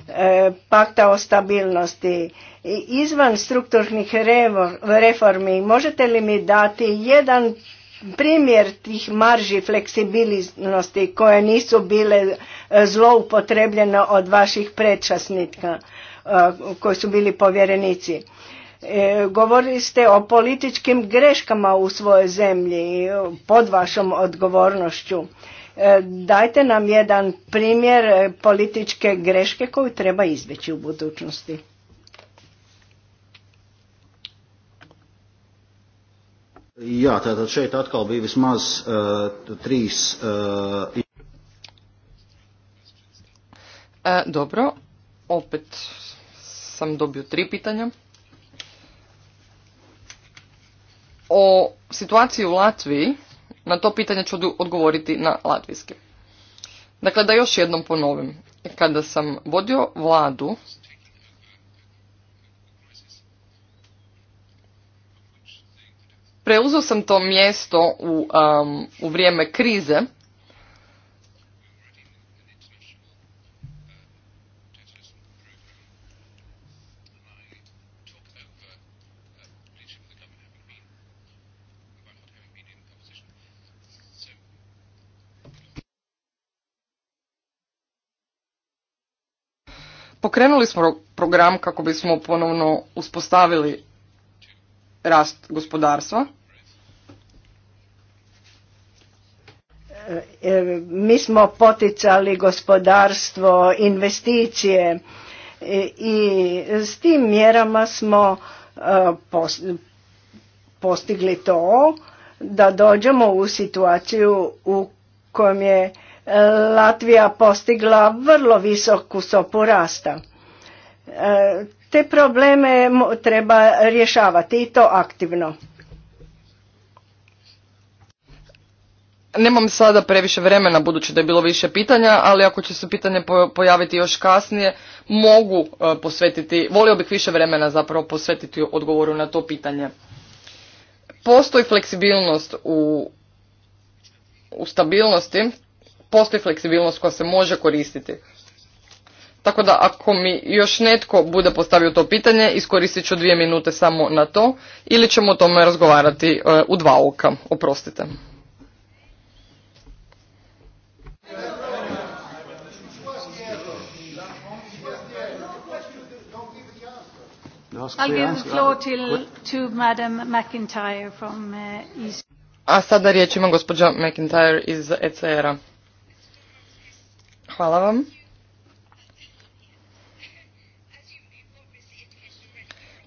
E, pakta o stabilnosti i izvan strukturnih reformi. Možete li mi dati jedan primjer tih marži fleksibilnosti koje nisu bile e, zloupotrebljene od vaših predčasnika e, koji su bili povjerenici? Govorili ste o političkim greškama u svojoj zemlji pod vašom odgovornošću. E, dajte nam jedan primjer političke greške koju treba izbjeći u budućnosti. ja dobro, opet sam dobio tri pitanja. O situaciji u Latviji na to pitanje ću odgovoriti na latvijski. Dakle, da još jednom ponovim. Kada sam vodio vladu, preuzeo sam to mjesto u, um, u vrijeme krize Pokrenuli smo program kako bismo ponovno uspostavili rast gospodarstva. E, e, mi smo poticali gospodarstvo, investicije e, i s tim mjerama smo postigli to da dođemo u situaciju u kojem je Latvija postigla vrlo visoku stopu rasta. E, te probleme treba rješavati i to aktivno. Nemam sada previše vremena budući da je bilo više pitanja, ali ako će se pitanje pojaviti još kasnije, mogu e, posvetiti, volio bih više vremena zapravo posvetiti odgovoru na to pitanje. Postoji fleksibilnost u, u stabilnosti, postoji fleksibilnost koja se može koristiti. Tako da ako mi još netko bude postavio to pitanje, iskoristit ću dvije minute samo na to ili ćemo o tome razgovarati e, u dva oka. Oprostite. Uh, A sada riječ ima gospođa McIntyre iz ECR-a. Hvala vam.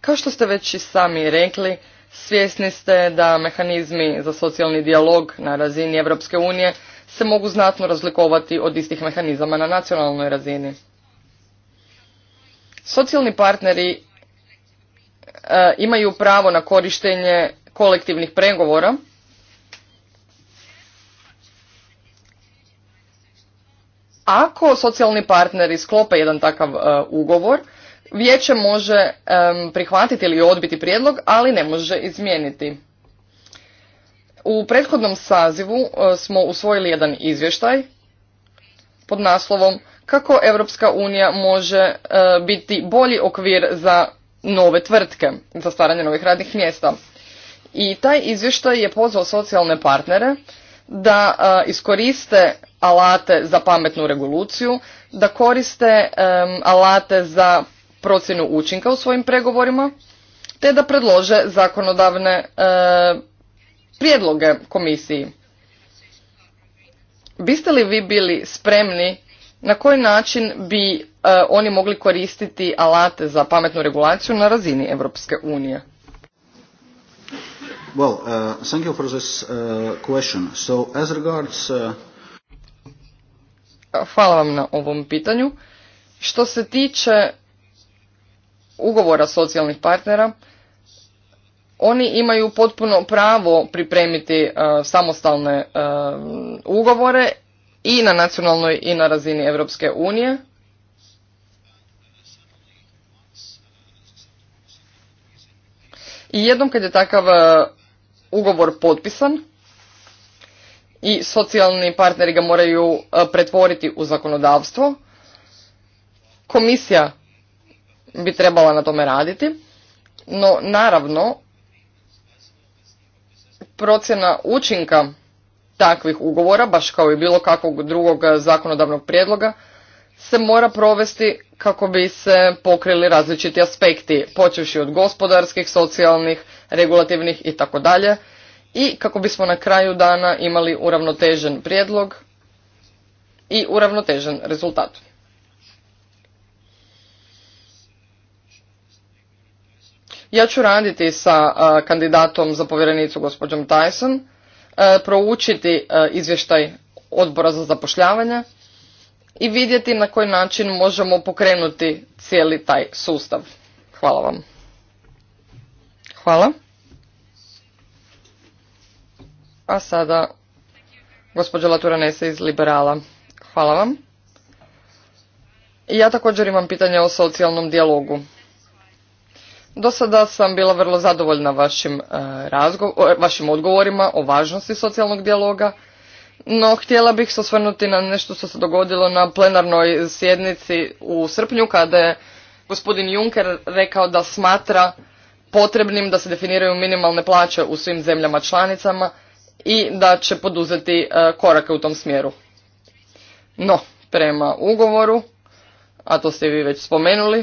Kao što ste već i sami rekli, svjesni ste da mehanizmi za socijalni dijalog na razini Europske unije se mogu znatno razlikovati od istih mehanizama na nacionalnoj razini. Socijalni partneri e, imaju pravo na korištenje kolektivnih pregovora Ako socijalni partneri sklope jedan takav e, ugovor, vijeće može prihvatiti ili odbiti prijedlog, ali ne može izmijeniti. U prethodnom sazivu e, smo usvojili jedan izvještaj pod naslovom kako Europska unija može e, biti bolji okvir za nove tvrtke, za stvaranje novih radnih mjesta. I taj izvještaj je pozvao socijalne partnere da iskoriste alate za pametnu regulaciju da koriste alate za procjenu učinka u svojim pregovorima, te da predlože zakonodavne e, prijedloge komisiji. Biste li vi bili spremni na koji način bi e, oni mogli koristiti alate za pametnu regulaciju na razini Europske unije? Well, uh, thank uh, question. So, as regards... Uh, hvala vam na ovom pitanju. Što se tiče ugovora socijalnih partnera, oni imaju potpuno pravo pripremiti uh, samostalne ugovore i na nacionalnoj i na razini Europske unije I jednom kad je takav e, ugovor potpisan i socijalni partneri ga moraju e, pretvoriti u zakonodavstvo, komisija bi trebala na tome raditi, no naravno procjena učinka takvih ugovora, baš kao i bilo kakvog drugog zakonodavnog prijedloga, se mora provesti kako bi se pokrili različiti aspekti, počevši od gospodarskih, socijalnih, regulativnih i tako dalje, i kako bismo na kraju dana imali uravnotežen prijedlog i uravnotežen rezultat. Ja ću raditi sa kandidatom za povjerenicu gospođom Tyson, proučiti izvještaj odbora za zapošljavanje i vidjeti na koji način možemo pokrenuti cijeli taj sustav. Hvala vam. Hvala. A sada gospođa Laturanese iz Liberala. Hvala vam. ja također imam pitanje o socijalnom dijalogu. Do sada sam bila vrlo zadovoljna vašim, eh, vašim odgovorima o važnosti socijalnog dijaloga no, htjela bih se osvrnuti na nešto što se dogodilo na plenarnoj sjednici u srpnju kada je gospodin Juncker rekao da smatra potrebnim da se definiraju minimalne plaće u svim zemljama članicama i da će poduzeti e, korake u tom smjeru. No, prema ugovoru, a to ste vi već spomenuli,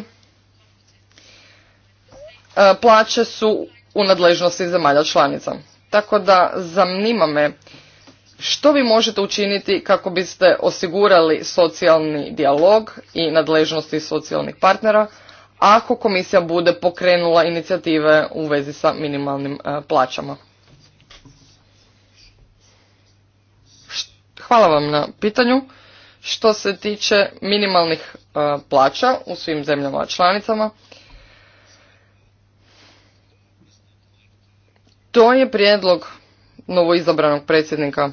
e, plaće su u nadležnosti zemalja članica. Tako da zanima me što vi možete učiniti kako biste osigurali socijalni dijalog i nadležnosti socijalnih partnera ako komisija bude pokrenula inicijative u vezi sa minimalnim e, plaćama? Hvala vam na pitanju. Što se tiče minimalnih e, plaća u svim zemljama članicama, to je prijedlog novoizabranog predsjednika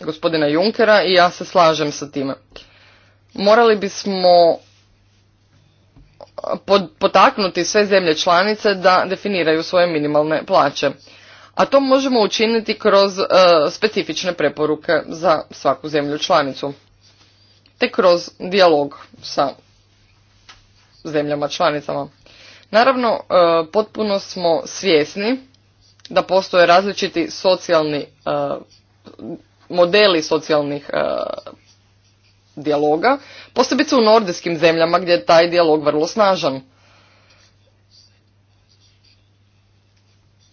gospodina Junkera i ja se slažem sa time. Morali bismo potaknuti sve zemlje članice da definiraju svoje minimalne plaće. A to možemo učiniti kroz e, specifične preporuke za svaku zemlju članicu. Te kroz dijalog sa zemljama članicama. Naravno, e, potpuno smo svjesni da postoje različiti socijalni eh, modeli socijalnih eh, dijaloga, posebice u nordijskim zemljama gdje je taj dijalog vrlo snažan.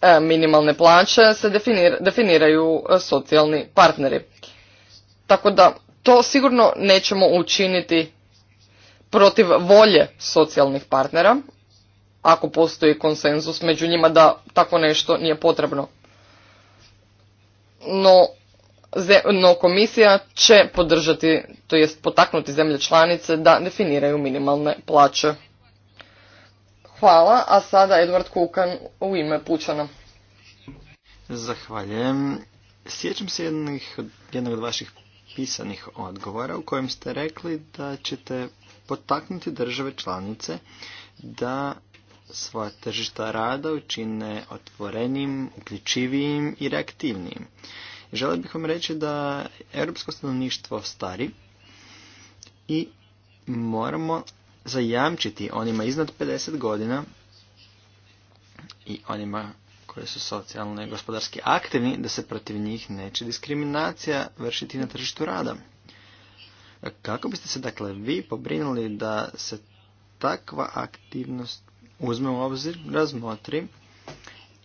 Eh, minimalne plaće se definiraju socijalni partneri. Tako da to sigurno nećemo učiniti protiv volje socijalnih partnera, ako postoji konsenzus među njima da tako nešto nije potrebno. No, no komisija će podržati, to jest potaknuti zemlje članice da definiraju minimalne plaće. Hvala, a sada Edward Kukan u ime Pučana. Zahvaljujem. Sjećam se jednih, jednog od vaših pisanih odgovora u kojem ste rekli da ćete potaknuti države članice da svoja tržišta rada učine otvorenim, uključivijim i reaktivnijim. Želio bih vam reći da europsko stanovništvo stari i moramo zajamčiti onima iznad 50 godina i onima koji su socijalno i gospodarski aktivni da se protiv njih neće diskriminacija vršiti na tržištu rada. Kako biste se dakle vi pobrinuli da se takva aktivnost uzme u obzir, razmotri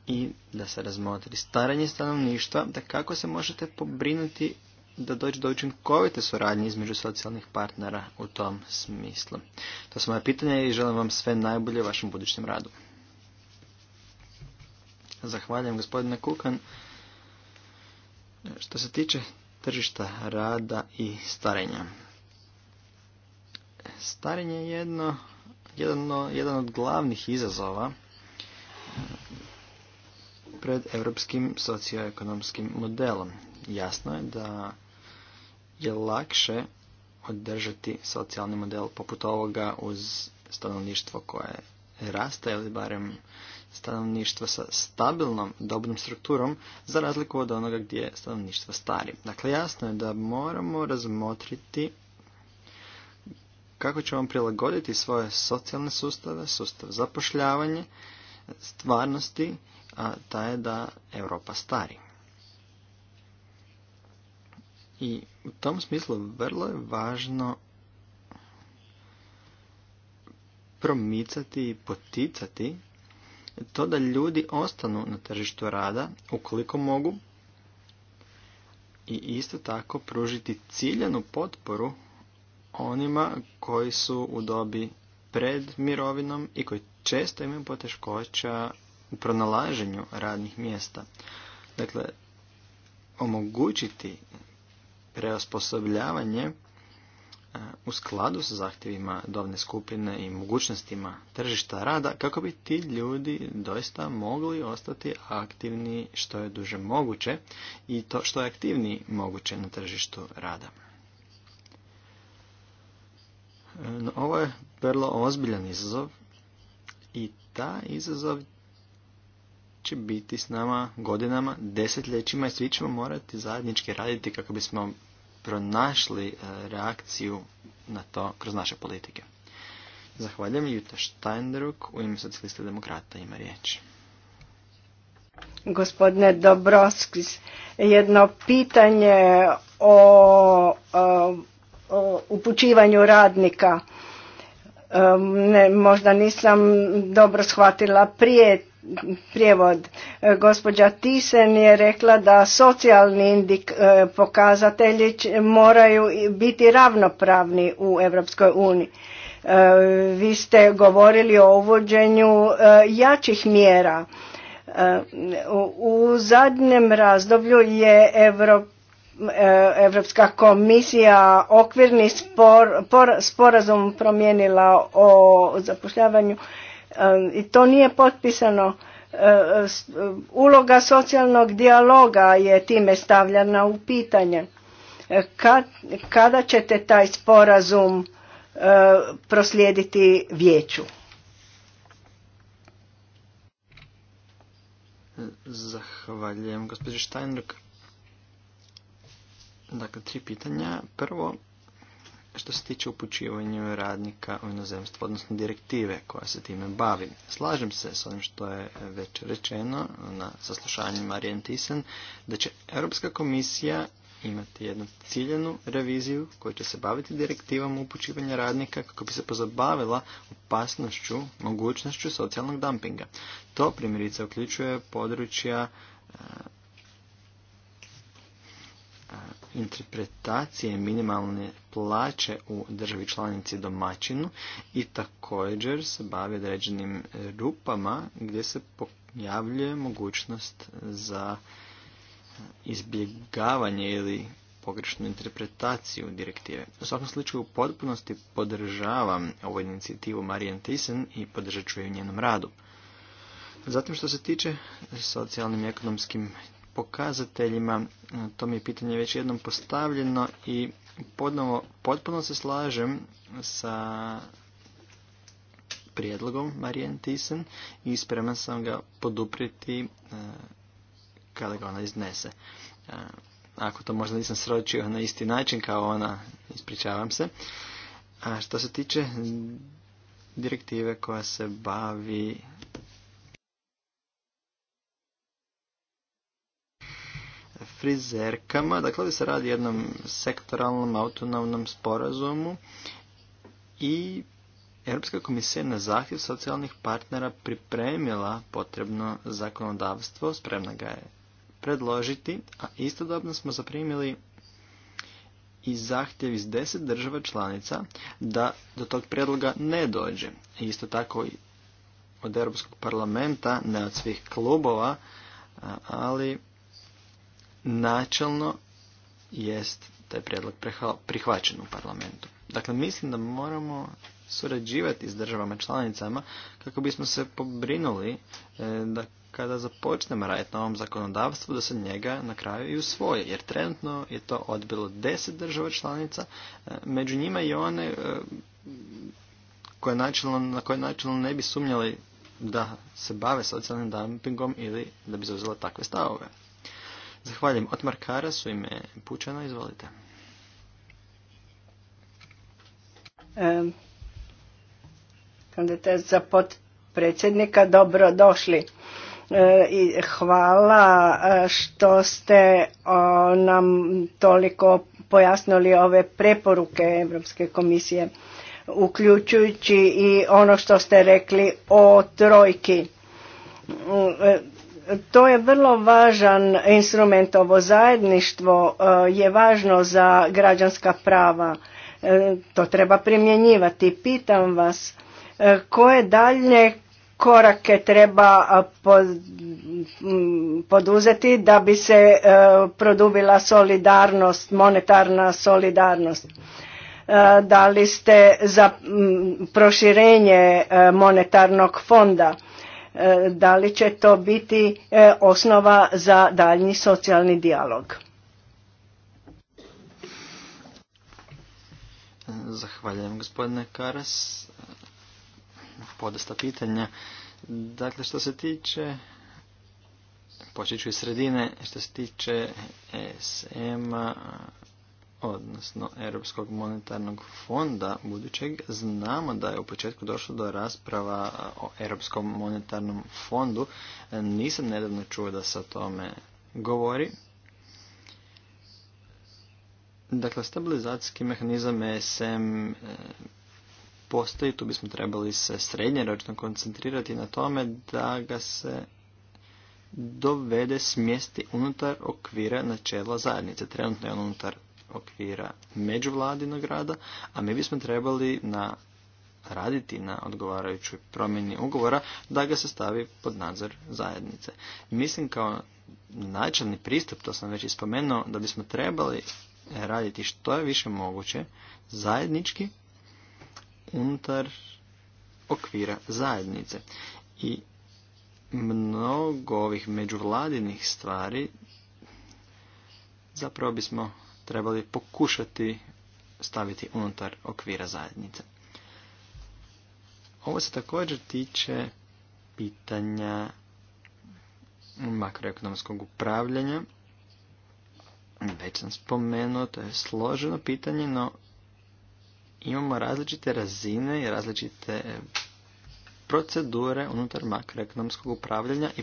i da se razmotri staranje stanovništva, da kako se možete pobrinuti da dođe do učinkovite suradnje između socijalnih partnera u tom smislu. To su moje pitanje i želim vam sve najbolje u vašem budućem radu. Zahvaljujem gospodine Kukan. Što se tiče tržišta rada i starenja. Starenje je jedno jedan, jedan od glavnih izazova eh, pred europskim socioekonomskim modelom. Jasno je da je lakše održati socijalni model poput ovoga uz stanovništvo koje rasta, ili barem stanovništvo sa stabilnom dobnom strukturom za razliku od onoga gdje je stanovništvo stari. Dakle, jasno je da moramo razmotriti kako ćemo prilagoditi svoje socijalne sustave, sustav zapošljavanje, stvarnosti, a ta je da Europa stari. I u tom smislu vrlo je važno promicati i poticati to da ljudi ostanu na tržištu rada ukoliko mogu i isto tako pružiti ciljanu potporu onima koji su u dobi pred mirovinom i koji često imaju poteškoća u pronalaženju radnih mjesta. Dakle, omogućiti preosposobljavanje e, u skladu sa zahtjevima dobne skupine i mogućnostima tržišta rada kako bi ti ljudi doista mogli ostati aktivni što je duže moguće i to što je aktivni moguće na tržištu rada. No, ovo je vrlo ozbiljan izazov i ta izazov će biti s nama godinama, desetljećima i svi ćemo morati zajednički raditi kako bismo pronašli e, reakciju na to kroz naše politike. Zahvaljujem Juta Štajndruk u ime socijalista demokrata ima riječ. Gospodine Dobroskis, jedno pitanje o, o upućivanju radnika. Ne, možda nisam dobro shvatila prijevod. E, gospođa Tisen je rekla da socijalni indik, e, pokazatelji moraju biti ravnopravni u Europskoj uniji. E, vi ste govorili o uvođenju jačih mjera. U zadnjem razdoblju je Evrop, Europska komisija okvirni spor, sporazum promijenila o zapošljavanju e, i to nije potpisano. E, uloga socijalnog dijaloga je time stavljena u pitanje. E, kada ćete taj sporazum proslijediti vijeću? Zahvaljujem, gospođe Dakle, tri pitanja. Prvo, što se tiče upućivanja radnika u inozemstvo, odnosno direktive koja se time bavi. Slažem se s onim što je već rečeno na saslušanju Marijan Tisen, da će Europska komisija imati jednu ciljenu reviziju koja će se baviti direktivom upućivanja radnika kako bi se pozabavila opasnošću, mogućnošću socijalnog dumpinga. To primjerice uključuje područja e, interpretacije minimalne plaće u državi članici domaćinu i također se bavi određenim rupama gdje se pojavljuje mogućnost za izbjegavanje ili pogrešnu interpretaciju direktive. U svakom slučaju u potpunosti podržavam ovu inicijativu Marijan Thyssen i podržat ću je u njenom radu. Zatim što se tiče socijalnim i ekonomskim pokazateljima, e, to mi je pitanje već jednom postavljeno i podnovo, potpuno se slažem sa prijedlogom Marijan Thyssen i spreman sam ga poduprijeti e, kada ga ona iznese. E, ako to možda nisam sročio na isti način kao ona, ispričavam se. A što se tiče direktive koja se bavi frizerkama. Dakle, ovdje se radi jednom sektoralnom autonomnom sporazumu i Europska komisija je na zahtjev socijalnih partnera pripremila potrebno zakonodavstvo, spremna ga je predložiti, a istodobno smo zaprimili i zahtjev iz deset država članica da do tog prijedloga ne dođe. Isto tako i od Europskog parlamenta, ne od svih klubova, ali načelno jest taj prijedlog prihvaćen u parlamentu. Dakle, mislim da moramo surađivati s državama članicama kako bismo se pobrinuli e, da kada započnemo raditi na ovom zakonodavstvu da se njega na kraju i usvoje. Jer trenutno je to odbilo deset država članica, e, među njima i one e, koje na koje načelno ne bi sumnjali da se bave socijalnim dumpingom ili da bi zauzela takve stavove. Zahvaljujem. Otmar Karas u ime Pučana, izvolite. E, kandidat za potpredsjednika, dobro došli. E, I hvala e, što ste nam toliko pojasnili ove preporuke Europske komisije, uključujući i ono što ste rekli o trojki. To je vrlo važan instrument, ovo zajedništvo e, je važno za građanska prava. E, to treba primjenjivati. Pitam vas, e, koje daljnje korake treba poduzeti da bi se produbila solidarnost, monetarna solidarnost? Da li ste za proširenje monetarnog fonda? E, da li će to biti e, osnova za daljnji socijalni dijalog. Zahvaljujem gospodine Karas. Podesta pitanja. Dakle, što se tiče počet ću iz sredine, što se tiče e SM-a, odnosno Europskog monetarnog fonda budućeg, znamo da je u početku došlo do rasprava o Europskom monetarnom fondu. Nisam nedavno čuo da se o tome govori. Dakle, stabilizacijski mehanizam ESM e, postoji, tu bismo trebali se srednjeročno koncentrirati na tome da ga se dovede smjesti unutar okvira načela zajednice. Trenutno je on unutar okvira međuvladinog rada, a mi bismo trebali na raditi na odgovarajućoj promjeni ugovora da ga se stavi pod nadzor zajednice. Mislim kao načelni pristup, to sam već ispomenuo, da bismo trebali raditi što je više moguće zajednički unutar okvira zajednice. I mnogo ovih međuvladinih stvari zapravo bismo trebali pokušati staviti unutar okvira zajednice. Ovo se također tiče pitanja makroekonomskog upravljanja. Već sam spomenuo, to je složeno pitanje, no imamo različite razine i različite procedure unutar makroekonomskog upravljanja i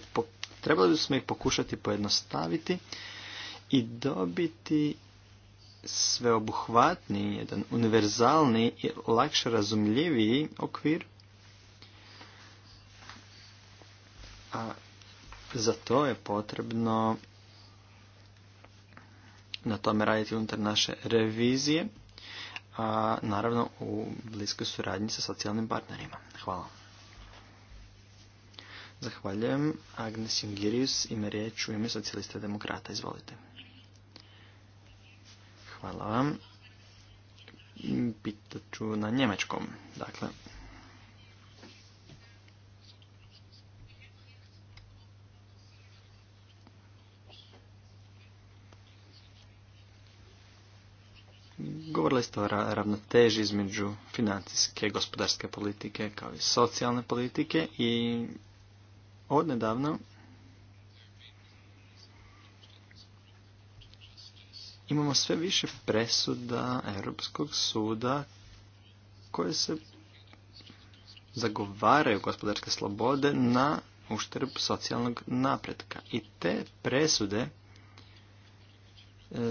trebali smo ih pokušati pojednostaviti i dobiti sveobuhvatniji, jedan univerzalni i lakše razumljiviji okvir. A za to je potrebno na tome raditi unutar naše revizije, a naravno u bliskoj suradnji sa socijalnim partnerima. Hvala. Zahvaljujem. Agnes Jungirius ima riječ u ime socijalista demokrata. Izvolite. Hvala vam. Pitat ću na njemačkom. Dakle, Govorili ste o ravnoteži između financijske, gospodarske politike kao i socijalne politike i odnedavno imamo sve više presuda Europskog suda koje se zagovaraju gospodarske slobode na uštrb socijalnog napretka. I te presude e,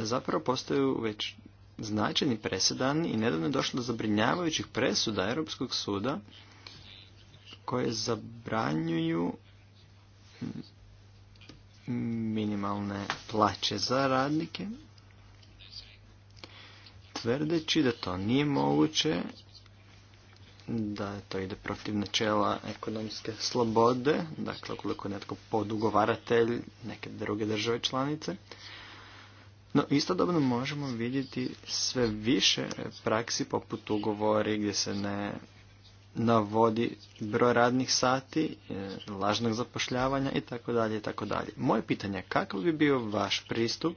zapravo postaju već značajni presedani i nedavno je došlo do zabrinjavajućih presuda Europskog suda koje zabranjuju minimalne plaće za radnike tvrdeći da to nije moguće, da to ide protiv načela ekonomske slobode, dakle ukoliko je netko podugovaratelj neke druge države članice. No istodobno možemo vidjeti sve više praksi poput ugovori gdje se ne navodi broj radnih sati, e, lažnog zapošljavanja i tako dalje i tako Moje pitanje je kakav bi bio vaš pristup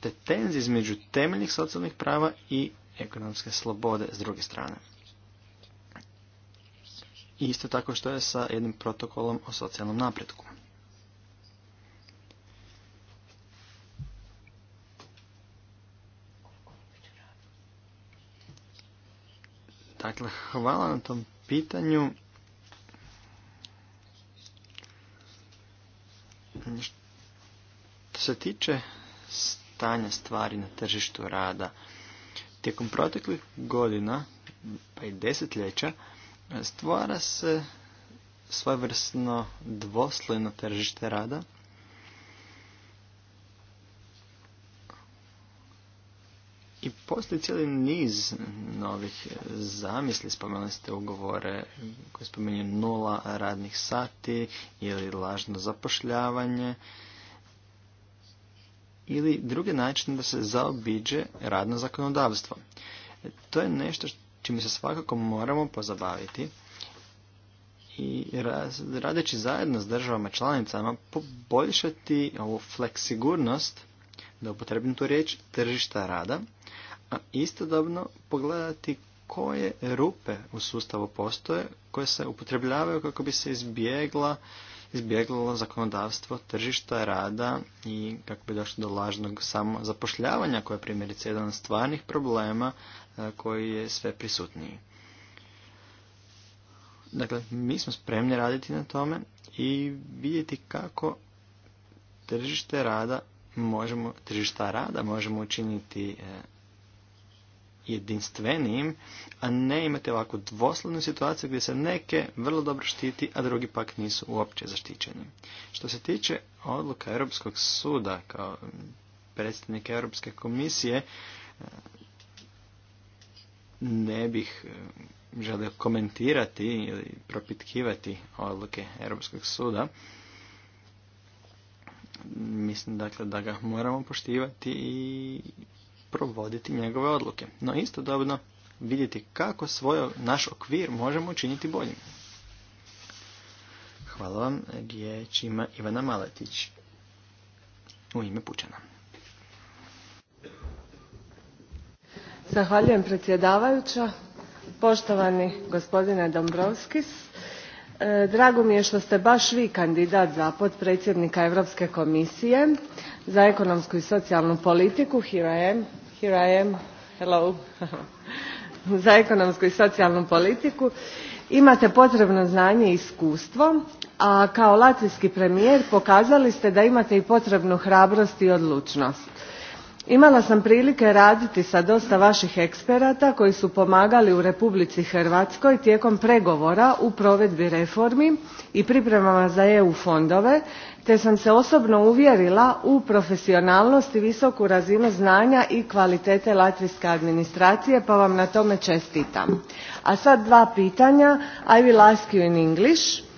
te tenzi između temeljnih socijalnih prava i ekonomske slobode s druge strane. isto tako što je sa jednim protokolom o socijalnom napretku. Dakle, hvala na tom pitanju. Što se tiče stanja stvari na tržištu rada. Tijekom proteklih godina, pa i desetljeća, stvara se svojevrsno dvoslojno tržište rada, I postoji cijeli niz novih zamisli, spomenuli ste ugovore koje spominju nula radnih sati ili lažno zapošljavanje, ili drugi način da se zaobiđe radno zakonodavstvo. To je nešto čime se svakako moramo pozabaviti i radeći zajedno s državama članicama poboljšati ovu fleksigurnost, da upotrebim tu riječ, tržišta rada, a istodobno pogledati koje rupe u sustavu postoje koje se upotrebljavaju kako bi se izbjegla izbjeglo zakonodavstvo tržišta rada i kako bi došlo do lažnog samozapošljavanja koje je primjerice jedan od stvarnih problema e, koji je sve prisutniji. Dakle, mi smo spremni raditi na tome i vidjeti kako tržište rada možemo, tržišta rada možemo učiniti e, jedinstvenijim, a ne imate ovakvu dvoslovnu situaciju gdje se neke vrlo dobro štiti, a drugi pak nisu uopće zaštićeni. Što se tiče odluka Europskog suda kao predstavnika Europske komisije, e, ne bih e, želio komentirati ili propitkivati odluke Europskog suda. Mislim dakle da ga moramo poštivati i provoditi njegove odluke, no istodobno vidjeti kako svoj naš okvir možemo učiniti boljim. Hvala vam, riječ ima Ivana Maletić u ime Pučana. Zahvaljujem predsjedavajuća, poštovani gospodine Dombrovskis. E, drago mi je što ste baš vi kandidat za potpredsjednika Europske komisije za ekonomsku i socijalnu politiku. Here *laughs* za ekonomsku i socijalnu politiku imate potrebno znanje i iskustvo a kao latvijski premijer pokazali ste da imate i potrebnu hrabrost i odlučnost imala sam prilike raditi sa dosta vaših eksperata koji su pomagali u republici hrvatskoj tijekom pregovora u provedbi reformi i pripremama za eu fondove te sam se osobno uvjerila u profesionalnost i visoku razinu znanja i kvalitete latvijske administracije pa vam na tome čestitam. a sad dva pitanja i will ask you in english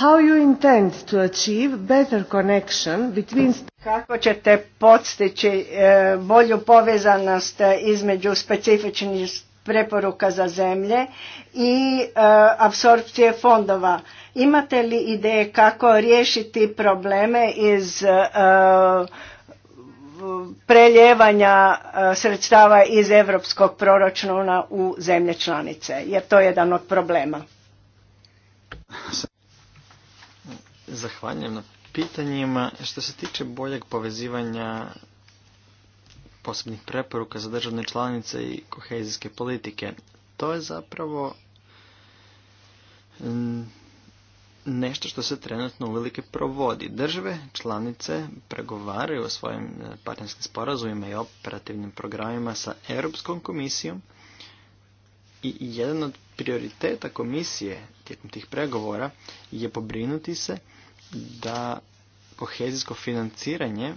how you intend to achieve better connection between kako ćete postići e, bolju povezanost između specifičnih preporuka za zemlje i e, apsorpcije fondova imate li ideje kako riješiti probleme iz e, preljevanja sredstava iz europskog proračuna u zemlje članice jer to je jedan od problema Zahvaljujem na pitanjima. Što se tiče boljeg povezivanja posebnih preporuka za državne članice i kohezijske politike, to je zapravo mm, nešto što se trenutno uvelike provodi. Države članice pregovaraju o svojim e, partnerskim sporazumima i operativnim programima sa Europskom komisijom i jedan od prioriteta komisije tijekom tih pregovora je pobrinuti se da kohezijsko financiranje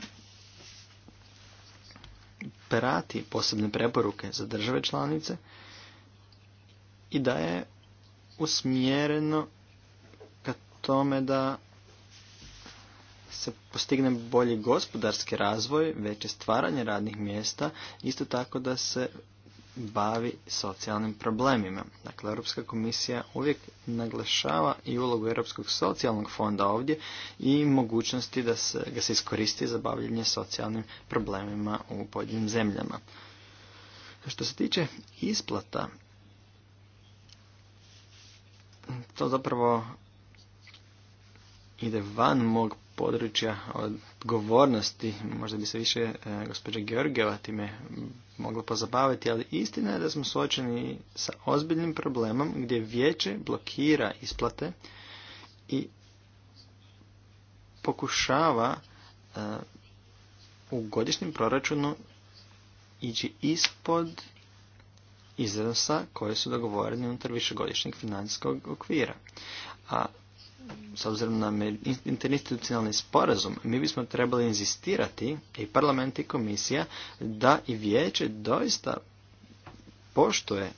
prati posebne preporuke za države članice i da je usmjereno ka tome da se postigne bolji gospodarski razvoj, veće stvaranje radnih mjesta, isto tako da se bavi socijalnim problemima. Dakle, Europska komisija uvijek naglašava i ulogu Europskog socijalnog fonda ovdje i mogućnosti da se, ga se iskoristi za bavljanje socijalnim problemima u pojedinim zemljama. Što se tiče isplata, to zapravo ide van mog područja odgovornosti, možda bi se više e, gospođa Georgijeva time mogla pozabaviti, ali istina je da smo suočeni sa ozbiljnim problemom gdje vijeće blokira isplate i pokušava e, u godišnjem proračunu ići ispod iznosa koji su dogovoreni unutar višegodišnjeg financijskog okvira. A s obzirom na interinstitucionalni sporazum, mi bismo trebali inzistirati i parlament i komisija da i vijeće doista poštuje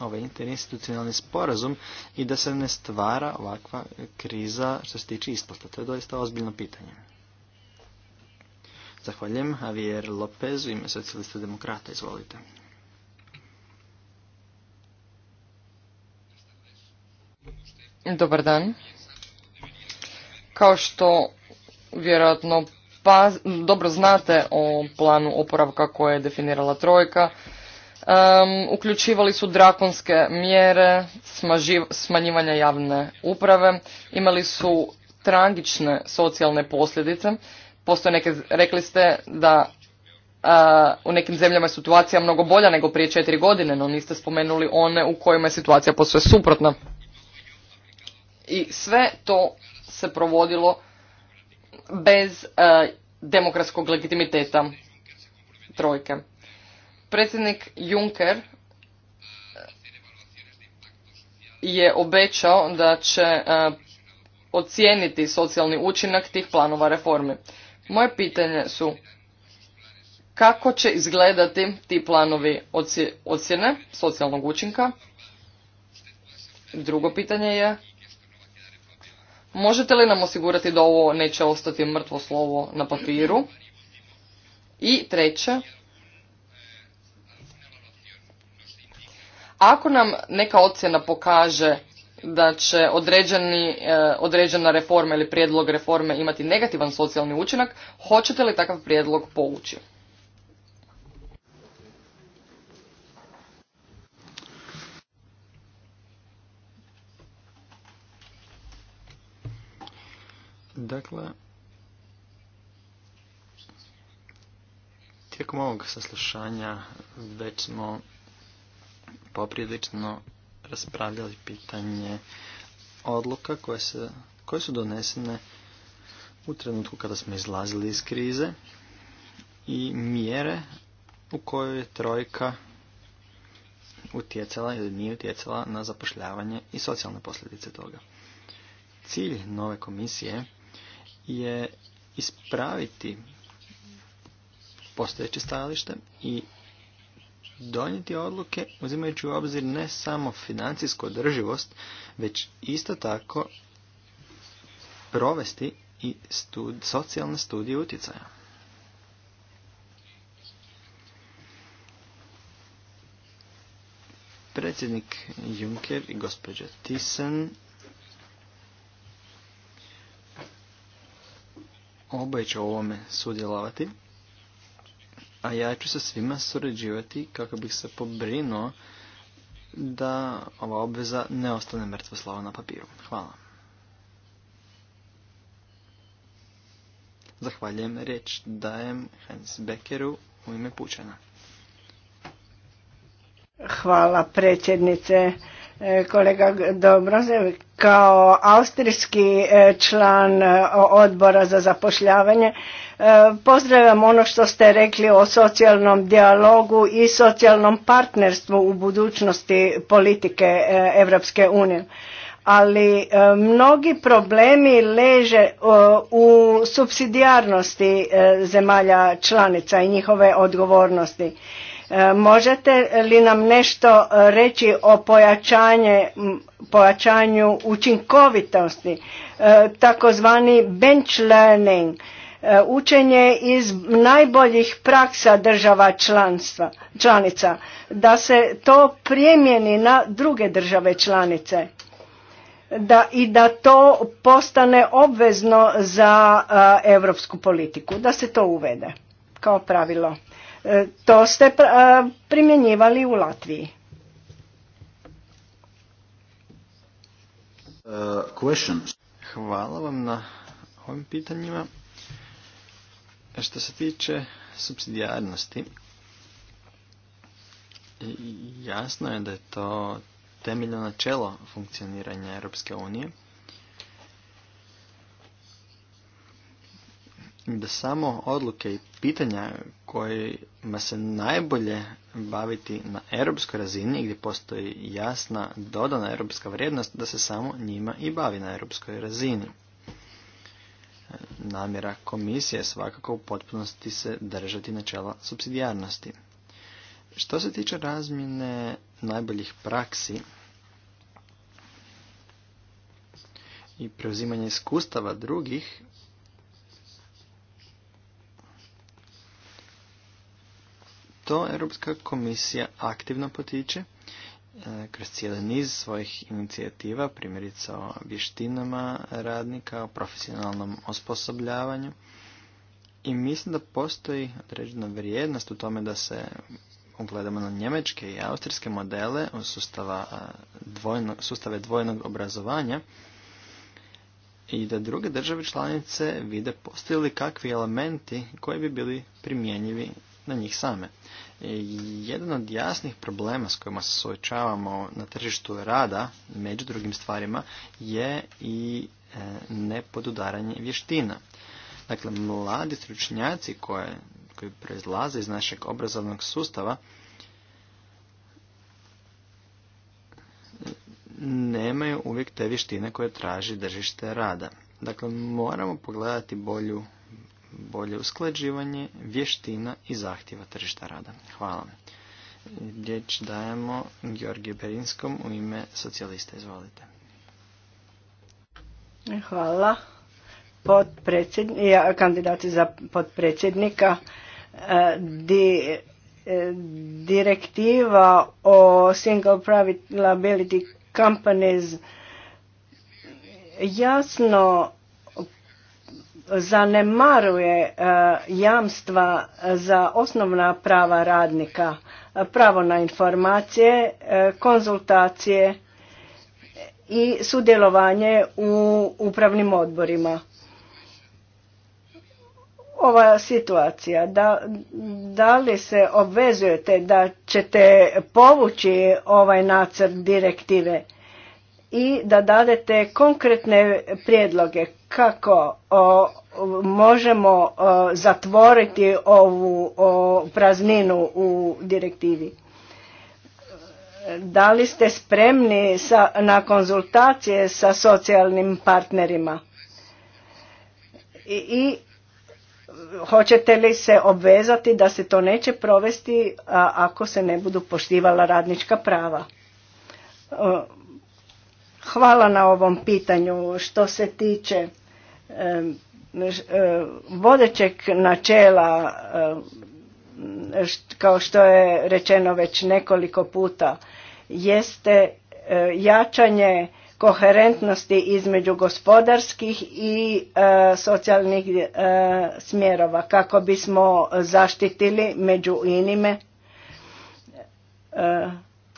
ovaj interinstitucionalni sporazum i da se ne stvara ovakva kriza što se tiče isplata. To je doista ozbiljno pitanje. Zahvaljujem. Javier Lopez u ime socijalista demokrata. Izvolite. Dobar dan. Kao što vjerojatno pa, dobro znate o planu oporavka koje je definirala trojka, um, uključivali su drakonske mjere smanjivanja javne uprave, imali su tragične socijalne posljedice. Postoje neke, rekli ste da u nekim zemljama je situacija mnogo bolja nego prije četiri godine, no niste spomenuli one u kojima je situacija posve suprotna. I sve to se provodilo bez e, demokratskog legitimiteta trojke. Predsjednik Juncker je obećao da će e, ocijeniti socijalni učinak tih planova reforme. Moje pitanje su kako će izgledati ti planovi ocjene socijalnog učinka. Drugo pitanje je Možete li nam osigurati da ovo neće ostati mrtvo slovo na papiru? I treće, ako nam neka ocjena pokaže da će određeni, e, određena reforma ili prijedlog reforme imati negativan socijalni učinak, hoćete li takav prijedlog povući? Dakle, tijekom ovog saslušanja već smo poprilično raspravljali pitanje odluka koje, koje su donesene u trenutku kada smo izlazili iz krize i mjere u kojoj je trojka utjecala ili nije utjecala na zapošljavanje i socijalne posljedice toga. Cilj nove komisije je ispraviti postojeće stajalište i donijeti odluke uzimajući u obzir ne samo financijsku održivost, već isto tako provesti i socijalne studije utjecaja. Predsjednik Juncker i gospođa Thyssen Oboje u ovome sudjelovati. A ja ću se svima surađivati kako bih se pobrinuo da ova obveza ne ostane mrtvo slovo na papiru. Hvala. Zahvaljujem riječ dajem Hans Beckeru u ime Pučana. Hvala predsjednice. E, kolega Dobrozevik kao austrijski e, član e, odbora za zapošljavanje e, pozdravljam ono što ste rekli o socijalnom dialogu i socijalnom partnerstvu u budućnosti politike Europske unije. Ali mnogi problemi leže u subsidijarnosti zemalja članica i njihove odgovornosti E, možete li nam nešto e, reći o pojačanje, pojačanju učinkovitosti, e, takozvani bench learning, učenje iz najboljih praksa država članstva, članica, da se to primjeni na druge države članice da, i da to postane obvezno za europsku politiku, da se to uvede kao pravilo. E, to ste e, primjenjivali u Latviji. E, Hvala vam na ovim pitanjima. Što se tiče subsidijarnosti, jasno je da je to temeljno načelo funkcioniranja Europske unije. da samo odluke i pitanja kojima se najbolje baviti na europskoj razini gdje postoji jasna dodana europska vrijednost da se samo njima i bavi na europskoj razini. Namjera komisije svakako u potpunosti se držati načela subsidijarnosti. Što se tiče razmjene najboljih praksi i preuzimanja iskustava drugih, to Europska komisija aktivno potiče e, kroz cijeli niz svojih inicijativa, primjerice o vještinama radnika, o profesionalnom osposobljavanju. I mislim da postoji određena vrijednost u tome da se ugledamo na njemečke i austrijske modele sustava e, dvojno, sustave dvojnog obrazovanja i da druge države članice vide postoji li kakvi elementi koji bi bili primjenjivi na njih same. E, jedan od jasnih problema s kojima se suočavamo na tržištu rada, među drugim stvarima, je i e, nepodudaranje vještina. Dakle, mladi stručnjaci koji proizlaze iz našeg obrazovnog sustava nemaju uvijek te vještine koje traži držište rada. Dakle, moramo pogledati bolju bolje usklađivanje vještina i zahtjeva tržišta rada. Hvala. Riječ dajemo Georgiju berinskom u ime socijalista. Izvolite. Hvala. Ja, kandidati za podpredsjednika e, di, e, direktiva o single private liability companies jasno zanemaruje e, jamstva za osnovna prava radnika, e, pravo na informacije, e, konzultacije i sudjelovanje u upravnim odborima. Ova situacija, da, da li se obvezujete da ćete povući ovaj nacrt direktive i da dadete konkretne prijedloge kako možemo zatvoriti ovu o, prazninu u direktivi. Da li ste spremni sa, na konzultacije sa socijalnim partnerima? I, hoćete li se obvezati da se to neće provesti ako se ne budu poštivala radnička prava? Hvala na ovom pitanju što se tiče E, vodećeg načela e, kao što je rečeno već nekoliko puta jeste e, jačanje koherentnosti između gospodarskih i socijalnih smjerova kako bismo zaštitili među inime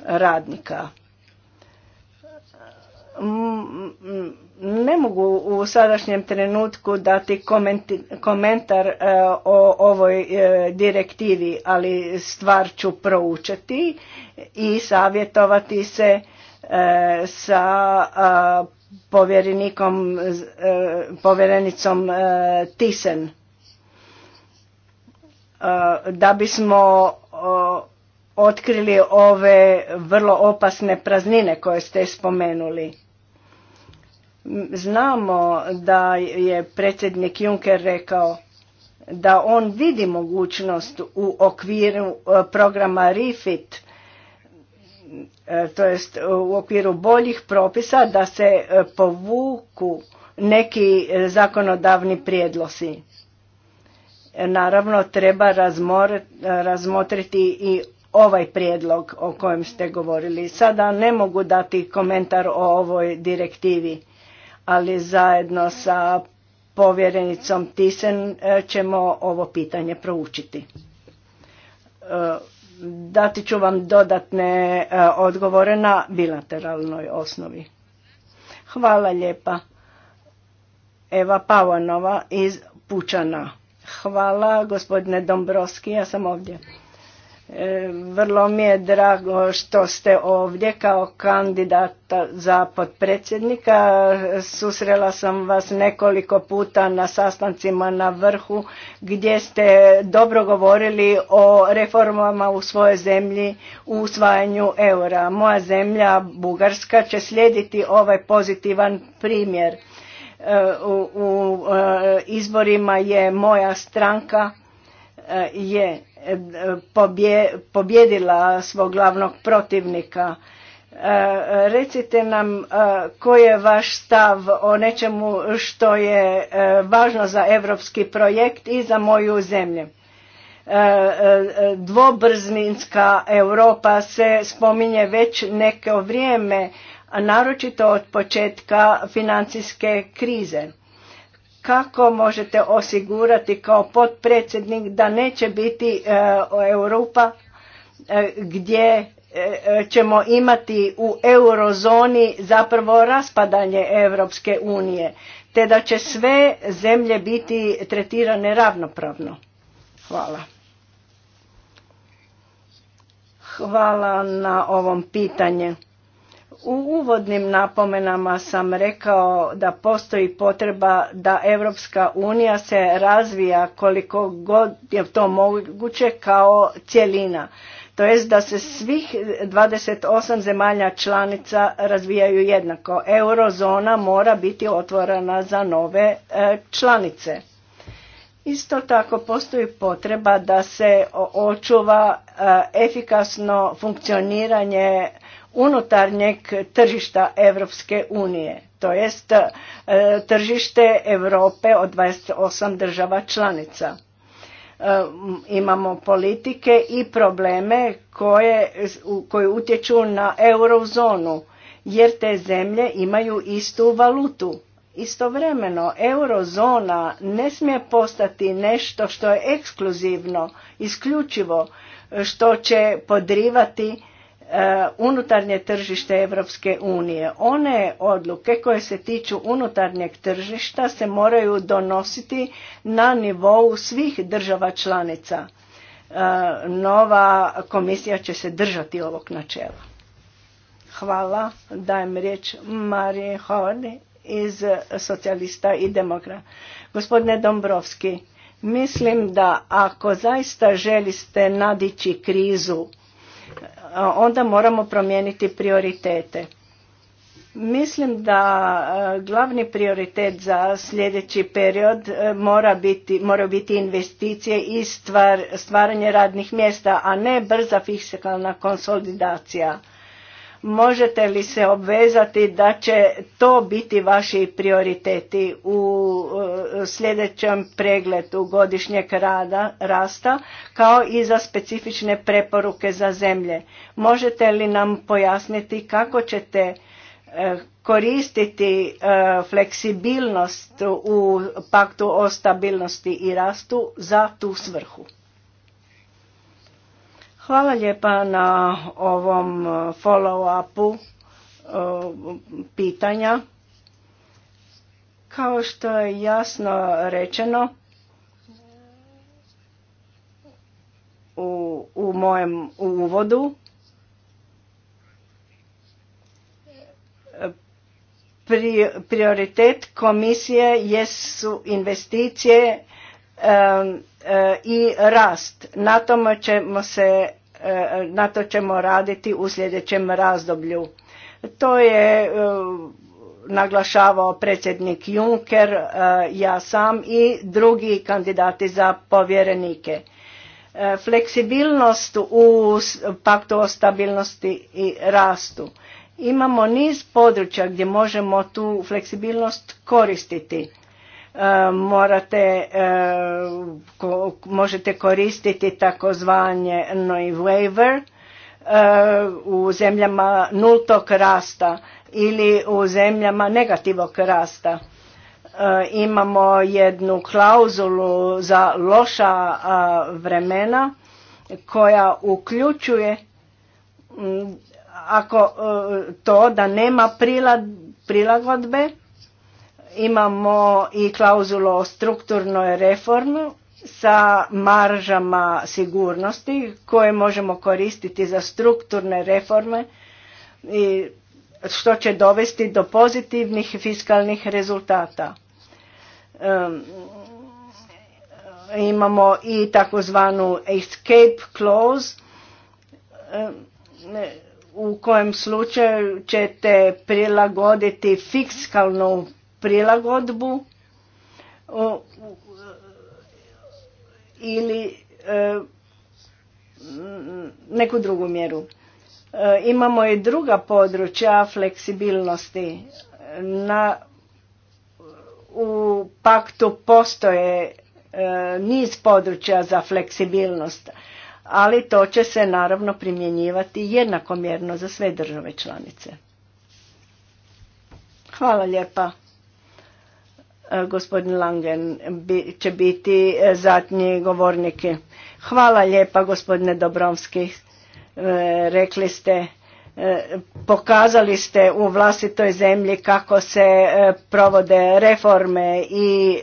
radnika ne mogu u sadašnjem trenutku dati komentar e, o ovoj e, direktivi, ali stvar ću proučiti i savjetovati se e, sa povjerenikom, povjerenicom Tisen da bismo otkrili ove vrlo opasne praznine koje ste spomenuli Znamo da je predsjednik Juncker rekao da on vidi mogućnost u okviru e, programa REFIT, e, to jest e, u okviru boljih propisa da se povuku neki zakonodavni prijedlosi. Naravno treba razmotriti i ovaj prijedlog o kojem ste govorili. Sada ne mogu dati komentar o ovoj direktivi ali zajedno sa povjerenicom Tisen e, ćemo ovo pitanje proučiti. E, dati ću vam dodatne e, odgovore na bilateralnoj osnovi. Hvala lijepa. Eva Pavanova iz Pučana. Hvala gospodine Dombrovski, ja sam ovdje. E, vrlo mi je drago što ste ovdje kao kandidata za potpredsjednika. Susrela sam vas nekoliko puta na sastancima na vrhu gdje ste dobro govorili o reformama u svojoj zemlji u usvajanju eura. Moja zemlja, Bugarska, će slijediti ovaj pozitivan primjer. E, u, u e, izborima je moja stranka je pobjedila svog glavnog protivnika. E, recite nam e, koji je vaš stav o nečemu što je e, važno za evropski projekt i za moju zemlju. Dvobrzninska Europa se spominje već neko vrijeme, a naročito od početka financijske krize kako možete osigurati kao potpredsjednik da neće biti e, Europa e, gdje e, ćemo imati u eurozoni zapravo raspadanje Europske unije, te da će sve zemlje biti tretirane ravnopravno. Hvala. Hvala na ovom pitanju. U uvodnim napomenama sam rekao da postoji potreba da Europska unija se razvija koliko god je to moguće kao cjelina. To jest da se svih 28 zemalja članica razvijaju jednako. Eurozona mora biti otvorena za nove e, članice. Isto tako postoji potreba da se očuva e, efikasno funkcioniranje unutarnjeg tržišta Europske unije, to jest e, tržište Europe od 28 država članica. E, imamo politike i probleme koje, koje utječu na eurozonu, jer te zemlje imaju istu valutu. Istovremeno, eurozona ne smije postati nešto što je ekskluzivno, isključivo, što će podrivati E, unutarnje tržište Europske unije. One odluke koje se tiču unutarnjeg tržišta se moraju donositi na nivou svih država članica. E, nova komisija će se držati ovog načela. Hvala. Dajem riječ Marije Horni iz socijalista i demokrata. Gospodine Dombrovski, mislim da ako zaista želite nadići krizu onda moramo promijeniti prioritete. Mislim da glavni prioritet za sljedeći period mora biti, mora biti investicije i stvar, stvaranje radnih mjesta, a ne brza fiskalna konsolidacija. Možete li se obvezati da će to biti vaši prioriteti u sljedećem pregledu godišnjeg rada, rasta kao i za specifične preporuke za zemlje? Možete li nam pojasniti kako ćete e, koristiti e, fleksibilnost u paktu o stabilnosti i rastu za tu svrhu? Hvala lijepa na ovom e, follow-upu e, pitanja. Kao što je jasno rečeno u, mojem uvodu, prioritet komisije jesu investicije e, i rast. Na tom ćemo se E, na to ćemo raditi u sljedećem razdoblju. To je e, naglašavao predsjednik Juncker, e, ja sam i drugi kandidati za povjerenike. Fleksibilnost u paktu o stabilnosti i rastu. Imamo niz područja gdje možemo tu fleksibilnost koristiti E, morate, e, možete koristiti takozvanje waiver e, u zemljama nultog rasta ili u zemljama negativog rasta. Imamo jednu klauzulu za loša vremena koja uključuje ako to da nema prilagodbe imamo i klauzulu o strukturnoj reformi sa maržama sigurnosti koje možemo koristiti za strukturne reforme i što će dovesti do pozitivnih fiskalnih rezultata. imamo i takozvanu escape clause u kojem slučaju ćete prilagoditi fiskalnu prilagodbu ili e, neku drugu mjeru. E, imamo i druga područja fleksibilnosti. Na, u paktu postoje e, niz područja za fleksibilnost, ali to će se naravno primjenjivati jednakomjerno za sve države članice. Hvala lijepa. E, gospodin Langen će biti e, zadnji govornik. Hvala lijepa gospodine Dobromski. E, rekli ste pokazali ste u vlastitoj zemlji kako se provode reforme i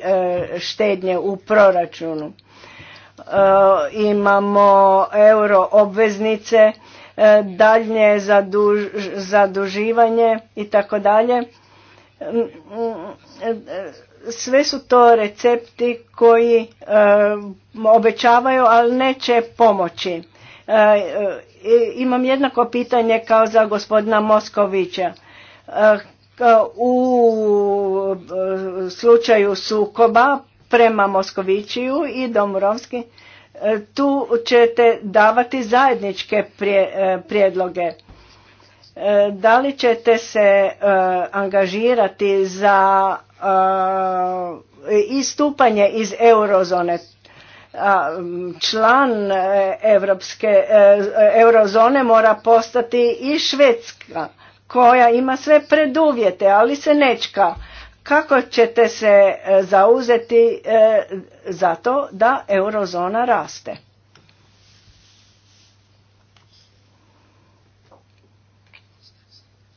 štednje u proračunu. Imamo euro obveznice, daljnje zaduživanje i tako dalje sve su to recepti koji e, obećavaju, ali neće pomoći. E, e, imam jednako pitanje kao za gospodina Moskovića. E, u slučaju sukoba prema Moskovićiju i Domorovski tu ćete davati zajedničke prijedloge da li ćete se angažirati za E, istupanje iz eurozone član e, evropske e, eurozone mora postati i švedska koja ima sve preduvjete ali se nečka kako ćete se zauzeti za to da eurozona raste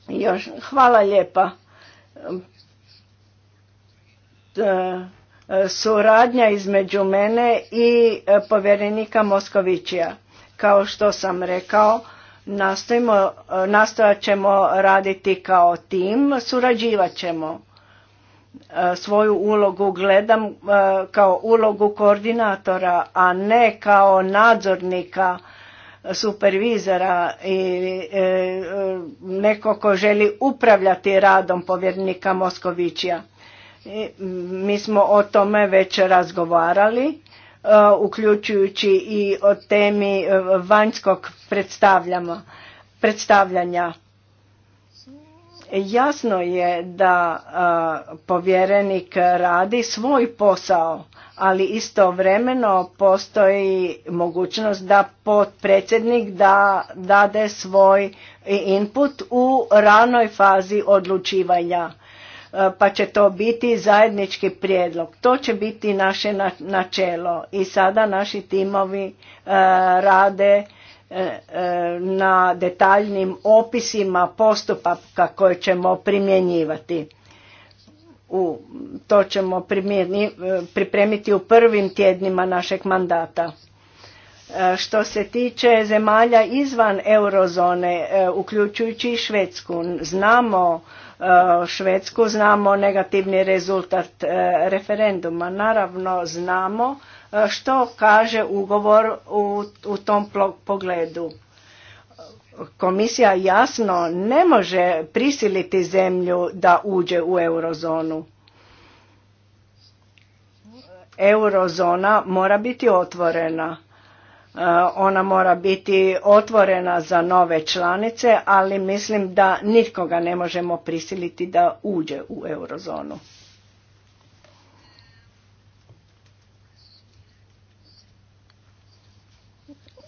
još hvala lijepa E, suradnja između mene i e, povjerenika Moskovićija. Kao što sam rekao, nastojimo, e, nastojat ćemo raditi kao tim, surađivat ćemo. Svoju ulogu gledam kao ulogu koordinatora, a ne kao nadzornika, supervizora i neko ko želi upravljati radom povjerenika Moskovićija Mm, mi smo o tome već razgovarali, e, uključujući i o temi e, vanjskog predstavljanja. Jasno je da e, povjerenik radi svoj posao, ali istovremeno postoji mogućnost da potpredsjednik da dade svoj input u ranoj fazi odlučivanja E, pa će to biti zajednički prijedlog. To će biti naše načelo i sada naši timovi e, rade e, na detaljnim opisima postupaka koje ćemo primjenjivati. U, to ćemo pripremiti u prvim tjednima našeg mandata. Što se tiče zemalja izvan eurozone, uključujući i Švedsku, znamo Eh, Švedsku, znamo negativni rezultat eh, referenduma. Naravno znamo eh, što kaže ugovor u, u tom pogledu. Komisija jasno ne može prisiliti zemlju da uđe u eurozonu. Eurozona mora biti otvorena E, ona mora biti otvorena za nove članice, ali mislim da nikoga ne možemo prisiliti da uđe u eurozonu.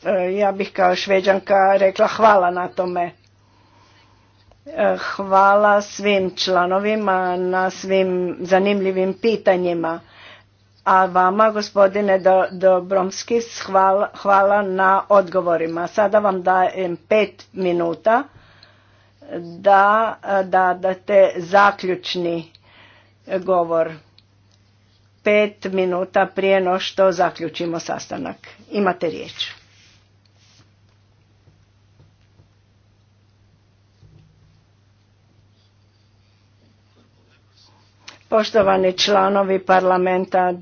E, ja bih kao šveđanka rekla hvala na tome. E, hvala svim članovima na svim zanimljivim pitanjima a vama, gospodine Dobromski, hvala, hvala na odgovorima. Sada vam dajem pet minuta da date zaključni govor. Pet minuta prije no što zaključimo sastanak. Imate riječ. Poštovani članovi parlamenta,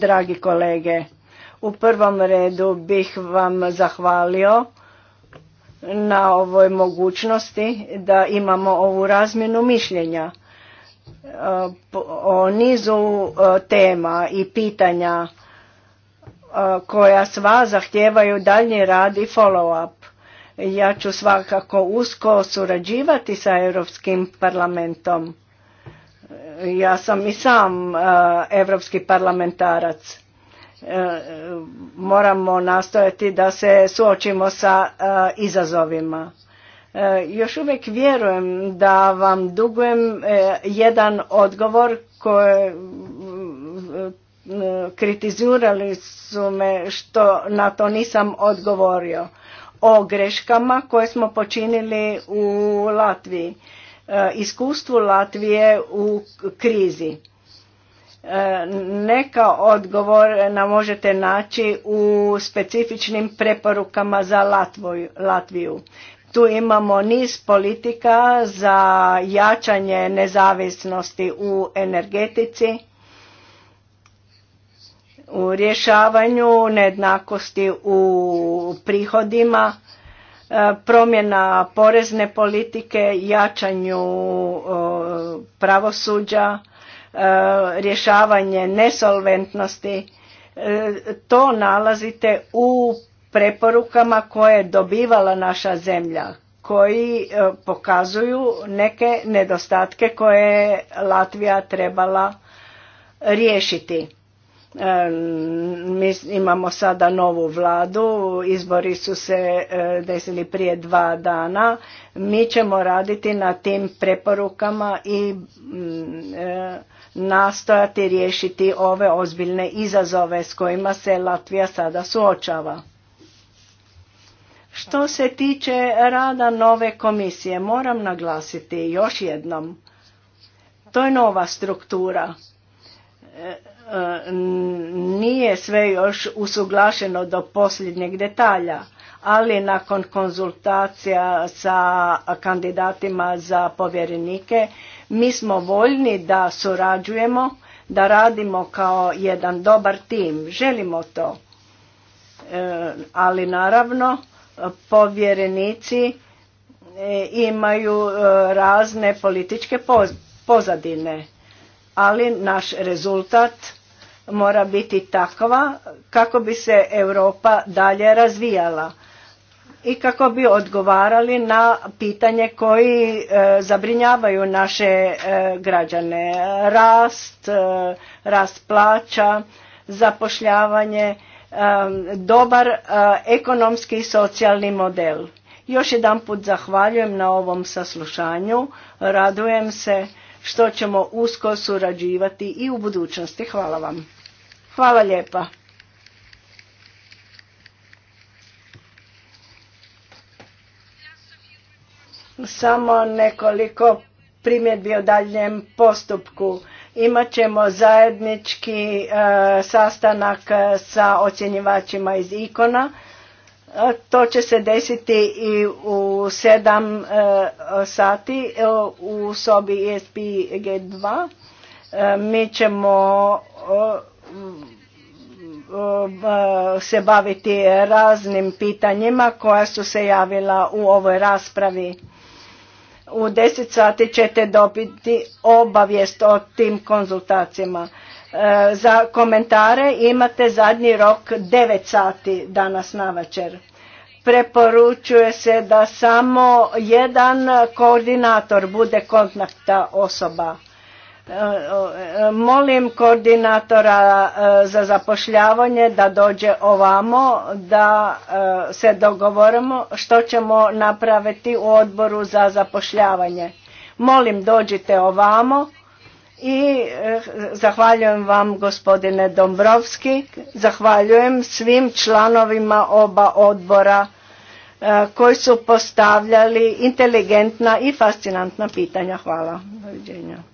dragi kolege, u prvom redu bih vam zahvalio na ovoj mogućnosti da imamo ovu razmjenu mišljenja e, o nizu e, tema i pitanja e, koja sva zahtijevaju daljnji rad i follow up. Ja ću svakako usko surađivati sa Europskim parlamentom ja sam i sam europski parlamentarac e, moramo nastojati da se suočimo sa e, izazovima e, još uvijek vjerujem da vam dugujem jedan odgovor koji kritizirali su me što na to nisam odgovorio o greškama koje smo počinili u Latviji E, iskustvu Latvije u krizi. E, neka odgovor na možete naći u specifičnim preporukama za Latviju. Tu imamo niz politika za jačanje nezavisnosti u energetici, u rješavanju nejednakosti u prihodima, E, promjena porezne politike, jačanju pravosuđa, e, rješavanje nesolventnosti. E, to nalazite u preporukama koje je dobivala naša zemlja, koji pokazuju neke nedostatke koje je Latvija trebala riješiti. Mi imamo sada novu vladu, izbori su se e, desili prije dva dana. Mi ćemo raditi na tim preporukama i mm, e, nastojati riješiti ove ozbiljne izazove s kojima se Latvija sada suočava. Što se tiče rada nove komisije, moram naglasiti još jednom. To je nova struktura. E, nije sve još usuglašeno do posljednjeg detalja, ali nakon konzultacija sa kandidatima za povjerenike mi smo voljni da surađujemo, da radimo kao jedan dobar tim. Želimo to. E, ali naravno povjerenici e, imaju e, razne političke pozadine ali naš rezultat mora biti takva kako bi se Europa dalje razvijala i kako bi odgovarali na pitanje koji e, zabrinjavaju naše e, građane. Rast, e, rast plaća, zapošljavanje, dobar ekonomski i socijalni model. Još jedan put zahvaljujem na ovom saslušanju, radujem se što ćemo usko surađivati i u budućnosti. Hvala vam. Hvala lijepa. Samo nekoliko primjedbi o daljem postupku. Imat ćemo zajednički e, sastanak sa ocjenjivačima iz ikona. To će se desiti i u 7 e, sati e, u sobi ESP G2. E, mi ćemo se baviti raznim pitanjima koja su se javila u ovoj raspravi. U 10 sati ćete dobiti obavijest o tim konzultacijama. E, za komentare imate zadnji rok 9 sati danas na večer. Preporučuje se da samo jedan koordinator bude kontakta osoba. E, e, molim koordinatora za zapošljavanje da dođe ovamo, da se dogovorimo što ćemo napraviti u odboru za zapošljavanje. Molim dođite ovamo i eh, zahvaljujem vam gospodine Dombrovski, zahvaljujem svim članovima oba odbora eh, koji su postavljali inteligentna i fascinantna pitanja. Hvala.